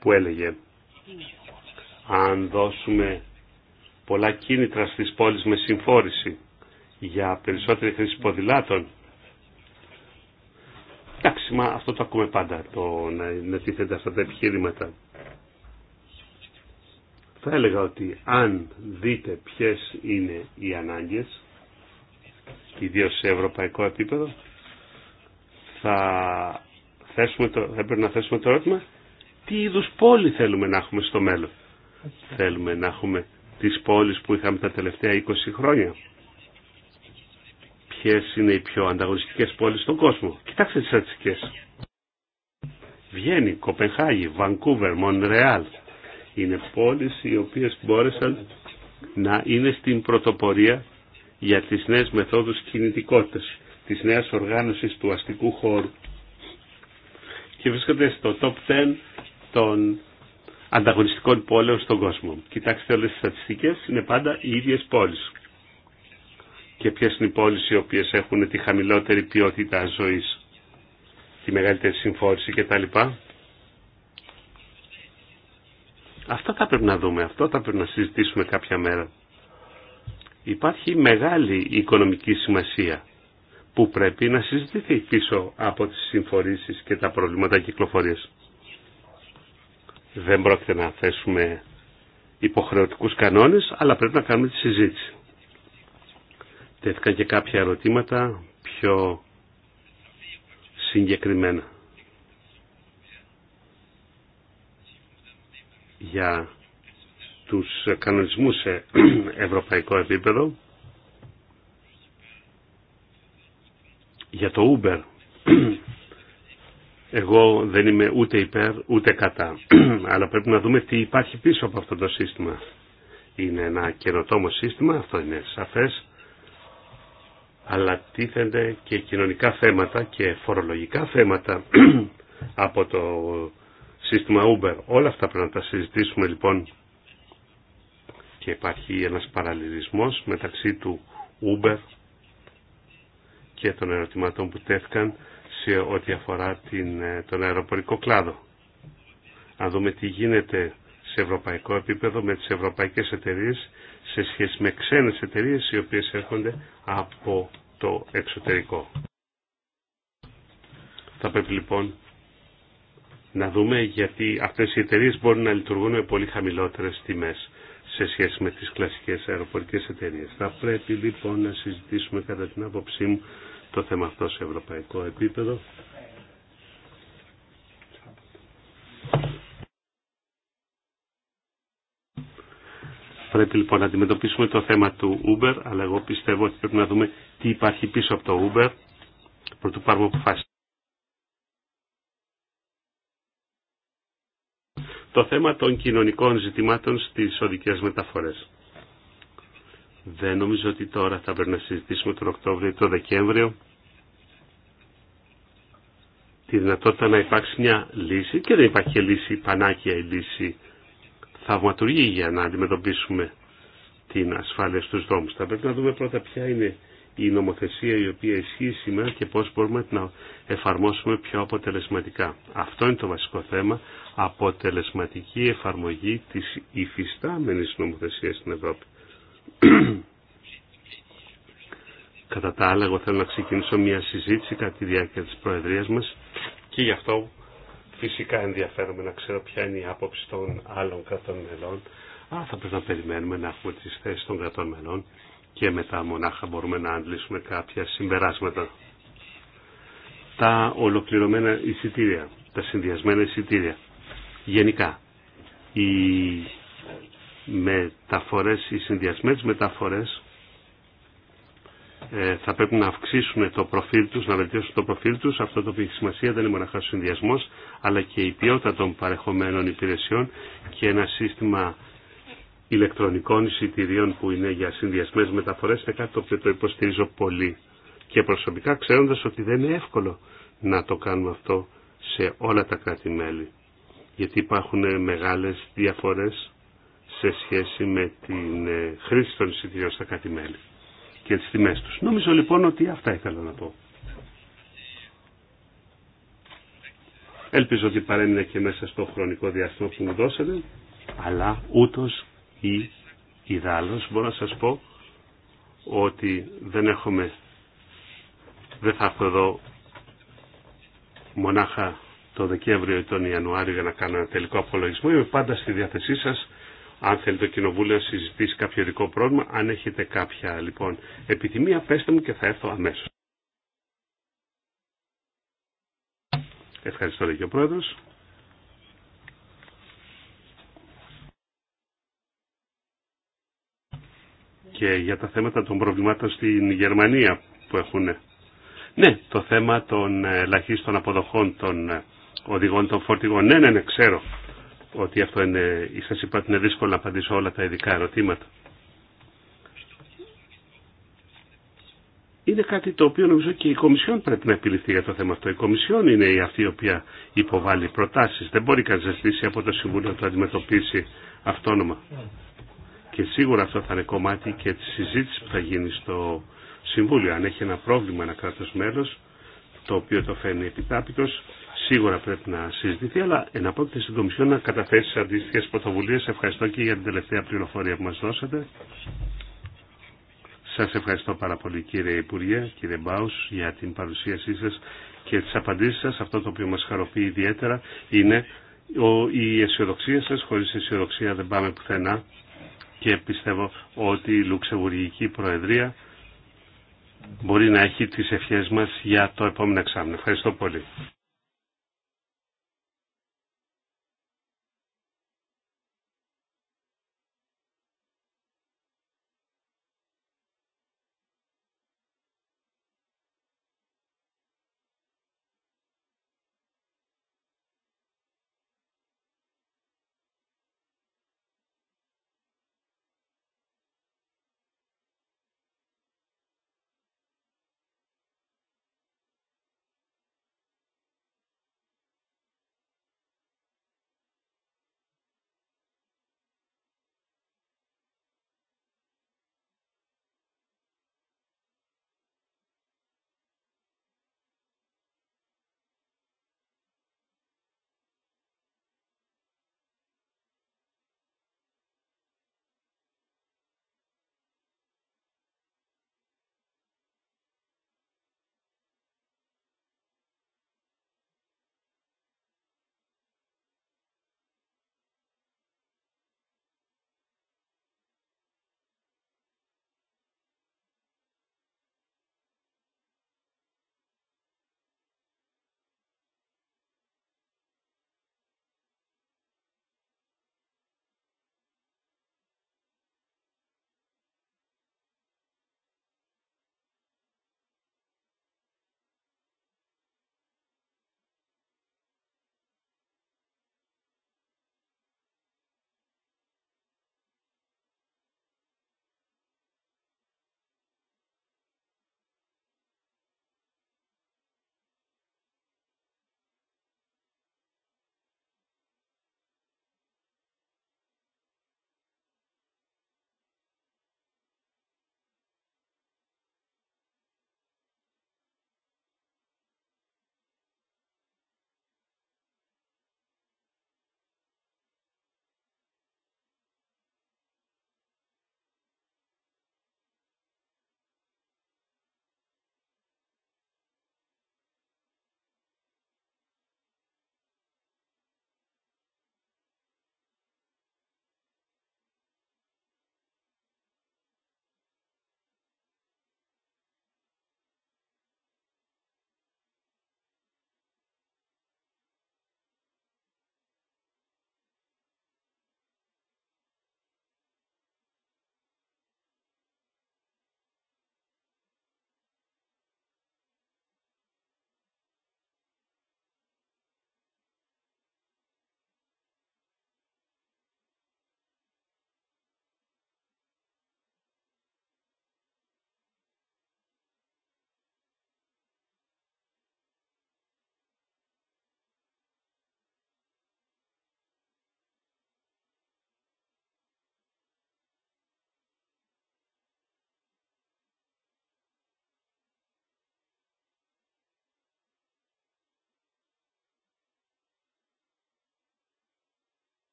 που έλεγε αν δώσουμε πολλά κίνητρα στις πόλεις με συμφόρηση για περισσότερη χρήση ποδηλάτων. Εντάξει, μα αυτό το ακούμε πάντα, το να, να αυτά τα επιχείρηματα. Θα έλεγα ότι αν δείτε ποιες είναι οι ανάγκες, ιδίως σε ευρωπαϊκό επίπεδο, θα, θέσουμε το, θα να θέσουμε το ερώτημα τι είδους πόλη θέλουμε να έχουμε στο μέλλον. Θέλουμε να έχουμε τις πόλεις που είχαμε τα τελευταία 20 χρόνια. Ποιες είναι οι πιο ανταγωνιστικές πόλεις στον κόσμο. Κοιτάξτε τις στατιστικές. Βιέννη, Κοπενχάγη, Βανκούβερ, Μονρεάλ. Είναι πόλεις οι οποίες μπόρεσαν να είναι στην πρωτοπορία για τις νέες μεθόδους κινητικότητας της νέας οργάνωσης του αστικού χώρου και βρίσκονται στο top 10 των ανταγωνιστικών πόλεων στον κόσμο. Κοιτάξτε όλες τις στατιστικές, είναι πάντα οι ίδιες πόλεις. Και ποιες είναι οι πόλεις οι οποίες έχουν τη χαμηλότερη ποιότητα ζωής, τη μεγαλύτερη συμφόρηση κτλ. Αυτό θα πρέπει να δούμε, αυτό θα πρέπει να συζητήσουμε κάποια μέρα. Υπάρχει μεγάλη οικονομική σημασία που πρέπει να συζητηθεί πίσω από τις συμφορήσεις και τα προβλήματα κυκλοφορίας. Δεν πρόκειται να θέσουμε υποχρεωτικούς κανόνες, αλλά πρέπει να κάνουμε τη συζήτηση. Τέθηκαν και κάποια ερωτήματα πιο συγκεκριμένα. Για τους κανονισμούς σε ευρωπαϊκό επίπεδο, Για το Uber, εγώ δεν είμαι ούτε υπέρ ούτε κατά, αλλά πρέπει να δούμε τι υπάρχει πίσω από αυτό το σύστημα. Είναι ένα καινοτόμο σύστημα, αυτό είναι σαφές, αλλά τίθενται και κοινωνικά θέματα και φορολογικά θέματα από το σύστημα Uber. Όλα αυτά πρέπει να τα συζητήσουμε λοιπόν και υπάρχει ένας παραλληλισμός μεταξύ του Uber και των ερωτημάτων που τέθηκαν σε ό,τι αφορά την, ε, τον αεροπορικό κλάδο. Αν δούμε τι γίνεται σε ευρωπαϊκό επίπεδο με τις ευρωπαϊκές εταιρείες σε σχέση με ξένες εταιρείες οι οποίες έρχονται από το εξωτερικό. Θα πρέπει λοιπόν να δούμε γιατί αυτές οι εταιρείες μπορούν να λειτουργούν με πολύ χαμηλότερες τιμές σε σχέση με τις κλασικές αεροπορικές εταιρείες. Θα πρέπει λοιπόν να συζητήσουμε κατά την άποψή μου το θέμα αυτό σε ευρωπαϊκό επίπεδο. Πρέπει λοιπόν να αντιμετωπίσουμε το θέμα του Uber, αλλά εγώ πιστεύω ότι πρέπει να δούμε τι υπάρχει πίσω από το Uber, πρωτού πάρουμε αποφάσεις. Το θέμα των κοινωνικών ζητημάτων στις οδικές μεταφορές. Δεν νομίζω ότι τώρα θα πρέπει να συζητήσουμε τον Οκτώβριο ή τον Δεκέμβριο τη δυνατότητα να υπάρξει μια λύση και δεν υπάρχει και λύση πανάκια η λύση θαυματουργή για να αντιμετωπίσουμε την ασφάλεια στους δρόμους. Θα πρέπει να δούμε πρώτα ποια είναι η νομοθεσία η οποία ισχύει σήμερα και πώς μπορούμε να εφαρμόσουμε πιο αποτελεσματικά. Αυτό είναι το βασικό θέμα, αποτελεσματική εφαρμογή της υφιστάμενης νομοθεσίας στην Ευρώπη. Κατά τα άλλα, εγώ θέλω να ξεκινήσω μια συζήτηση κατά τη διάρκεια της Προεδρίας μας και γι' αυτό φυσικά ενδιαφέρομαι να ξέρω ποια είναι η άποψη των άλλων κρατών μελών. Αλλά θα πρέπει να περιμένουμε να έχουμε τις θέσεις των κρατών μελών και μετά μονάχα μπορούμε να αντλήσουμε κάποια συμπεράσματα. Τα ολοκληρωμένα εισιτήρια, τα συνδυασμένα εισιτήρια. Γενικά, η μεταφορές, οι συνδυασμένες μεταφορές ε, θα πρέπει να αυξήσουν το προφίλ τους, να βελτιώσουν το προφίλ τους. Αυτό το οποίο έχει σημασία δεν είναι μοναχά ο συνδυασμό, αλλά και η ποιότητα των παρεχομένων υπηρεσιών και ένα σύστημα ηλεκτρονικών εισιτηρίων που είναι για συνδυασμένε μεταφορές είναι κάτι το οποίο το υποστηρίζω πολύ. Και προσωπικά ξέροντα ότι δεν είναι εύκολο να το κάνουμε αυτό σε όλα τα κράτη-μέλη. Γιατί υπάρχουν μεγάλες διαφορές σε σχέση με την ε, χρήση των εισιτηρίων στα κάτι μέλη και τις τιμέ τους. Νομίζω λοιπόν ότι αυτά ήθελα να πω. Ελπίζω ότι παρέμεινε και μέσα στο χρονικό διάστημα που μου δώσατε, αλλά ούτως ή ιδάλλως μπορώ να σας πω ότι δεν έχουμε, δεν θα έρθω εδώ μονάχα το Δεκέμβριο ή τον Ιανουάριο για να κάνω ένα τελικό απολογισμό. Είμαι πάντα στη διάθεσή σας αν θέλει το Κοινοβούλιο να συζητήσει κάποιο ειδικό πρόβλημα. Αν έχετε κάποια λοιπόν επιθυμία, πέστε μου και θα έρθω αμέσως. Ευχαριστώ, λέει και ο Και για τα θέματα των προβλημάτων στην Γερμανία που έχουν. Ναι, το θέμα των ε, ελαχίστων αποδοχών των ε, οδηγών των φορτηγών. Ναι, ναι, ναι, ξέρω ότι αυτό είναι, σας είπα ότι είναι δύσκολο να απαντήσω όλα τα ειδικά ερωτήματα. Είναι κάτι το οποίο νομίζω και η Κομισιόν πρέπει να επιληφθεί για το θέμα αυτό. Η Κομισιόν είναι η αυτή η οποία υποβάλλει προτάσεις. Δεν μπορεί κανεί να από το Συμβούλιο να το αντιμετωπίσει αυτόνομα. Και σίγουρα αυτό θα είναι κομμάτι και τη συζήτηση που θα γίνει στο Συμβούλιο. Αν έχει ένα πρόβλημα ένα κράτο μέλος, το οποίο το φέρνει επιτάπητος, σίγουρα πρέπει να συζητηθεί, αλλά εναπόκειται στην Κομισιόν να καταθέσει αντίστοιχε πρωτοβουλίε. Ευχαριστώ και για την τελευταία πληροφορία που μα δώσατε. Σα ευχαριστώ πάρα πολύ κύριε Υπουργέ, κύριε Μπάου, για την παρουσίασή σα και τι απαντήσει σα. Αυτό το οποίο μα χαροποιεί ιδιαίτερα είναι η αισιοδοξία σα. Χωρί αισιοδοξία δεν πάμε πουθενά και πιστεύω ότι η Λουξεμβουργική Προεδρία μπορεί να έχει τις ευχές μας για το επόμενο εξάμεινο. Ευχαριστώ πολύ.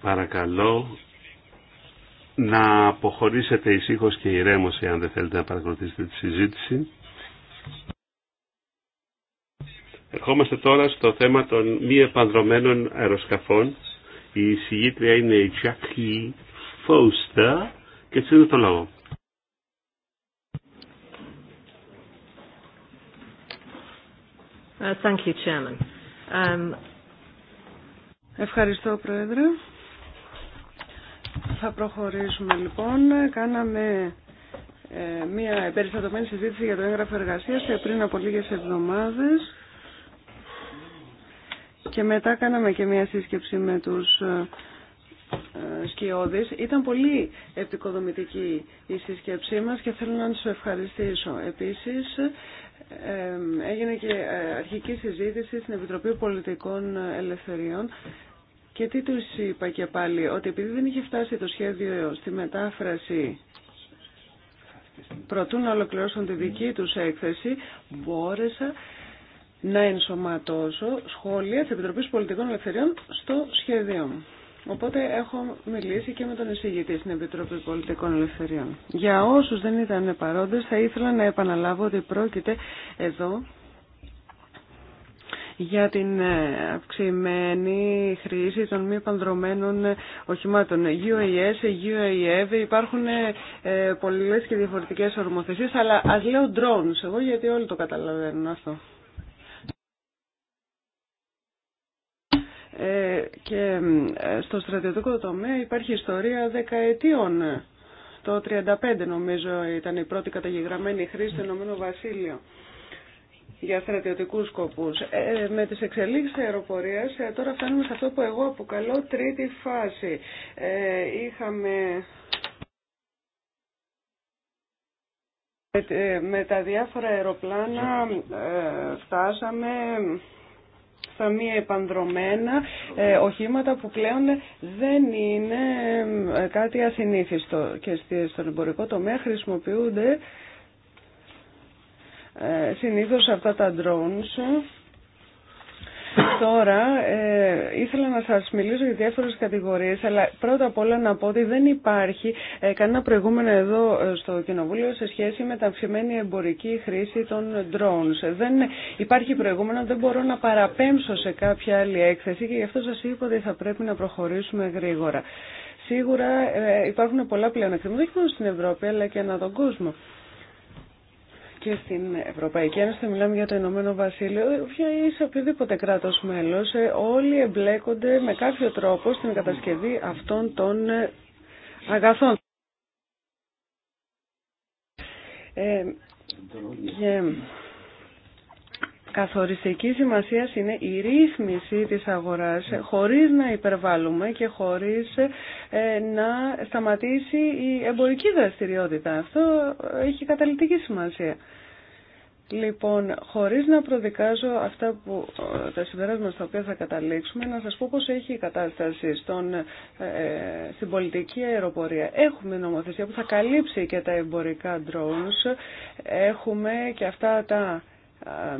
Παρακαλώ να αποχωρήσετε ησύχω και ηρέμως αν δεν θέλετε να παρακολουθήσετε τη συζήτηση. Ερχόμαστε τώρα στο θέμα των μη επανδρομένων αεροσκαφών. Η συγγήτρια είναι η Τζάκλι Φώστα και έτσι είναι το λόγο. Uh, thank you, Chairman. Um... Ευχαριστώ, Πρόεδρε. Θα προχωρήσουμε λοιπόν. Κάναμε ε, μια περιστατωμένη συζήτηση για το έγγραφο εργασίας πριν από λίγες εβδομάδες και μετά κάναμε και μια σύσκεψη με τους ε, ε, σκιώδης. Ήταν πολύ επικοδομητική η σύσκεψή μας και θέλω να του ευχαριστήσω. Επίσης, έγινε και ε, αρχική συζήτηση στην Επιτροπή Πολιτικών Ελευθεριών και τι του είπα και πάλι, ότι επειδή δεν είχε φτάσει το σχέδιο στη μετάφραση προτού να ολοκληρώσουν τη δική τους έκθεση, μπόρεσα να ενσωματώσω σχόλια της Επιτροπής Πολιτικών Ελευθεριών στο σχέδιο μου. Οπότε έχω μιλήσει και με τον εισηγητή στην Επιτροπή Πολιτικών Ελευθεριών. Για όσους δεν ήταν παρόντες θα ήθελα να επαναλάβω ότι πρόκειται εδώ για την ε, αυξημένη χρήση των μη πανδρομένων ε, οχημάτων. UAS, UAEV, υπάρχουν ε, πολλές και διαφορετικές ορμοθεσίες, αλλά ας λέω drones εγώ γιατί όλοι το καταλαβαίνουν αυτό. Ε, και ε, στο στρατιωτικό τομέα υπάρχει ιστορία δεκαετίων. Το 35 νομίζω ήταν η πρώτη καταγεγραμμένη χρήση του Ηνωμένου Βασίλειου για στρατιωτικούς σκοπούς. Ε, με τις εξελίξεις αεροπορίας τώρα φτάνουμε σε αυτό που εγώ αποκαλώ τρίτη φάση. Ε, είχαμε με τα διάφορα αεροπλάνα φτάσαμε στα μη επανδρομένα ε, οχήματα που πλέον δεν είναι ε, κάτι ασυνήθιστο και στον εμπορικό τομέα χρησιμοποιούνται ε, συνήθως αυτά τα drones Τώρα, ε, ήθελα να σας μιλήσω για διάφορες κατηγορίες, αλλά πρώτα απ' όλα να πω ότι δεν υπάρχει ε, κανένα προηγούμενο εδώ ε, στο Κοινοβούλιο σε σχέση με τα αυξημένη εμπορική χρήση των drones. Δεν υπάρχει προηγούμενο, δεν μπορώ να παραπέμψω σε κάποια άλλη έκθεση και γι' αυτό σας είπα ότι θα πρέπει να προχωρήσουμε γρήγορα. Σίγουρα ε, υπάρχουν πολλά πλέον όχι μόνο στην Ευρώπη, αλλά και ανά τον κόσμο και στην Ευρωπαϊκή Ένωση, θα μιλάμε για το Ηνωμένο Βασίλειο, ή σε οποιοδήποτε κράτος μέλος, ε, όλοι εμπλέκονται με κάποιο τρόπο στην κατασκευή αυτών των ε, αγαθών. Ε, Καθοριστική σημασία είναι η ρύθμιση της αγοράς ναι. χωρίς να υπερβάλλουμε και χωρίς ε, να σταματήσει η εμπορική δραστηριότητα. Αυτό έχει καταλητική σημασία. Λοιπόν, χωρίς να προδικάζω αυτά που, ε, τα συμπεράσματα στα οποία θα καταλήξουμε, να σας πω πώς έχει η κατάσταση στον, ε, στην πολιτική αεροπορία. Έχουμε νομοθεσία που θα καλύψει και τα εμπορικά drones, έχουμε και αυτά τα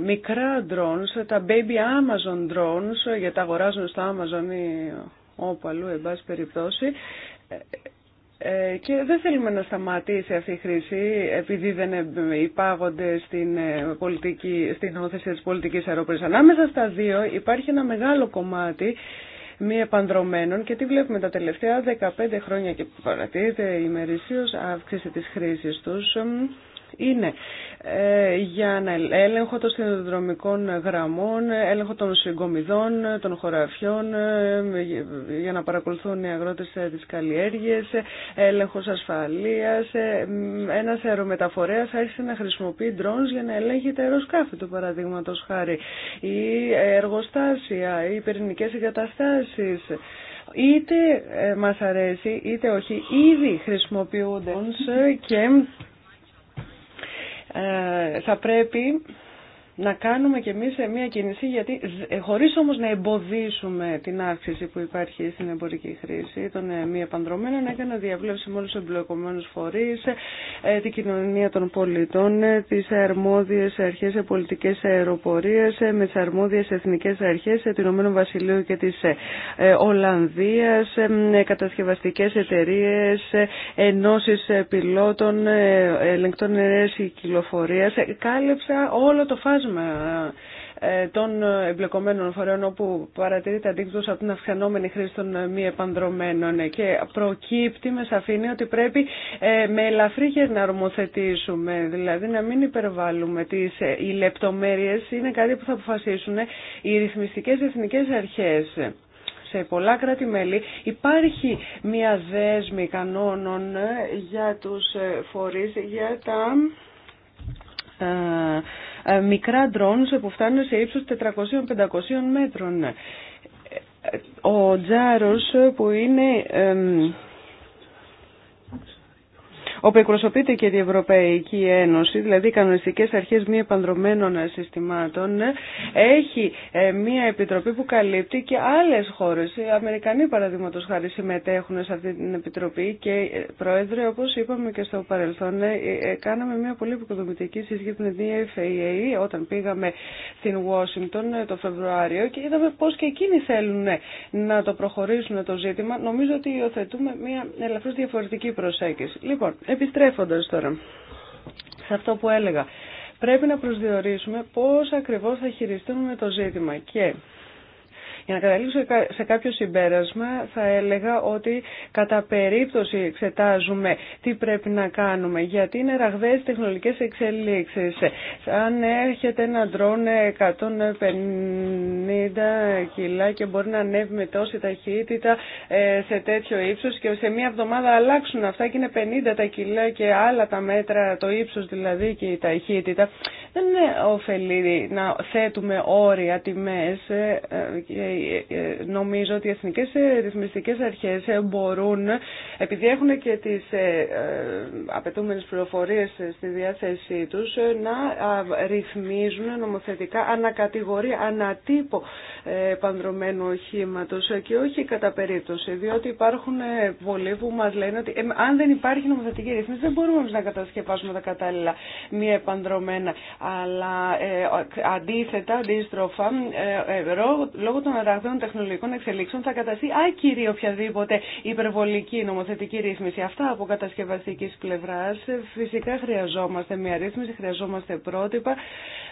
μικρά drones, τα baby Amazon drones, γιατί τα αγοράζουν στο Amazon ή όπου αλλού, εν πάση περιπτώσει, ε, και δεν θέλουμε να σταματήσει αυτή η χρήση επειδή δεν υπάγονται στην, ε, πολιτική, στην πολιτική της πολιτικής αεροπορίας. Ανάμεσα στα δύο υπάρχει ένα μεγάλο κομμάτι μη επανδρομένων και τι βλέπουμε τα τελευταία 15 χρόνια και παρατηρείται ημερησίως αύξηση της χρήσης τους είναι ε, για να έλεγχο των συνδρομικών γραμμών, έλεγχο των συγκομιδών, των χωραφιών, ε, για να παρακολουθούν οι αγρότες ε, τις καλλιέργειες, έλεγχος ασφαλείας. Ένας αερομεταφορέας άρχισε να χρησιμοποιεί ντρόνς για να ελέγχει τα αεροσκάφη του παραδείγματος χάρη. Ή εργοστάσια, ή πυρηνικές εγκαταστάσεις. Είτε μας αρέσει είτε όχι, ήδη χρησιμοποιούνται και ε, θα πρέπει να κάνουμε κι εμείς ε, μια κίνηση, γιατί ε, χωρίς όμως να εμποδίσουμε την αύξηση που υπάρχει στην εμπορική χρήση των ε, μη επανδρομένων, έκανα διαβλέψη με όλους τους εμπλεκομένους φορείς, την κοινωνία των πολιτών, τις αρμόδιες αρχές πολιτικές αεροπορίες, με τις αρμόδιες εθνικές αρχές του Ηνωμένου Βασιλείου και της Ολλανδίας, κατασκευαστικές εταιρείες, ενώσεις πιλότων, ελεγκτών ερέση κυκλοφορίας. Κάλυψα όλο το φάσμα ε, ε, των εμπλεκομένων φορέων όπου παρατηρείται αντίκτυπος από την αυξανόμενη χρήση των ε, μη επανδρομένων και προκύπτει με σαφήνεια ότι πρέπει με ελαφρύ να αρμοθετήσουμε, δηλαδή να μην υπερβάλλουμε τις οι λεπτομέρειες είναι κάτι που θα αποφασίσουν οι ρυθμιστικές εθνικές αρχές σε πολλά κράτη-μέλη υπάρχει μια δέσμη κανόνων για τους φορείς, για τα ε, μικρά ντρόνους που φτάνουν σε ύψος 400-500 μέτρων. Ε, ε, ο Τζάρος που είναι όπου εκπροσωπείται και η Ευρωπαϊκή Ένωση, δηλαδή οι κανονιστικέ παντρομένων συστημάτων, έχει μη επανδρομένων συστημάτων, έχει ε, μια επιτροπή που καλύπτει και άλλε χώρε. Οι Αμερικανοί παραδείγματο χάρη συμμετέχουν σε αυτή την επιτροπή και ε, Πρόεδρε, όπω είπαμε και στο παρελθόν, ε, κάναμε μια πολύ υποδομητική συζήτηση με την FAA όταν πήγαμε στην Washington το Φεβρουάριο και είδαμε πώ και εκείνοι θέλουν να το προχωρήσουν το ζήτημα. Νομίζω ότι υιοθετούμε μια ελαφρώ διαφορετική προσέγγιση. Λοιπόν, Επιστρέφοντας τώρα σε αυτό που έλεγα, πρέπει να προσδιορίσουμε πώς ακριβώς θα χειριστούμε το ζήτημα και για να καταλήξω σε κάποιο συμπέρασμα θα έλεγα ότι κατά περίπτωση εξετάζουμε τι πρέπει να κάνουμε γιατί είναι ραγδαίες τεχνολογικές εξελίξεις. Αν έρχεται ένα ντρόν 150 κιλά και μπορεί να ανέβει με τόση ταχύτητα ε, σε τέτοιο ύψος και σε μία εβδομάδα αλλάξουν αυτά και είναι 50 τα κιλά και άλλα τα μέτρα, το ύψος δηλαδή και η ταχύτητα. Δεν είναι να θέτουμε όρια, τιμές ε, ε, νομίζω ότι οι εθνικές ε, ρυθμιστικές αρχές ε, μπορούν, επειδή έχουν και τις ε, απαιτούμενες πληροφορίες στη διάθεσή τους, να ρυθμίζουν νομοθετικά ανακατηγορία, ανατύπω πανδρομένου οχήματο και όχι κατά περίπτωση, διότι υπάρχουν πολλοί που μας λένε ότι αν δεν υπάρχει νομοθετική ρυθμίση δεν μπορούμε να κατασκευάσουμε τα κατάλληλα μη επανδρομένα, αλλά αντίθετα, αντίστροφα, λόγω των των τεχνολογικών εξελίξεων θα καταστεί άκυρη οποιαδήποτε υπερβολική νομοθετική ρύθμιση. Αυτά από κατασκευαστική πλευρά. Φυσικά χρειαζόμαστε μια ρύθμιση, χρειαζόμαστε πρότυπα.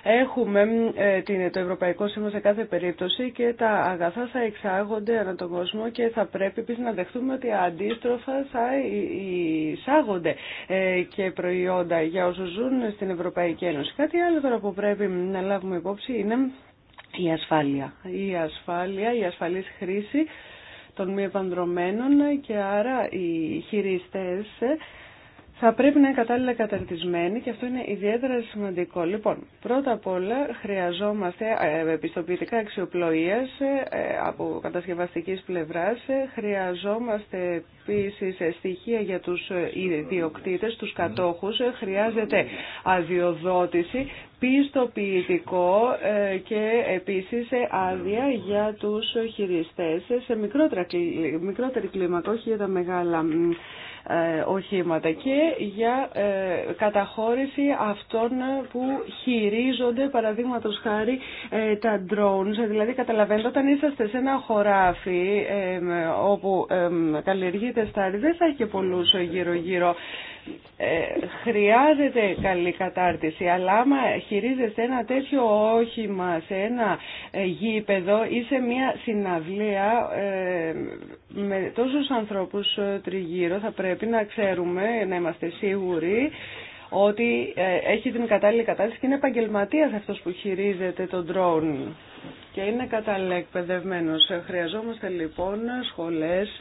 Έχουμε ε, την, το Ευρωπαϊκό Σήμα σε κάθε περίπτωση και τα αγαθά θα εξάγονται ανά τον κόσμο και θα πρέπει επίση να δεχτούμε ότι αντίστροφα θα εισάγονται ε, και προϊόντα για όσου ζουν στην Ευρωπαϊκή Ένωση. Κάτι άλλο τώρα που πρέπει να λάβουμε υπόψη είναι η ασφάλεια. Η ασφάλεια, η ασφαλής χρήση των μη επανδρομένων και άρα οι χειριστές θα πρέπει να είναι κατάλληλα καταρτισμένοι και αυτό είναι ιδιαίτερα σημαντικό. Λοιπόν, πρώτα απ' όλα χρειαζόμαστε ε, επιστοποιητικά αξιοπλοείας ε, από κατασκευαστικής πλευράς. Χρειαζόμαστε επίση στοιχεία για τους ιδιοκτήτες, τους κατόχους. Χρειάζεται αδειοδότηση πιστοποιητικό ε, και επίσης άδεια για τους χειριστές σε μικρότερη κλίμακα, όχι για τα μεγάλα ε, οχήματα και για ε, καταχώρηση αυτών που χειρίζονται παραδείγματος χάρη τα drones. Δηλαδή καταλαβαίνετε όταν είσαστε σε ένα χωράφι όπου καλλιεργείται στάρι δεν θα έχει και πολλούς γύρω γύρω. χρειάζεται καλή κατάρτιση αλλά χειρίζεστε ένα τέτοιο όχημα σε ένα ε, γήπεδο ή σε μια συναυλία ε, με τόσους ανθρώπους ε, τριγύρω θα πρέπει να ξέρουμε, να είμαστε σίγουροι ότι έχει την κατάλληλη κατάσταση και είναι επαγγελματία αυτός που χειρίζεται τον drone και είναι εκπαιδευμένο. Χρειαζόμαστε λοιπόν σχολές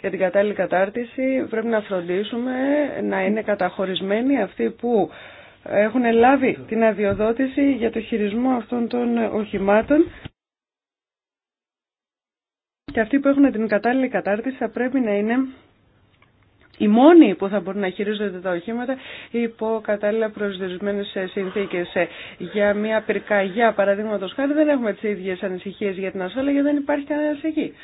για την κατάλληλη κατάρτιση. Πρέπει να φροντίσουμε να είναι καταχωρισμένοι αυτοί που έχουν λάβει την αδειοδότηση για το χειρισμό αυτών των οχημάτων και αυτοί που έχουν την κατάλληλη κατάρτιση θα πρέπει να είναι οι μόνοι που θα μπορούν να χειρίζονται τα οχήματα υπό κατάλληλα προσδιορισμένε συνθήκε. Για μια πυρκαγιά, παραδείγματο χάρη, δεν έχουμε τι ίδιε ανησυχίε για την ασφάλεια γιατί δεν υπάρχει κανένα εκεί.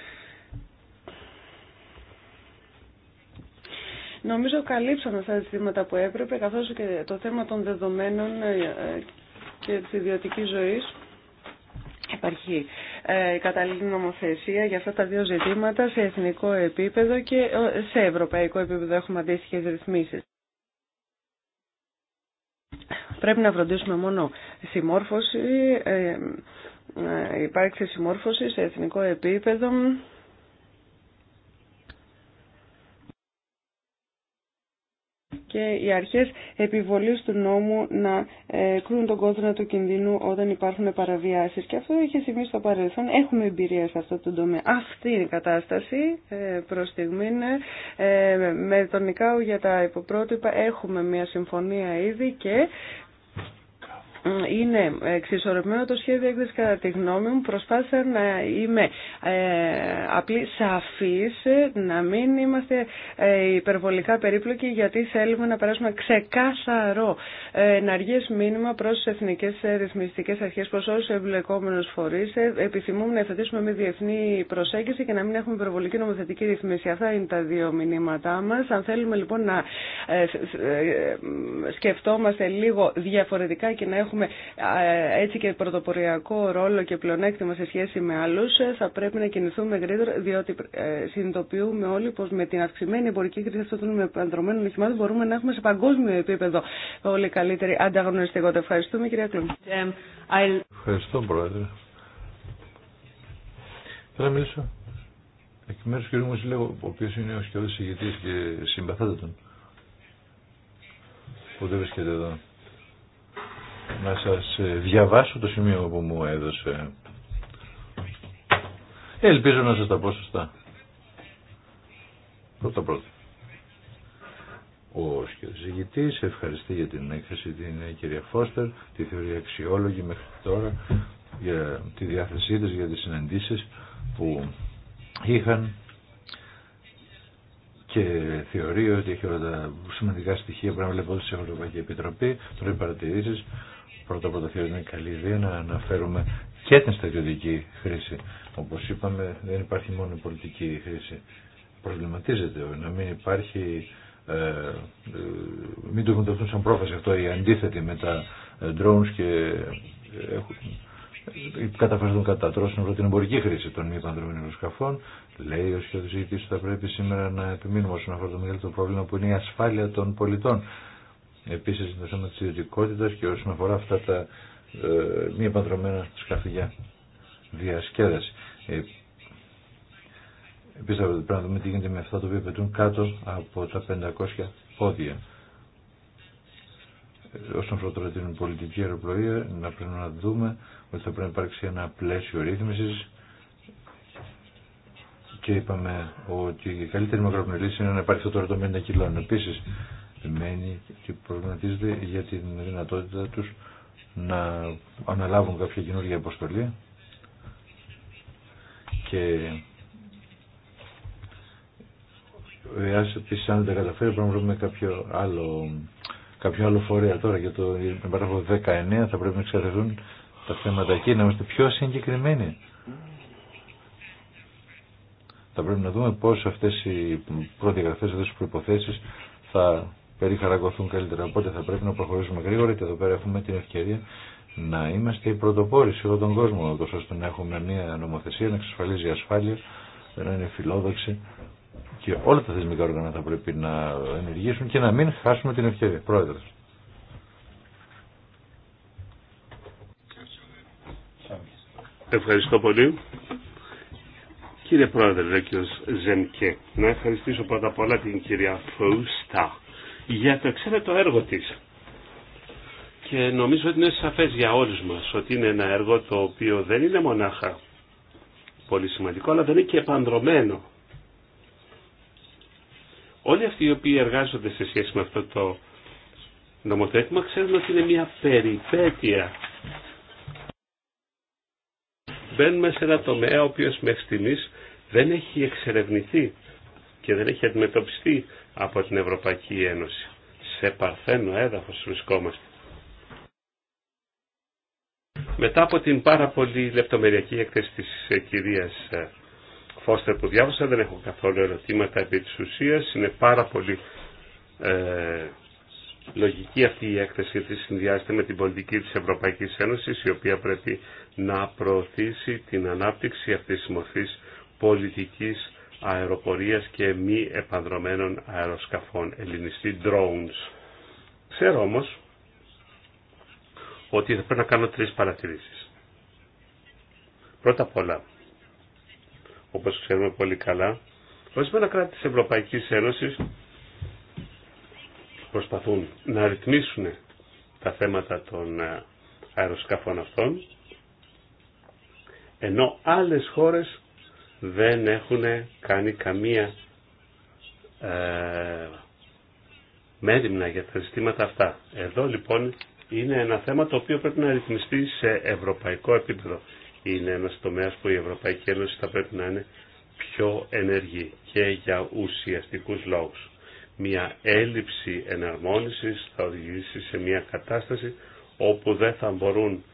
Νομίζω καλύψαμε αυτά τα ζητήματα που έπρεπε, καθώς και το θέμα των δεδομένων ε, και της ιδιωτικής ζωής. Υπάρχει ε, η νομοθεσία για αυτά τα δύο ζητήματα σε εθνικό επίπεδο και ε, σε ευρωπαϊκό επίπεδο έχουμε αντίστοιχε ρυθμίσεις. Πρέπει να φροντίσουμε μόνο συμμόρφωση, υπάρξει συμμόρφωση σε εθνικό επίπεδο και οι αρχές επιβολής του νόμου να ε, κρούν τον κόδωνα του κινδύνου όταν υπάρχουν παραβιάσεις. Και αυτό είχε συμβεί στο παρελθόν. Έχουμε εμπειρία σε αυτό το τομέα. Αυτή είναι η κατάσταση ε, προς στιγμή. Ναι. Ε, με τον Νικάου για τα υποπρότυπα έχουμε μια συμφωνία ήδη και είναι εξισορροπημένο το σχέδιο έκθεση κατά τη γνώμη μου. Προσπάθησα να είμαι ε, απλή σαφής, να μην είμαστε ε, υπερβολικά περίπλοκοι γιατί θέλουμε να περάσουμε ξεκάθαρο ε, εναργές μήνυμα προς τις εθνικές ρυθμιστικές αρχές προς όλους τους εμπλεκόμενους φορείς. Επιθυμούμε να ευθετήσουμε μια διεθνή προσέγγιση και να μην έχουμε υπερβολική νομοθετική ρυθμίση. Αυτά είναι τα δύο μηνύματά μας. Αν θέλουμε λοιπόν να σκεφτόμαστε λίγο διαφορετικά και να έχουμε έχουμε έτσι και πρωτοποριακό ρόλο και πλεονέκτημα σε σχέση με άλλου, ε, θα πρέπει να κινηθούμε γρήγορα, διότι ε, συνειδητοποιούμε όλοι πω με την αυξημένη εμπορική κρίση αυτών των επανδρομένων οχημάτων μπορούμε να έχουμε σε παγκόσμιο επίπεδο όλοι καλύτερη ανταγωνιστικότητα. Ευχαριστούμε κυρία Κλουμ. Ευχαριστώ πρόεδρε. Θέλω να μιλήσω εκ μέρου του κ. Μουσουλέγου, ο οποίο είναι ο σχεδόν ηγητή και συμπαθάτε τον. Που δεν βρίσκεται εδώ να σας διαβάσω το σημείο που μου έδωσε. Ε, ελπίζω να σας τα πω σωστά. Πρώτα πρώτα. Ο σκεφτής ευχαριστεί για την έκθεση την κυρία Φώστερ, τη θεωρία αξιόλογη μέχρι τώρα, για τη διάθεσή της, για τις συναντήσεις που είχαν και θεωρεί ότι έχει όλα τα σημαντικά στοιχεία που να βλέπω σε Ευρωπαϊκή Επιτροπή, τώρα παρατηρήσεις Πρώτα από το θεωρώ είναι καλή ιδέα να αναφέρουμε και την στρατιωτική χρήση. Όπω είπαμε δεν υπάρχει μόνο η πολιτική χρήση. Προβληματίζεται να μην υπάρχει ε, ε, μην το εκμεταλλευτούν σαν πρόφαση αυτό οι αντίθετοι με τα ε, drones και ε, ε καταφέρουν κατά τρόπο την εμπορική χρήση των μη πανδρομένων σκαφών Λέει ο σχεδόν ότι θα πρέπει σήμερα να επιμείνουμε όσον αφορά το μεγαλύτερο πρόβλημα που είναι η ασφάλεια των πολιτών. Επίσης το θέμα της ιδιωτικότητας και όσον αφορά αυτά τα ε, μη επανδρομένα σκαφιά διασκέδαση. Ε, επίσης θα πρέπει να δούμε τι γίνεται με αυτά τα οποία πετούν κάτω από τα 500 πόδια. Ε, όσον αφορά τώρα την πολιτική αεροπλοεία, να πρέπει να δούμε ότι θα πρέπει να υπάρξει ένα πλαίσιο ρύθμισης και είπαμε ότι η καλύτερη μακροπνοή είναι να υπάρχει αυτό το 50 κιλών. Επίσης, αγαπημένοι και προβληματίζεται για την δυνατότητα τους να αναλάβουν κάποια καινούργια αποστολή και ας επίσης αν δεν τα καταφέρει πρέπει να βρούμε κάποιο άλλο, κάποιο άλλο φορέα τώρα για το παράγω 19 θα πρέπει να εξαρτηθούν τα θέματα εκεί να είμαστε πιο συγκεκριμένοι θα πρέπει να δούμε πώς αυτές οι γραφές, αυτές οι προϋποθέσεις θα περιχαρακωθούν καλύτερα. Οπότε θα πρέπει να προχωρήσουμε γρήγορα και εδώ πέρα έχουμε την ευκαιρία να είμαστε οι πρωτοπόροι σε όλο τον κόσμο, ώστε να έχουμε μια νομοθεσία να εξασφαλίζει ασφάλεια, να είναι φιλόδοξη και όλα τα θεσμικά όργανα θα πρέπει να ενεργήσουν και να μην χάσουμε την ευκαιρία. Πρόεδρος. Ευχαριστώ πολύ. Κύριε Πρόεδρε, Ζενκέ, να ευχαριστήσω πρώτα απ' όλα την κυρία Φούστα για το εξαίρετο έργο της. Και νομίζω ότι είναι σαφές για όλους μας ότι είναι ένα έργο το οποίο δεν είναι μονάχα πολύ σημαντικό, αλλά δεν είναι και επανδρομένο. Όλοι αυτοί οι οποίοι εργάζονται σε σχέση με αυτό το νομοθέτημα ξέρουν ότι είναι μια περιπέτεια. Μπαίνουμε σε ένα τομέα ο οποίος μέχρι στιγμής δεν έχει εξερευνηθεί και δεν έχει αντιμετωπιστεί από την Ευρωπαϊκή Ένωση. Σε παρθένο έδαφος βρισκόμαστε. Μετά από την πάρα πολύ λεπτομεριακή έκθεση της ε, κυρίας ε, Φώστερ που διάβασα, δεν έχω καθόλου ερωτήματα επί της ουσίας. Είναι πάρα πολύ ε, λογική αυτή η έκθεση γιατί συνδυάζεται με την πολιτική της Ευρωπαϊκής Ένωσης η οποία πρέπει να προωθήσει την ανάπτυξη αυτής της μορφής πολιτικής αεροπορίας και μη επανδρομένων αεροσκαφών, ελληνιστή drones. Ξέρω όμως ότι θα πρέπει να κάνω τρεις παρατηρήσεις. Πρώτα απ' όλα, όπως ξέρουμε πολύ καλά, ορισμένα κράτη της Ευρωπαϊκής Ένωσης προσπαθούν να ρυθμίσουν τα θέματα των αεροσκαφών αυτών, ενώ άλλες χώρες δεν έχουν κάνει καμία ε, μέρημνα για τα ζητήματα αυτά. Εδώ λοιπόν είναι ένα θέμα το οποίο πρέπει να ρυθμιστεί σε ευρωπαϊκό επίπεδο. Είναι ένας τομέας που η Ευρωπαϊκή Ένωση θα πρέπει να είναι πιο ενεργή και για ουσιαστικούς λόγους. Μια έλλειψη εναρμόνισης θα οδηγήσει σε μια κατάσταση όπου δεν θα μπορούν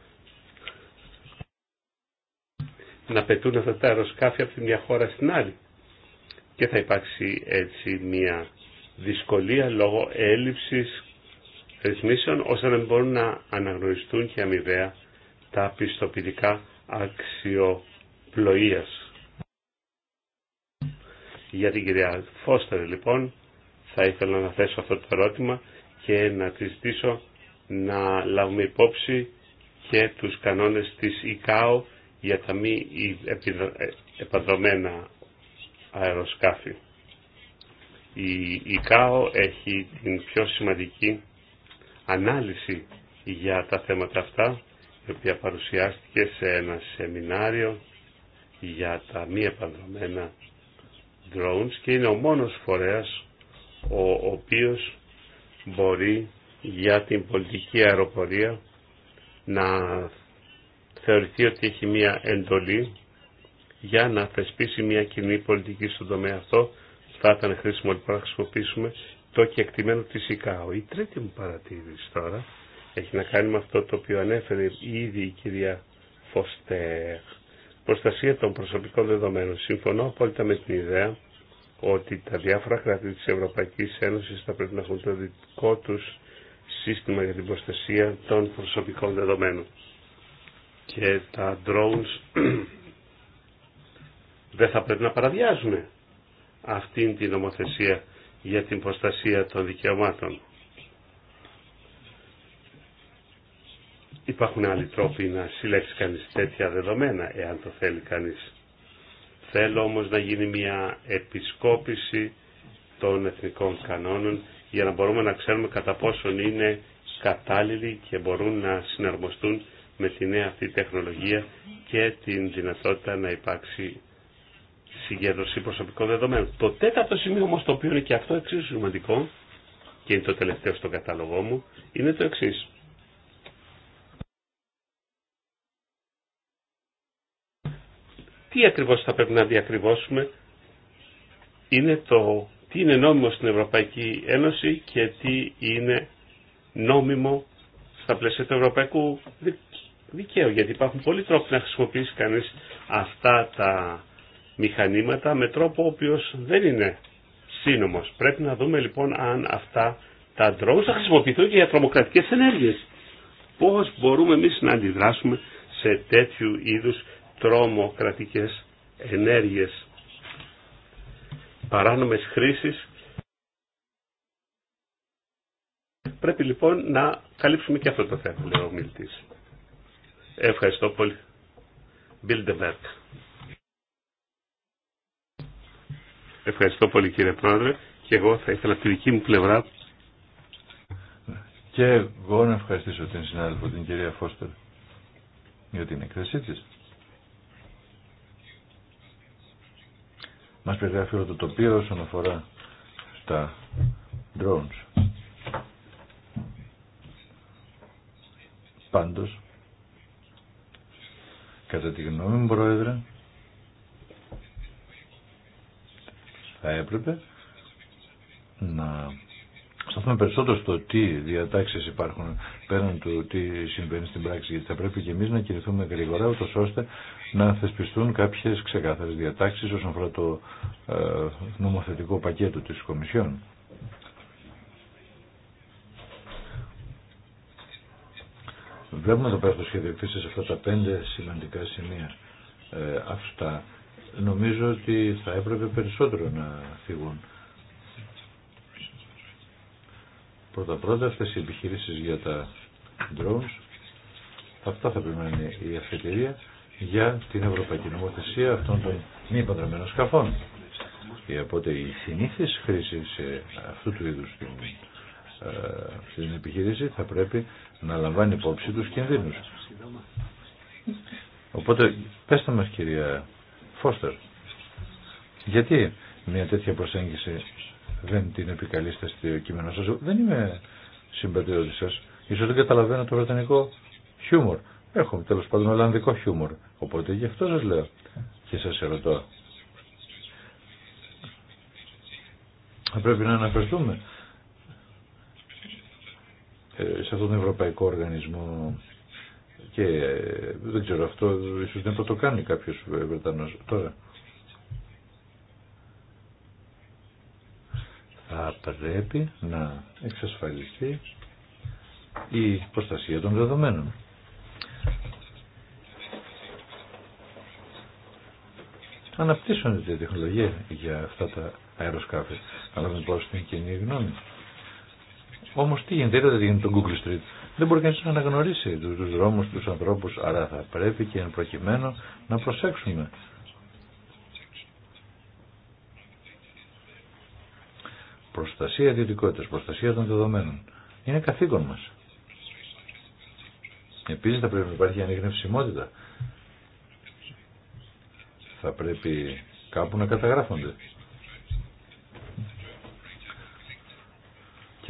να πετούν αυτά τα αεροσκάφη από τη μια χώρα στην άλλη. Και θα υπάρξει έτσι μια δυσκολία λόγω έλλειψης ρυθμίσεων ώστε να μπορούν να αναγνωριστούν και αμοιβαία τα πιστοποιητικά αξιοπλοείας. Για την κυρία Φώστερ λοιπόν θα ήθελα να θέσω αυτό το ερώτημα και να τη ζητήσω να λάβουμε υπόψη και τους κανόνες της ΙΚΑΟ για τα μη ε, επανδρομένα αεροσκάφη. Η ΙΚΑΟ έχει την πιο σημαντική ανάλυση για τα θέματα αυτά, η οποία παρουσιάστηκε σε ένα σεμινάριο για τα μη επανδρομένα drones και είναι ο μόνος φορέας ο οποίος μπορεί για την πολιτική αεροπορία να θεωρηθεί ότι έχει μία εντολή για να θεσπίσει μία κοινή πολιτική στον τομέα αυτό. Θα ήταν χρήσιμο λοιπόν να χρησιμοποιήσουμε το κεκτημένο της ΙΚΑΟ. Η τρίτη μου παρατήρηση τώρα έχει να κάνει με αυτό το οποίο ανέφερε ήδη η κυρία Φωστέρ. Προστασία των προσωπικών δεδομένων. Συμφωνώ απόλυτα με την ιδέα ότι τα διάφορα κράτη της Ευρωπαϊκής Ένωσης θα πρέπει να έχουν το δικό τους σύστημα για την προστασία των προσωπικών δεδομένων και τα drones δεν θα πρέπει να παραδιάζουν αυτήν την νομοθεσία για την προστασία των δικαιωμάτων. Υπάρχουν άλλοι τρόποι να συλλέξει κανείς τέτοια δεδομένα, εάν το θέλει κανείς. Θέλω όμως να γίνει μια επισκόπηση των εθνικών κανόνων για να μπορούμε να ξέρουμε κατά πόσον είναι κατάλληλοι και μπορούν να συναρμοστούν με τη νέα αυτή τεχνολογία και την δυνατότητα να υπάρξει συγκέντρωση προσωπικών δεδομένων. Το τέταρτο σημείο όμως το οποίο είναι και αυτό εξίσου σημαντικό και είναι το τελευταίο στον κατάλογό μου είναι το εξής. Τι ακριβώς θα πρέπει να διακριβώσουμε είναι το τι είναι νόμιμο στην Ευρωπαϊκή Ένωση και τι είναι νόμιμο στα πλαίσια του Ευρωπαϊκού Δικαίω γιατί υπάρχουν πολλοί τρόποι να χρησιμοποιήσει κανείς αυτά τα μηχανήματα με τρόπο ο οποίος δεν είναι σύνομος. Πρέπει να δούμε λοιπόν αν αυτά τα ντρόουν θα χρησιμοποιηθούν και για τρομοκρατικές ενέργειες. Πώς μπορούμε εμείς να αντιδράσουμε σε τέτοιου είδους τρομοκρατικές ενέργειες. Παράνομες χρήσεις Πρέπει λοιπόν να καλύψουμε και αυτό το θέμα, λέει ο μιλτής. Ευχαριστώ πολύ. Bilderberg. Ευχαριστώ πολύ κύριε Πρόεδρε και εγώ θα ήθελα τη δική μου πλευρά και εγώ να ευχαριστήσω την συνάδελφο την κυρία Φώστερ για την εκθεσή τη. Μας περιγράφει όλο το τοπίο όσον αφορά στα drones. Πάντως, Κατά τη γνώμη μου, Πρόεδρε, θα έπρεπε να σταθούμε περισσότερο στο τι διατάξεις υπάρχουν πέραν του τι συμβαίνει στην πράξη, γιατί θα πρέπει και εμείς να κινηθούμε γρήγορα, ούτως ώστε να θεσπιστούν κάποιες ξεκάθαρες διατάξεις όσον αφορά το ε, νομοθετικό πακέτο της Κομισιόν. Βλέπουμε εδώ πέρα στο σχέδιο επίση αυτά τα πέντε σημαντικά σημεία. Ε, αυτά νομίζω ότι θα έπρεπε περισσότερο να φύγουν. πρωτα Πρώτα-πρώτα αυτές οι επιχειρήσεις για τα drones, αυτά θα πρέπει να είναι η αφετηρία για την ευρωπαϊκή νομοθεσία αυτών των μη παντρεμένων σκαφών. Και οπότε η συνήθι χρήση σε αυτού του είδους την στην επιχείρηση θα πρέπει να λαμβάνει υπόψη τους κινδύνους. Οπότε πέστε μας κυρία Φώστερ, γιατί μια τέτοια προσέγγιση δεν την επικαλείστε στο κείμενο σας. Δεν είμαι συμπατριώτης σας. Ίσως δεν καταλαβαίνω το βρετανικό χιούμορ. Έχω τέλος πάντων ολλανδικό χιούμορ. Οπότε γι' αυτό σας λέω και σας ερωτώ. Θα πρέπει να αναφερθούμε ε, σε αυτόν τον ευρωπαϊκό οργανισμό και ε, δεν ξέρω αυτό ίσως δεν θα το κάνει κάποιος ε, Βρετανός τώρα θα πρέπει να εξασφαλιστεί η προστασία των δεδομένων αναπτύσσονται τεχνολογία για αυτά τα αεροσκάφη αλλά με στην κοινή γνώμη Όμω τι γίνεται, είδατε τι γίνεται το Google Street. Δεν μπορεί κανείς να αναγνωρίσει τους δρόμους, του ανθρώπου, άρα θα πρέπει και εν προκειμένου να προσέξουμε. Προστασία ιδιωτικότητα, προστασία των δεδομένων. Είναι καθήκον μας. Επίση θα πρέπει να υπάρχει ανεγνευσιμότητα. Θα πρέπει κάπου να καταγράφονται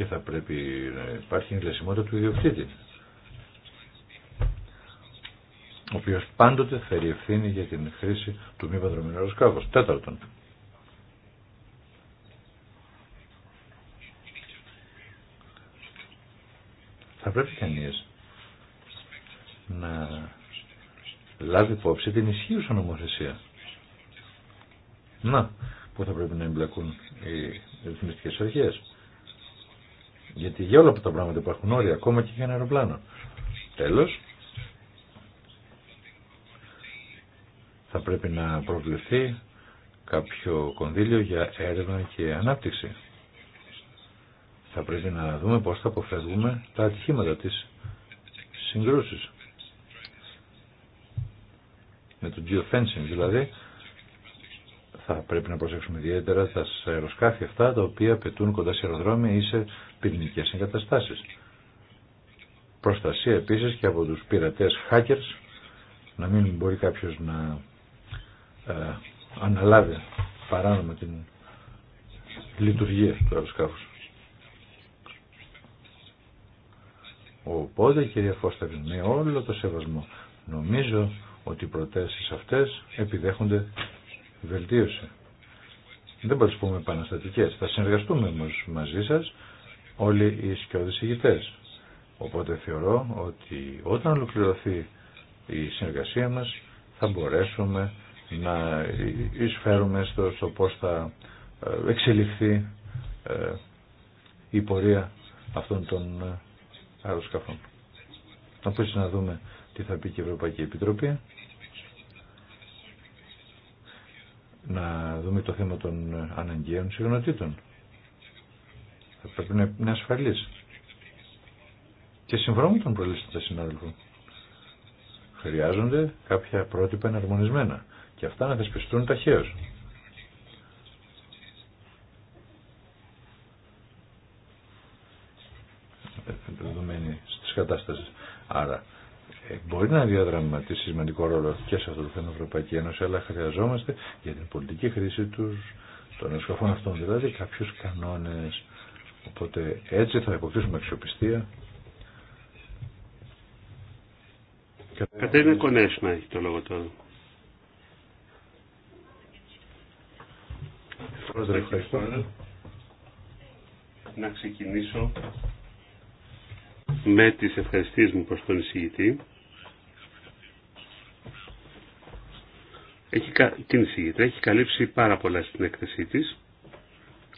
και θα πρέπει να υπάρχει εγκλαισιμότητα του ιδιοκτήτη ο οποίο πάντοτε φέρει ευθύνη για την χρήση του μη παντρομηνού αεροσκάφου. Τέταρτον. Θα πρέπει κανεί να λάβει υπόψη την ισχύουσα νομοθεσία. Να, που θα πρέπει να εμπλακούν οι ρυθμιστικέ αρχέ. Γιατί για όλα αυτά τα πράγματα υπάρχουν όρια, ακόμα και για ένα αεροπλάνο. Τέλος, θα πρέπει να προβληθεί κάποιο κονδύλιο για έρευνα και ανάπτυξη. Θα πρέπει να δούμε πώς θα αποφεύγουμε τα ατυχήματα της συγκρούσεις. Με το geofencing δηλαδή θα πρέπει να προσέξουμε ιδιαίτερα τα αεροσκάφη αυτά τα οποία πετούν κοντά σε αεροδρόμια ή σε πυρηνικέ εγκαταστάσεις. Προστασία επίση και από του πειρατέ hackers, να μην μπορεί κάποιο να ε, αναλάβει παράνομα την λειτουργία του αεροσκάφου. Οπότε κυρία Φώστα, με όλο το σεβασμό νομίζω ότι οι προτάσεις αυτές επιδέχονται βελτίωσε. Δεν μπορούμε να πούμε επαναστατικές. Θα συνεργαστούμε μαζί σας όλοι οι σκιώδεις ηγητές. Οπότε θεωρώ ότι όταν ολοκληρωθεί η συνεργασία μας θα μπορέσουμε να εισφέρουμε στο, στο πώς θα ε, εξελιχθεί ε, η πορεία αυτών των ε, αεροσκαφών. Να να δούμε τι θα πει και η Ευρωπαϊκή Επιτροπή. να δούμε το θέμα των αναγκαίων συγγνωτήτων. Θα πρέπει να είναι ασφαλής. Και συμφωνώ τον συνάδελφου. Χρειάζονται κάποια πρότυπα εναρμονισμένα και αυτά να θεσπιστούν ταχαίως. Ε, ε, δεδομένη στις κατάστασεις. Άρα ε, μπορεί να διαδραματίσει σημαντικό ρόλο και σε αυτό το θέμα Ευρωπαϊκή Ένωση, αλλά χρειαζόμαστε για την πολιτική χρήση τους, των εσκαφών αυτών, δηλαδή κάποιου κανόνε Οπότε έτσι θα αποκτήσουμε αξιοπιστία. Κατέρινα Κονέσμα έχει το λόγο τώρα. Να ξεκινήσω με τις ευχαριστίες μου προς τον εισηγητή έχει, την εισηγήτρια έχει καλύψει πάρα πολλά στην έκθεσή της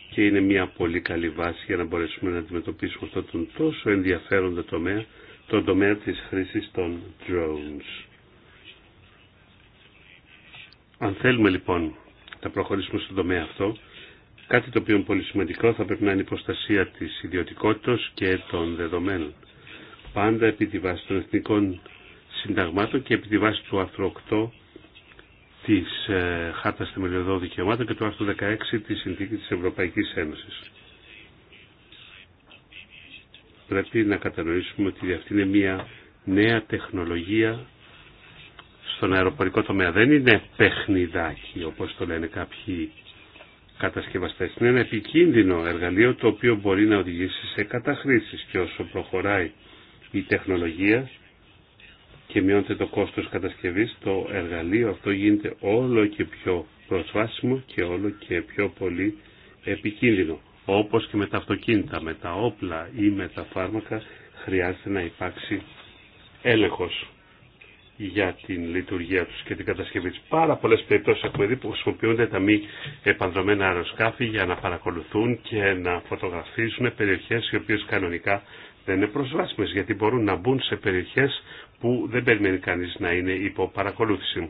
και είναι μια πολύ καλή βάση για να μπορέσουμε να αντιμετωπίσουμε αυτόν τον τόσο ενδιαφέροντα τομέα, τον τομέα της χρήσης των drones. Αν θέλουμε λοιπόν να προχωρήσουμε στον τομέα αυτό, κάτι το οποίο είναι πολύ σημαντικό θα πρέπει να είναι η προστασία της ιδιωτικότητας και των δεδομένων. Πάντα επί τη βάση των εθνικών συνταγμάτων και επί τη βάση του άρθρου της ε, Χάρτας Θεμελιωδών Δικαιωμάτων και του άρθρου 16 της Συνθήκης της Ευρωπαϊκής Ένωσης. Πρέπει να κατανοήσουμε ότι αυτή είναι μια νέα τεχνολογία στον αεροπορικό τομέα. Δεν είναι παιχνιδάκι όπως το λένε κάποιοι κατασκευαστές. Είναι ένα επικίνδυνο εργαλείο το οποίο μπορεί να οδηγήσει σε καταχρήσεις και όσο προχωράει η τεχνολογία και μειώνεται το κόστος κατασκευής, το εργαλείο αυτό γίνεται όλο και πιο προσβάσιμο και όλο και πιο πολύ επικίνδυνο. Όπως και με τα αυτοκίνητα, με τα όπλα ή με τα φάρμακα χρειάζεται να υπάρξει έλεγχος για την λειτουργία τους και την κατασκευή τους. Πάρα πολλές περιπτώσεις έχουμε δει που χρησιμοποιούνται τα μη επανδρομένα αεροσκάφη για να παρακολουθούν και να φωτογραφίζουν περιοχές οι οποίες κανονικά δεν είναι προσβάσιμες γιατί μπορούν να μπουν σε περιοχές που δεν περιμένει κανείς να είναι υπό παρακολούθηση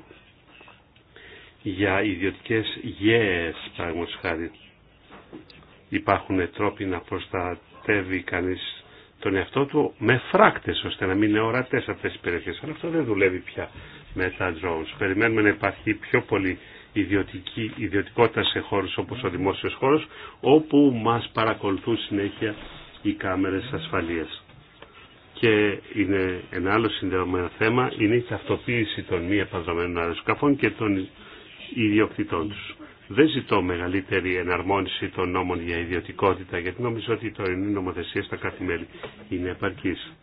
Για ιδιωτικές γέες, παραγωγός χάρη, υπάρχουν τρόποι να προστατεύει κανείς τον εαυτό του με φράκτες, ώστε να μην είναι ορατές αυτές οι περιοχές. Αλλά αυτό δεν δουλεύει πια με τα drones. Περιμένουμε να υπάρχει πιο πολύ ιδιωτική, ιδιωτικότητα σε χώρους όπως ο δημόσιος χώρος, όπου μας παρακολουθούν συνέχεια οι κάμερες ασφαλείας και είναι ένα άλλο συνδεδεμένο θέμα είναι η ταυτοποίηση των μη επανδρομένων αεροσκαφών και των ιδιοκτητών τους. Δεν ζητώ μεγαλύτερη εναρμόνιση των νόμων για ιδιωτικότητα γιατί νομίζω ότι η τωρινή νομοθεσία στα κάθε μέλη είναι επαρκής.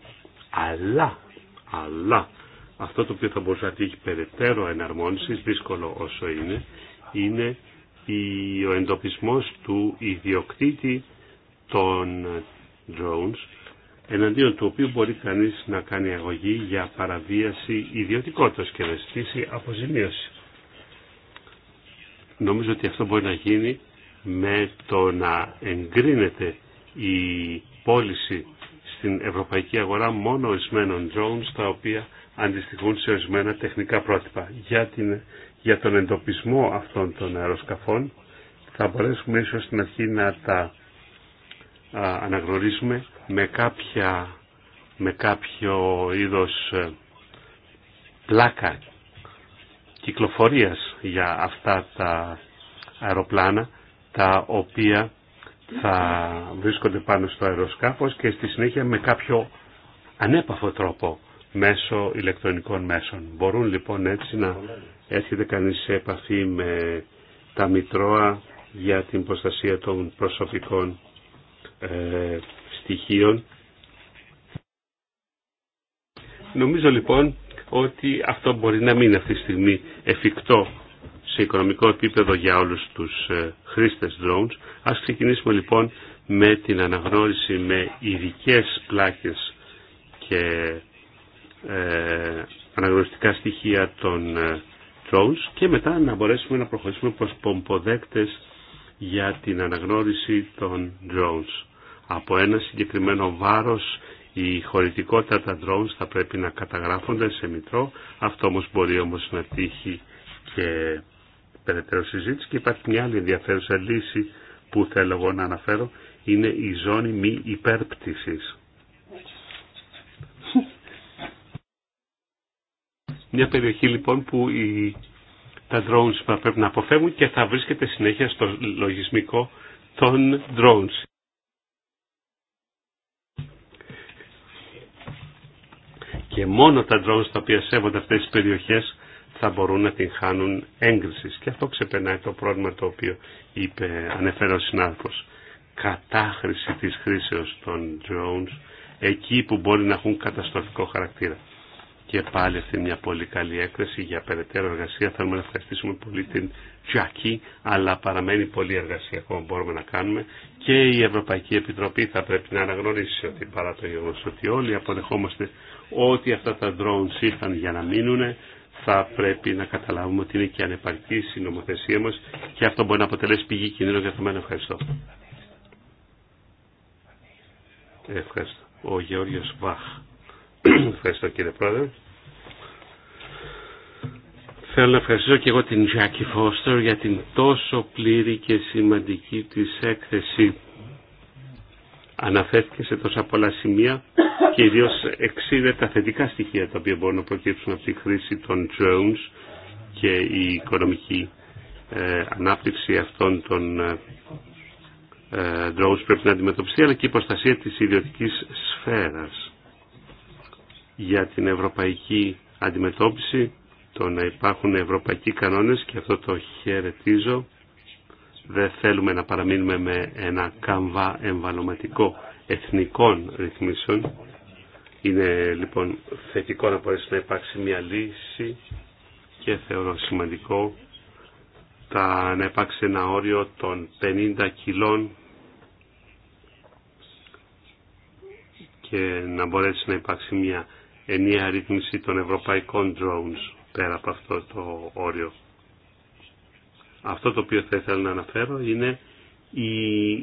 Αλλά, αλλά, αυτό το οποίο θα μπορούσε να τύχει περαιτέρω εναρμόνιση, δύσκολο όσο είναι, είναι ο εντοπισμός του ιδιοκτήτη των drones εναντίον του οποίου μπορεί κανείς να κάνει αγωγή για παραβίαση ιδιωτικότητας και να ζητήσει αποζημίωση. Νομίζω ότι αυτό μπορεί να γίνει με το να εγκρίνεται η πώληση στην ευρωπαϊκή αγορά μόνο ορισμένων drones τα οποία αντιστοιχούν σε ορισμένα τεχνικά πρότυπα. Για, την, για τον εντοπισμό αυτών των αεροσκαφών θα μπορέσουμε ίσως στην αρχή να τα αναγνωρίζουμε με, κάποια, με κάποιο είδος ε, πλάκα κυκλοφορίας για αυτά τα αεροπλάνα τα οποία θα βρίσκονται πάνω στο αεροσκάφος και στη συνέχεια με κάποιο ανέπαφο τρόπο μέσω ηλεκτρονικών μέσων. Μπορούν λοιπόν έτσι να έρχεται κανείς σε επαφή με τα Μητρώα για την προστασία των προσωπικών ε, στοιχείων. Νομίζω λοιπόν ότι αυτό μπορεί να μην είναι αυτή τη στιγμή εφικτό σε οικονομικό επίπεδο για όλους τους ε, χρήστες drones. Ας ξεκινήσουμε λοιπόν με την αναγνώριση με ειδικέ πλάκες και ε, αναγνωριστικά στοιχεία των ε, drones και μετά να μπορέσουμε να προχωρήσουμε προς πομποδέκτες για την αναγνώριση των drones από ένα συγκεκριμένο βάρος η χωρητικότητα τα drones θα πρέπει να καταγράφονται σε μητρό. Αυτό όμως μπορεί όμως να τύχει και περαιτέρω συζήτηση. Και υπάρχει μια άλλη ενδιαφέρουσα λύση που θέλω εγώ να αναφέρω. Είναι η ζώνη μη υπέρπτυσης. Μια περιοχή λοιπόν που η τα drones θα πρέπει να αποφεύγουν και θα βρίσκεται συνέχεια στο λογισμικό των drones. και μόνο τα drones τα οποία σέβονται αυτές τις περιοχές θα μπορούν να την χάνουν έγκριση. Και αυτό ξεπερνάει το πρόβλημα το οποίο είπε, ανέφερε ο συνάδελφος. Κατάχρηση της χρήσεως των drones εκεί που μπορεί να έχουν καταστροφικό χαρακτήρα. Και πάλι αυτή μια πολύ καλή έκθεση για περαιτέρω εργασία. Θέλουμε να ευχαριστήσουμε πολύ την Τζακή, αλλά παραμένει πολλή εργασία ακόμα μπορούμε να κάνουμε. Και η Ευρωπαϊκή Επιτροπή θα πρέπει να αναγνωρίσει ότι παρά το γεγονό ότι όλοι αποδεχόμαστε ότι αυτά τα drones ήρθαν για να μείνουν, θα πρέπει να καταλάβουμε ότι είναι και ανεπαρκής η νομοθεσία μας και αυτό μπορεί να αποτελέσει πηγή κινδύνου για το μέλλον. Ευχαριστώ. Ευχαριστώ. Ο Γεώργιος Βαχ. Ευχαριστώ κύριε Πρόεδρε. Θέλω να ευχαριστήσω και εγώ την Jackie Foster για την τόσο πλήρη και σημαντική της έκθεση αναφέρθηκε σε τόσα πολλά σημεία και ιδίω εξήγησε τα θετικά στοιχεία τα οποία μπορούν να προκύψουν από τη χρήση των drones και η οικονομική ε, ανάπτυξη αυτών των ε, ε drones πρέπει να αντιμετωπιστεί αλλά και η προστασία της ιδιωτικής σφαίρας για την ευρωπαϊκή αντιμετώπιση το να υπάρχουν ευρωπαϊκοί κανόνες και αυτό το χαιρετίζω δεν θέλουμε να παραμείνουμε με ένα καμβά εμβαλωματικό εθνικών ρυθμίσεων. Είναι λοιπόν θετικό να μπορέσει να υπάρξει μια λύση και θεωρώ σημαντικό τα, να υπάρξει ένα όριο των 50 κιλών και να μπορέσει να υπάρξει μια ενιαία ρύθμιση των ευρωπαϊκών drones πέρα από αυτό το όριο. Αυτό το οποίο θα ήθελα να αναφέρω είναι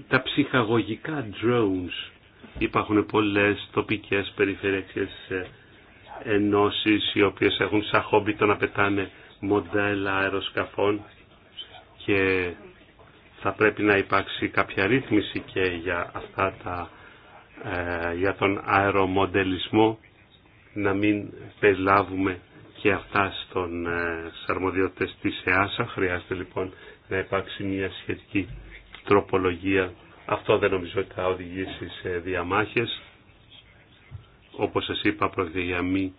τα ψυχαγωγικά drones. Υπάρχουν πολλές τοπικές περιφερειακές ε, ενώσεις οι οποίες έχουν σαν χόμπι το να πετάνε μοντέλα αεροσκαφών και θα πρέπει να υπάρξει κάποια ρύθμιση και για αυτά τα ε, για τον αερομοντελισμό να μην περιλάβουμε και αυτά στον ε, αρμοδιότητες της ΕΑΣΑ. Χρειάζεται λοιπόν να υπάρξει μια σχετική τροπολογία. Αυτό δεν νομίζω ότι θα οδηγήσει σε διαμάχες. Όπως σας είπα, πρόκειται για μη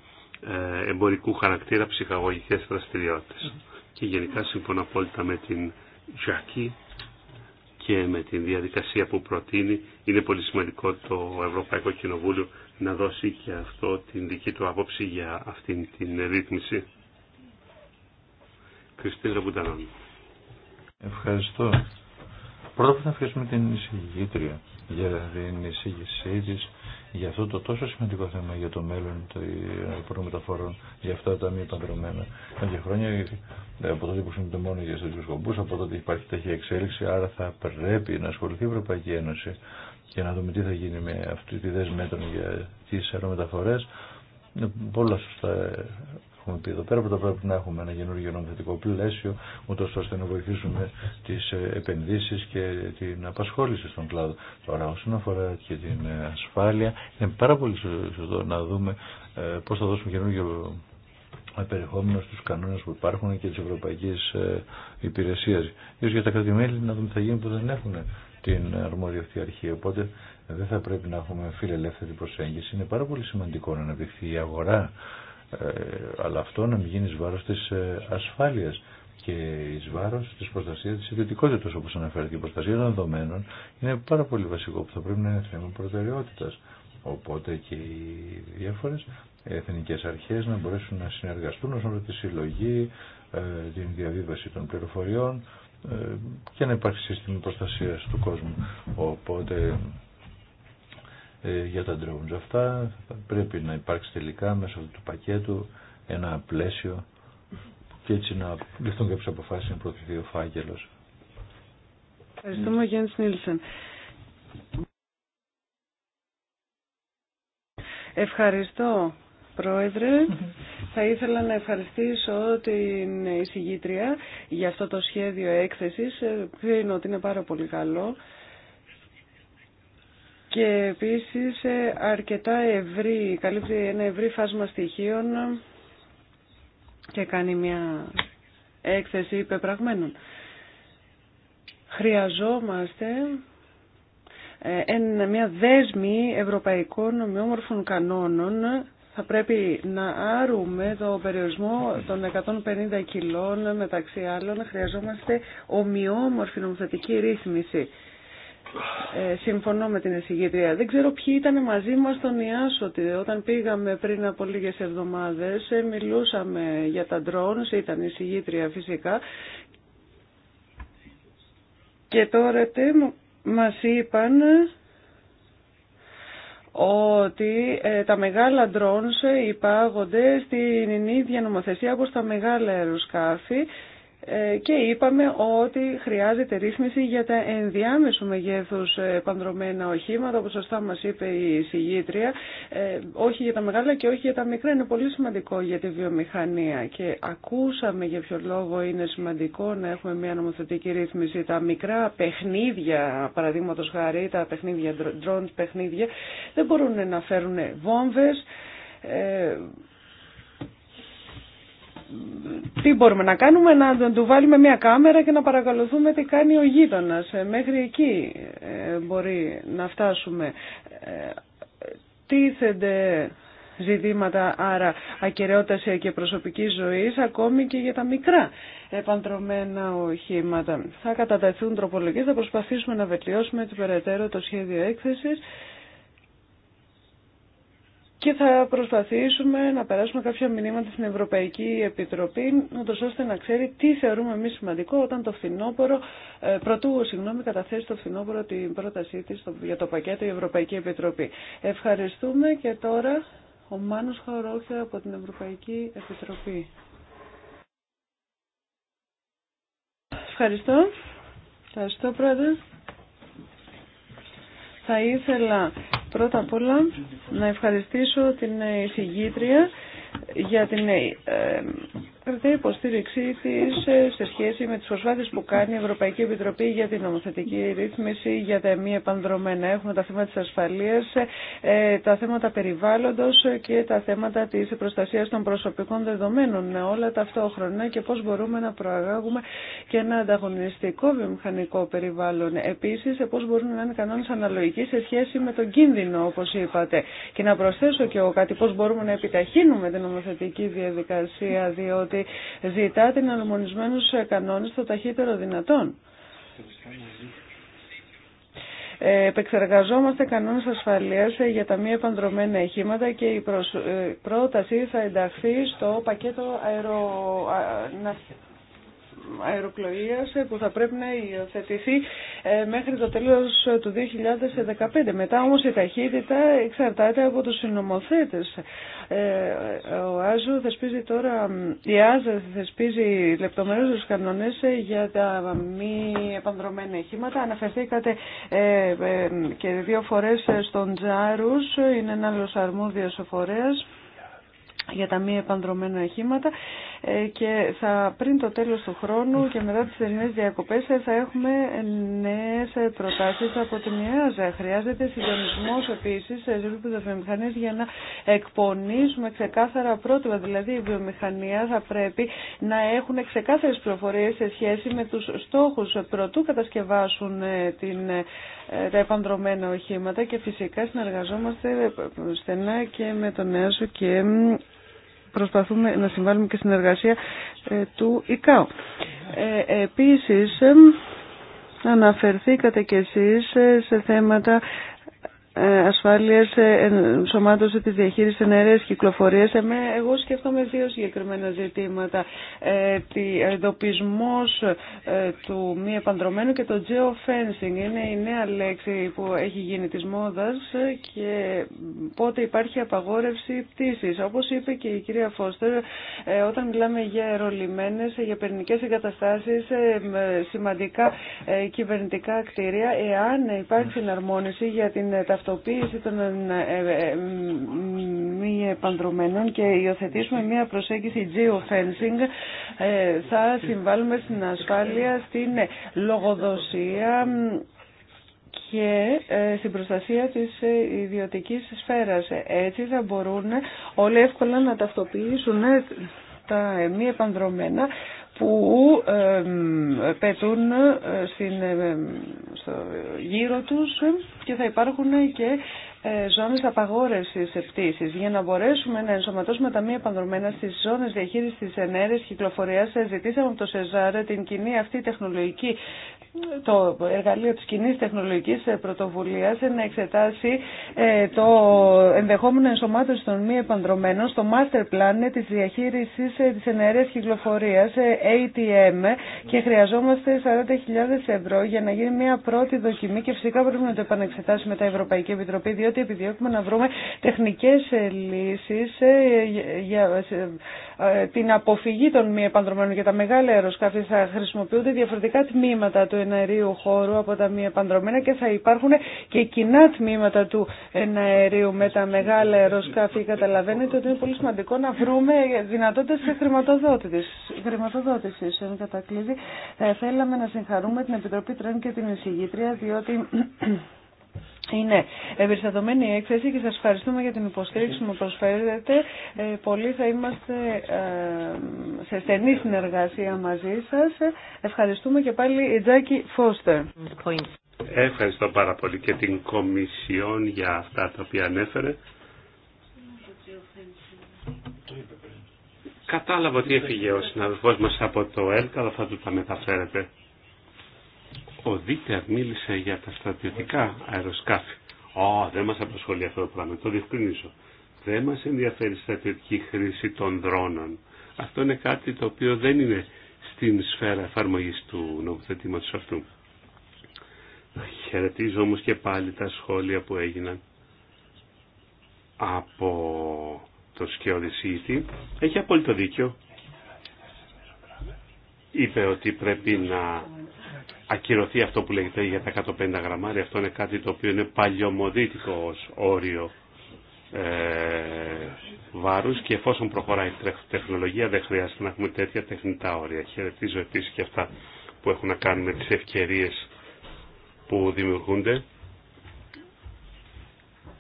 ε, εμπορικού χαρακτήρα ψυχαγωγικές δραστηριότητες. Mm-hmm. Και γενικά συμφωνώ απόλυτα με την Τζάκι και με την διαδικασία που προτείνει. Είναι πολύ σημαντικό το Ευρωπαϊκό Κοινοβούλιο να δώσει και αυτό την δική του άποψη για αυτήν την ρύθμιση. Κριστίνα Μπουταλόν. Ευχαριστώ. Πρώτα θα ευχαριστούμε την εισηγήτρια για την εισήγησή τη για αυτό το τόσο σημαντικό θέμα για το μέλλον των αεροπορών για αυτά τα μη παντρεμένα. Για χρόνια ε, από τότε που συνήθω μόνο για στρατιωτικού σκοπού, από τότε υπάρχει τέτοια εξέλιξη, άρα θα πρέπει να ασχοληθεί η Ευρωπαϊκή Ένωση για να δούμε τι θα γίνει με αυτή τη δέσμη για τις αερομεταφορές. Ε, πολλά σωστά έχουμε πει εδώ πέρα. Πρώτα πρέπει να έχουμε ένα καινούργιο νομοθετικό πλαίσιο, ούτω ώστε να βοηθήσουμε τι ε, επενδύσει και την απασχόληση στον κλάδο. Τώρα, όσον αφορά και την ε, ασφάλεια, είναι πάρα πολύ σωστό να δούμε πώ θα δώσουμε καινούργιο περιεχόμενο στους κανόνες που υπάρχουν και της Ευρωπαϊκής Υπηρεσίας. Ίσως για τα κρατημέλη να δούμε τι θα γίνει που δεν έχουν την αρμόδια αρχή. Οπότε δεν θα πρέπει να έχουμε φιλελεύθερη προσέγγιση. Είναι πάρα πολύ σημαντικό να αναπτυχθεί η αγορά, ε, αλλά αυτό να μην γίνει βάρο τη της ε, ασφάλειας και ει βάρο τη προστασία τη ιδιωτικότητα, όπω αναφέρεται. Η προστασία των δεδομένων είναι πάρα πολύ βασικό που θα πρέπει να είναι θέμα προτεραιότητα. Οπότε και οι διάφορε εθνικέ αρχέ να μπορέσουν να συνεργαστούν όσον αφορά τη συλλογή, ε, την διαβίβαση των πληροφοριών, ε, και να υπάρχει σύστημα προστασίας του κόσμου. Οπότε ε, για τα drones αυτά πρέπει να υπάρξει τελικά μέσω του πακέτου ένα πλαίσιο και έτσι να ληφθούν κάποιες αποφάσεις να προωθηθεί ο φάκελο. Ευχαριστούμε Γιάννης Νίλσεν. Ευχαριστώ Πρόεδρε. Θα ήθελα να ευχαριστήσω την εισηγήτρια για αυτό το σχέδιο έκθεσης. Κρίνω ότι είναι πάρα πολύ καλό και επίσης ε, αρκετά ευρύ, καλύπτει ένα ευρύ φάσμα στοιχείων και κάνει μια έκθεση υπεπραγμένων. Χρειαζόμαστε ε, μια δέσμη ευρωπαϊκών ομοιόμορφων κανόνων θα πρέπει να άρουμε το περιορισμό των 150 κιλών μεταξύ άλλων. Χρειαζόμαστε ομοιόμορφη νομοθετική ρύθμιση. Ε, συμφωνώ με την εισηγήτρια. Δεν ξέρω ποιοι ήταν μαζί μας στον ότι Όταν πήγαμε πριν από λίγες εβδομάδες, ε, μιλούσαμε για τα ντρόνς, ήταν εισηγήτρια φυσικά. Και τώρα τι μας είπαν ότι ε, τα μεγάλα ντρόνς ε, υπάγονται στην ίδια νομοθεσία όπως τα μεγάλα αεροσκάφη ε, και είπαμε ότι χρειάζεται ρύθμιση για τα ενδιάμεσου μεγέθους ε, πανδρομένα οχήματα, όπως σωστά μας είπε η συγγήτρια, ε, όχι για τα μεγάλα και όχι για τα μικρά. Είναι πολύ σημαντικό για τη βιομηχανία και ακούσαμε για ποιο λόγο είναι σημαντικό να έχουμε μια νομοθετική ρύθμιση. Τα μικρά παιχνίδια, παραδείγματο χάρη, τα παιχνίδια, drones παιχνίδια, δεν μπορούν να φέρουν βόμβες, τι μπορούμε να κάνουμε, να του βάλουμε μια κάμερα και να παρακολουθούμε τι κάνει ο γείτονα. Ε, μέχρι εκεί ε, μπορεί να φτάσουμε. Ε, τίθενται ζητήματα άρα ακαιρεότητας και προσωπική ζωή ακόμη και για τα μικρά επαντρωμένα οχήματα. Θα κατατεθούν τροπολογίες, θα προσπαθήσουμε να βελτιώσουμε περαιτέρω το σχέδιο έκθεσης και θα προσπαθήσουμε να περάσουμε κάποια μηνύματα στην Ευρωπαϊκή Επιτροπή, ούτως ώστε να ξέρει τι θεωρούμε εμεί σημαντικό όταν το φθινόπωρο, ε, πρωτού συγγνώμη, καταθέσει το φθινόπωρο την πρότασή της για το πακέτο η Ευρωπαϊκή Επιτροπή. Ευχαριστούμε και τώρα ο Μάνος Χαρόχια από την Ευρωπαϊκή Επιτροπή. Ευχαριστώ. Ευχαριστώ, Πρόεδρε. Θα ήθελα Πρώτα απ' όλα να ευχαριστήσω την εισηγήτρια για την ε, Κρατάει υποστήριξή τη ε, σε σχέση με τι προσπάθειε που κάνει η Ευρωπαϊκή Επιτροπή για την νομοθετική ρύθμιση για τα μη επανδρομένα. Έχουμε τα θέματα τη ασφαλεία, ε, ε, τα θέματα περιβάλλοντο και τα θέματα τη προστασία των προσωπικών δεδομένων. Όλα ταυτόχρονα και πώ μπορούμε να προαγάγουμε και ένα ανταγωνιστικό βιομηχανικό περιβάλλον. Επίση, πώ μπορούμε να είναι κανόνε αναλογικοί σε σχέση με τον κίνδυνο, όπω είπατε. Και να προσθέσω και εγώ κάτι, πώ μπορούμε να επιταχύνουμε την νομοθετική διαδικασία, διότι ότι ζητά την σε κανόνε το ταχύτερο δυνατόν. Ε, επεξεργαζόμαστε κανόνες ασφαλείας για τα μη επανδρομένα εχήματα και η ε, πρόταση θα ενταχθεί στο πακέτο αεροναύχειας αεροπλοείας που θα πρέπει να υιοθετηθεί ε, μέχρι το τέλος του 2015. Μετά όμως η ταχύτητα εξαρτάται από τους συνομοθέτες. Ε, ο Άζου θεσπίζει τώρα, η Άζο θεσπίζει λεπτομέρειες τους κανονές ε, για τα μη επανδρομένα εχήματα. Αναφερθήκατε και δύο φορές στον Τζάρους, είναι ένα άλλος αρμόδιος φορέας για τα μη επανδρομένα εχήματα. Ε, και θα, πριν το τέλος του χρόνου και μετά τις θερινές διακοπές ε, θα έχουμε νέες ε, προτάσεις από την ΕΑΖΑ. Χρειάζεται συντονισμός επίσης σε των βιομηχανίας για να εκπονήσουμε ξεκάθαρα πρότυπα. Δηλαδή η βιομηχανία θα πρέπει να έχουν ξεκάθαρες πληροφορίες σε σχέση με τους στόχους προτού κατασκευάσουν την, τα επανδρομένα οχήματα και φυσικά συνεργαζόμαστε στενά και με τον ΕΑΖΟ και προσπαθούμε να συμβάλλουμε και στην εργασία ε, του ΙΚΑΟ. Ε, επίσης, ε, Αναφερθήκατε κι εσείς σε θέματα ε, ασφάλειας ε, ενσωμάτωσε τη διαχείριση ενέργειας κυκλοφορίας. Ε, εγώ σκέφτομαι δύο συγκεκριμένα ζητήματα. Ε, εντοπισμός του μη επανδρομένου και το geofencing. Είναι η νέα λέξη που έχει γίνει της μόδας και πότε υπάρχει απαγόρευση πτήσης. Όπως είπε και η κυρία Φώστερ, όταν μιλάμε για αερολιμένες, για πυρηνικές εγκαταστάσεις, σημαντικά κυβερνητικά κτίρια, εάν υπάρχει συναρμόνιση για την ταυτότητα ταυτοποίηση των ε, ε, ε, μη επανδρομένων και υιοθετήσουμε μια προσέγγιση geofencing θα συμβάλλουμε στην ασφάλεια, στην λογοδοσία και στην προστασία της ιδιωτικής σφαίρας. Έτσι θα μπορούν όλοι εύκολα να ταυτοποιήσουν τα μη επανδρομένα που πετούν γύρω ε, στο τους και θα υπάρχουν και ε, ζώνες απαγόρευσης πτήσης για να μπορέσουμε να ενσωματώσουμε τα μία επανδρομένα στις ζώνες διαχείρισης της ενέργειας κυκλοφορίας ε, ζητήσαμε από το ΣΕΖΑΡ την κοινή αυτή τεχνολογική το εργαλείο της κοινή τεχνολογικής ε, πρωτοβουλίας να εξετάσει ε, το ενδεχόμενο ενσωμάτωση των μη επανδρομένων στο master plan της διαχείρισης ε, της ενέργειας κυκλοφορίας ATM και χρειαζόμαστε 40.000 ευρώ για να γίνει μια πρώτη δοκιμή και φυσικά πρέπει να το επανεξετάσουμε τα Ευρωπαϊκή Επιτροπή διότι επιδιώκουμε να βρούμε τεχνικές λύσεις για την αποφυγή των μη επανδρομένων για τα μεγάλα αεροσκάφη θα χρησιμοποιούνται διαφορετικά τμήματα εναερίου χώρου από τα μη επανδρομένα και θα υπάρχουν και κοινά τμήματα του εναερίου με τα μεγάλα αεροσκάφη. Καταλαβαίνετε ότι είναι πολύ σημαντικό να βρούμε δυνατότητες χρηματοδότησης. Εν κατακλείδη, θα θέλαμε να συγχαρούμε την Επιτροπή Τρέν και την Εισηγήτρια, διότι είναι εμπεριστατωμένη η έκθεση και σας ευχαριστούμε για την υποστήριξη που προσφέρετε. Ε, πολύ θα είμαστε ε, σε στενή συνεργασία μαζί σας. Ευχαριστούμε και πάλι η ε, Τζάκη Φώστερ. Ευχαριστώ πάρα πολύ και την Κομισιόν για αυτά τα οποία ανέφερε. Κατάλαβα ότι έφυγε ο συναδελφός μας από το ΕΛΚ, αλλά θα του τα μεταφέρετε. Ο Δίτερ μίλησε για τα στρατιωτικά αεροσκάφη. Α, δεν μας απασχολεί αυτό το πράγμα, το διευκρινίζω. Δεν μας ενδιαφέρει η στρατιωτική χρήση των δρόνων. Αυτό είναι κάτι το οποίο δεν είναι στην σφαίρα εφαρμογή του νομοθετήματος αυτού. Χαιρετίζω όμως και πάλι τα σχόλια που έγιναν από το σκιοδησίτη. Έχει απόλυτο δίκιο. Είπε ότι πρέπει να ακυρωθεί αυτό που λέγεται για τα 150 γραμμάρια. Αυτό είναι κάτι το οποίο είναι παλιωμοδίτικο ως όριο ε, βάρους και εφόσον προχωράει η τεχνολογία δεν χρειάζεται να έχουμε τέτοια τεχνητά όρια. Χαιρετίζω επίσης και αυτά που έχουν να κάνουν με τις ευκαιρίες που δημιουργούνται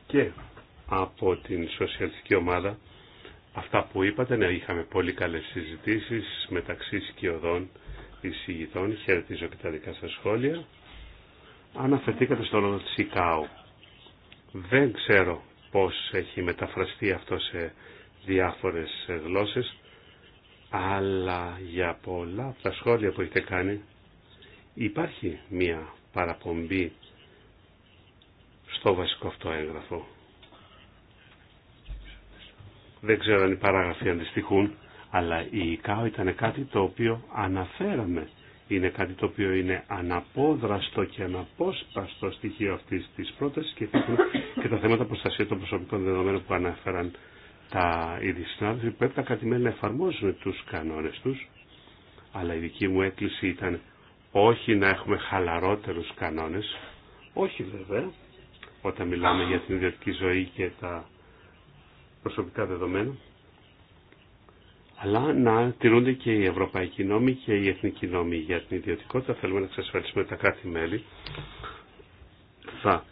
και από την σοσιαλιστική ομάδα αυτά που είπατε, ναι, είχαμε πολύ καλές συζητήσεις μεταξύ σκιωδών εισηγητών, χαιρετίζω και τα δικά σας σχόλια. Αναφερθήκατε στο όνομα της ΙΚΑΟ. Δεν ξέρω πώς έχει μεταφραστεί αυτό σε διάφορες γλώσσες, αλλά για πολλά από τα σχόλια που έχετε κάνει υπάρχει μία παραπομπή στο βασικό αυτό έγγραφο. Δεν ξέρω αν οι παράγραφοι αντιστοιχούν, αλλά η ΙΚΑΟ ήταν κάτι το οποίο αναφέραμε. Είναι κάτι το οποίο είναι αναπόδραστο και αναπόσπαστο στοιχείο αυτή της πρόταση και, τα θέματα προστασία των προσωπικών δεδομένων που αναφέραν τα ήδη συνάδελφοι. Πρέπει τα να εφαρμόζουν τους κανόνε τους. Αλλά η δική μου έκκληση ήταν όχι να έχουμε χαλαρότερους κανόνες. Όχι βέβαια, όταν μιλάμε για την ιδιωτική ζωή και τα προσωπικά δεδομένα αλλά να τηρούνται και οι ευρωπαϊκοί νόμοι και οι εθνικοί νόμοι για την ιδιωτικότητα. Θέλουμε να εξασφαλίσουμε τα κράτη-μέλη θα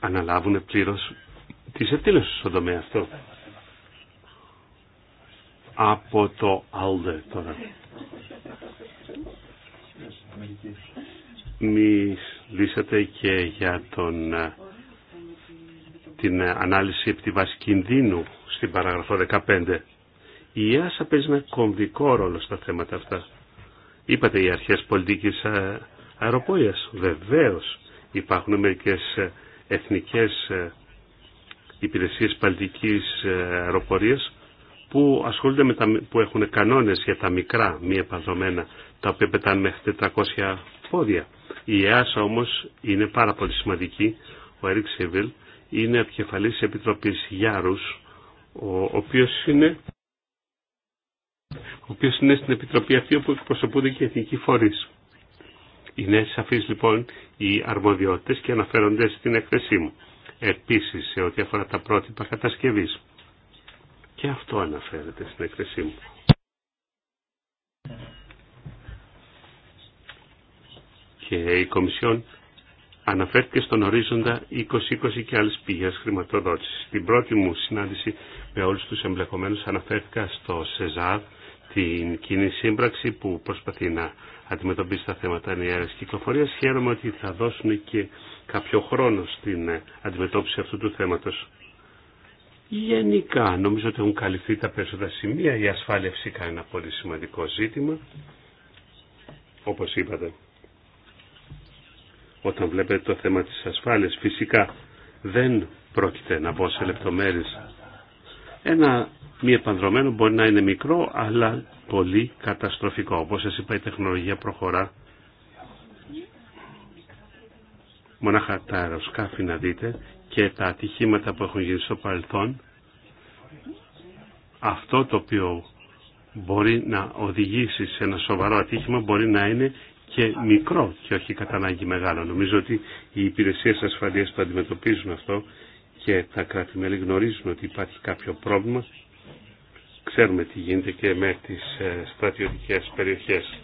αναλάβουν πλήρως τι ευθύνες στον τομέα αυτό. Από το Άλδε τώρα. Μιλήσατε και για τον, ε, την ε, ανάλυση επί κινδύνου στην παράγραφο 15. Η ΕΑΣΑ παίζει ένα κομβικό ρόλο στα θέματα αυτά. Είπατε οι αρχε πολιτικη ε, αεροπορια βεβαιω υπάρχουν μερικε εθνικές ε, υπηρεσίες πολιτικη ε, αεροπορια που ασχολούνται με τα, που έχουν κανόνες για τα μικρά μη επανδρομένα τα οποία πετάνε μέχρι 400 πόδια. Η ΕΑΣΑ όμως είναι πάρα πολύ σημαντική. Ο Ερικ Σίβιλ είναι επικεφαλής επιτροπής Γιάρου, ο οποίο είναι ο οποίος είναι στην Επιτροπή αυτή όπου εκπροσωπούνται και οι εθνικοί φορείς. Είναι σαφείς λοιπόν οι αρμοδιότητες και αναφέρονται στην έκθεσή μου. Επίσης σε ό,τι αφορά τα πρότυπα κατασκευής. Και αυτό αναφέρεται στην έκθεσή μου. Και η Κομισιόν αναφέρθηκε στον ορίζοντα 2020 και άλλες πηγές χρηματοδότησης. Στην πρώτη μου συνάντηση με όλους τους εμπλεκομένους αναφέρθηκα στο ΣΕΖΑΔ, την κοινή σύμπραξη που προσπαθεί να αντιμετωπίσει τα θέματα ενιαίας κυκλοφορίας. Χαίρομαι ότι θα δώσουν και κάποιο χρόνο στην αντιμετώπιση αυτού του θέματος. Γενικά, νομίζω ότι έχουν καλυφθεί τα περισσότερα σημεία. Η ασφάλεια φυσικά είναι ένα πολύ σημαντικό ζήτημα. Όπως είπατε, όταν βλέπετε το θέμα της ασφάλειας, φυσικά δεν πρόκειται να μπω σε λεπτομέρειες ένα μη επανδρομένο μπορεί να είναι μικρό, αλλά πολύ καταστροφικό. Όπως σας είπα, η τεχνολογία προχωρά. Μονάχα τα αεροσκάφη να δείτε και τα ατυχήματα που έχουν γίνει στο παρελθόν. Αυτό το οποίο μπορεί να οδηγήσει σε ένα σοβαρό ατύχημα μπορεί να είναι και μικρό και όχι κατά ανάγκη μεγάλο. Νομίζω ότι οι υπηρεσίες ασφαλείας που αντιμετωπίζουν αυτό και τα κράτη-μέλη γνωρίζουν ότι υπάρχει κάποιο πρόβλημα. Ξέρουμε τι γίνεται και με τις ε, στρατιωτικές περιοχές.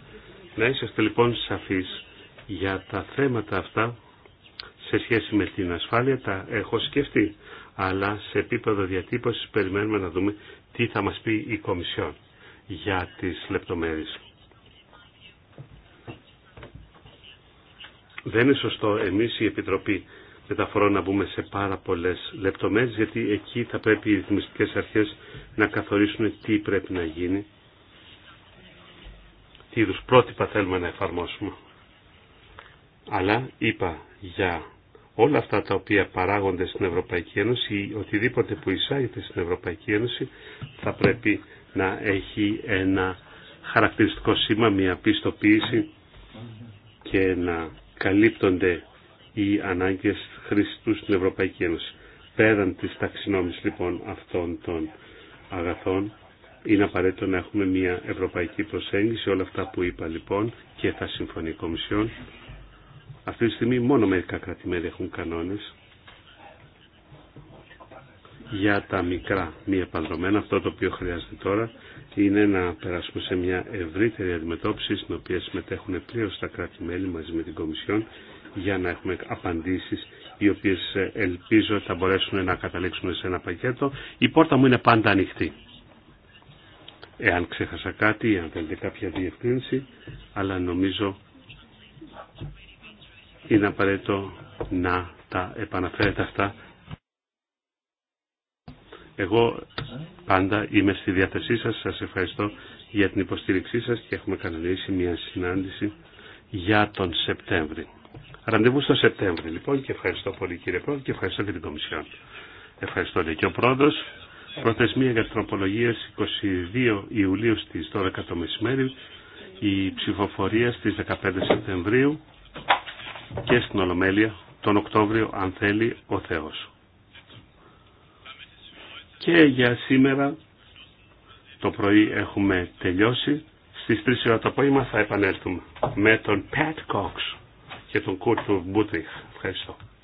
Να είσαστε λοιπόν σαφείς για τα θέματα αυτά σε σχέση με την ασφάλεια τα έχω σκεφτεί, αλλά σε επίπεδο διατύπωσης περιμένουμε να δούμε τι θα μας πει η Κομισιόν για τις λεπτομέρειες. Δεν είναι σωστό εμείς η Επιτροπή μεταφορών να μπούμε σε πάρα πολλές λεπτομέρειες γιατί εκεί θα πρέπει οι ρυθμιστικές αρχές να καθορίσουν τι πρέπει να γίνει τι είδους πρότυπα θέλουμε να εφαρμόσουμε. Αλλά είπα για όλα αυτά τα οποία παράγονται στην Ευρωπαϊκή Ένωση ή οτιδήποτε που εισάγεται στην Ευρωπαϊκή Ένωση θα πρέπει να έχει ένα χαρακτηριστικό σήμα, μια πιστοποίηση και να καλύπτονται οι ανάγκες χρηστού στην Ευρωπαϊκή Ένωση. Πέραν της ταξινόμησης λοιπόν αυτών των αγαθών, είναι απαραίτητο να έχουμε μια ευρωπαϊκή προσέγγιση, όλα αυτά που είπα λοιπόν και θα συμφωνεί η Κομισιόν. Αυτή τη στιγμή μόνο μερικά κρατημέρια έχουν κανόνες για τα μικρά μη επανδρομένα. Αυτό το οποίο χρειάζεται τώρα είναι να περάσουμε σε μια ευρύτερη αντιμετώπιση στην οποία συμμετέχουν πλήρως τα κράτη-μέλη μαζί με την Κομισιόν για να έχουμε απαντήσεις οι οποίες ε, ελπίζω θα μπορέσουν να καταλήξουν σε ένα πακέτο. Η πόρτα μου είναι πάντα ανοιχτή. Εάν ξέχασα κάτι, αν θέλετε κάποια διευκρίνηση, αλλά νομίζω είναι απαραίτητο να τα επαναφέρετε αυτά. Εγώ πάντα είμαι στη διάθεσή σας, σας ευχαριστώ για την υποστήριξή σας και έχουμε κανονίσει μια συνάντηση για τον Σεπτέμβρη. Ραντεβού στο Σεπτέμβριο λοιπόν και ευχαριστώ πολύ κύριε Πρόεδρε και ευχαριστώ και την Κομισιόν. Ευχαριστώ λέει και ο Πρόεδρο. Προθεσμία για 22 Ιουλίου στις 12 το μεσημέρι, η ψηφοφορία στις 15 Σεπτεμβρίου και στην Ολομέλεια τον Οκτώβριο αν θέλει ο Θεός. Και για σήμερα το πρωί έχουμε τελειώσει. Στις 3 ώρα το απόγευμα θα επανέλθουμε με τον Pat Cox και τον κόρτο Μπούτριχ. Ευχαριστώ.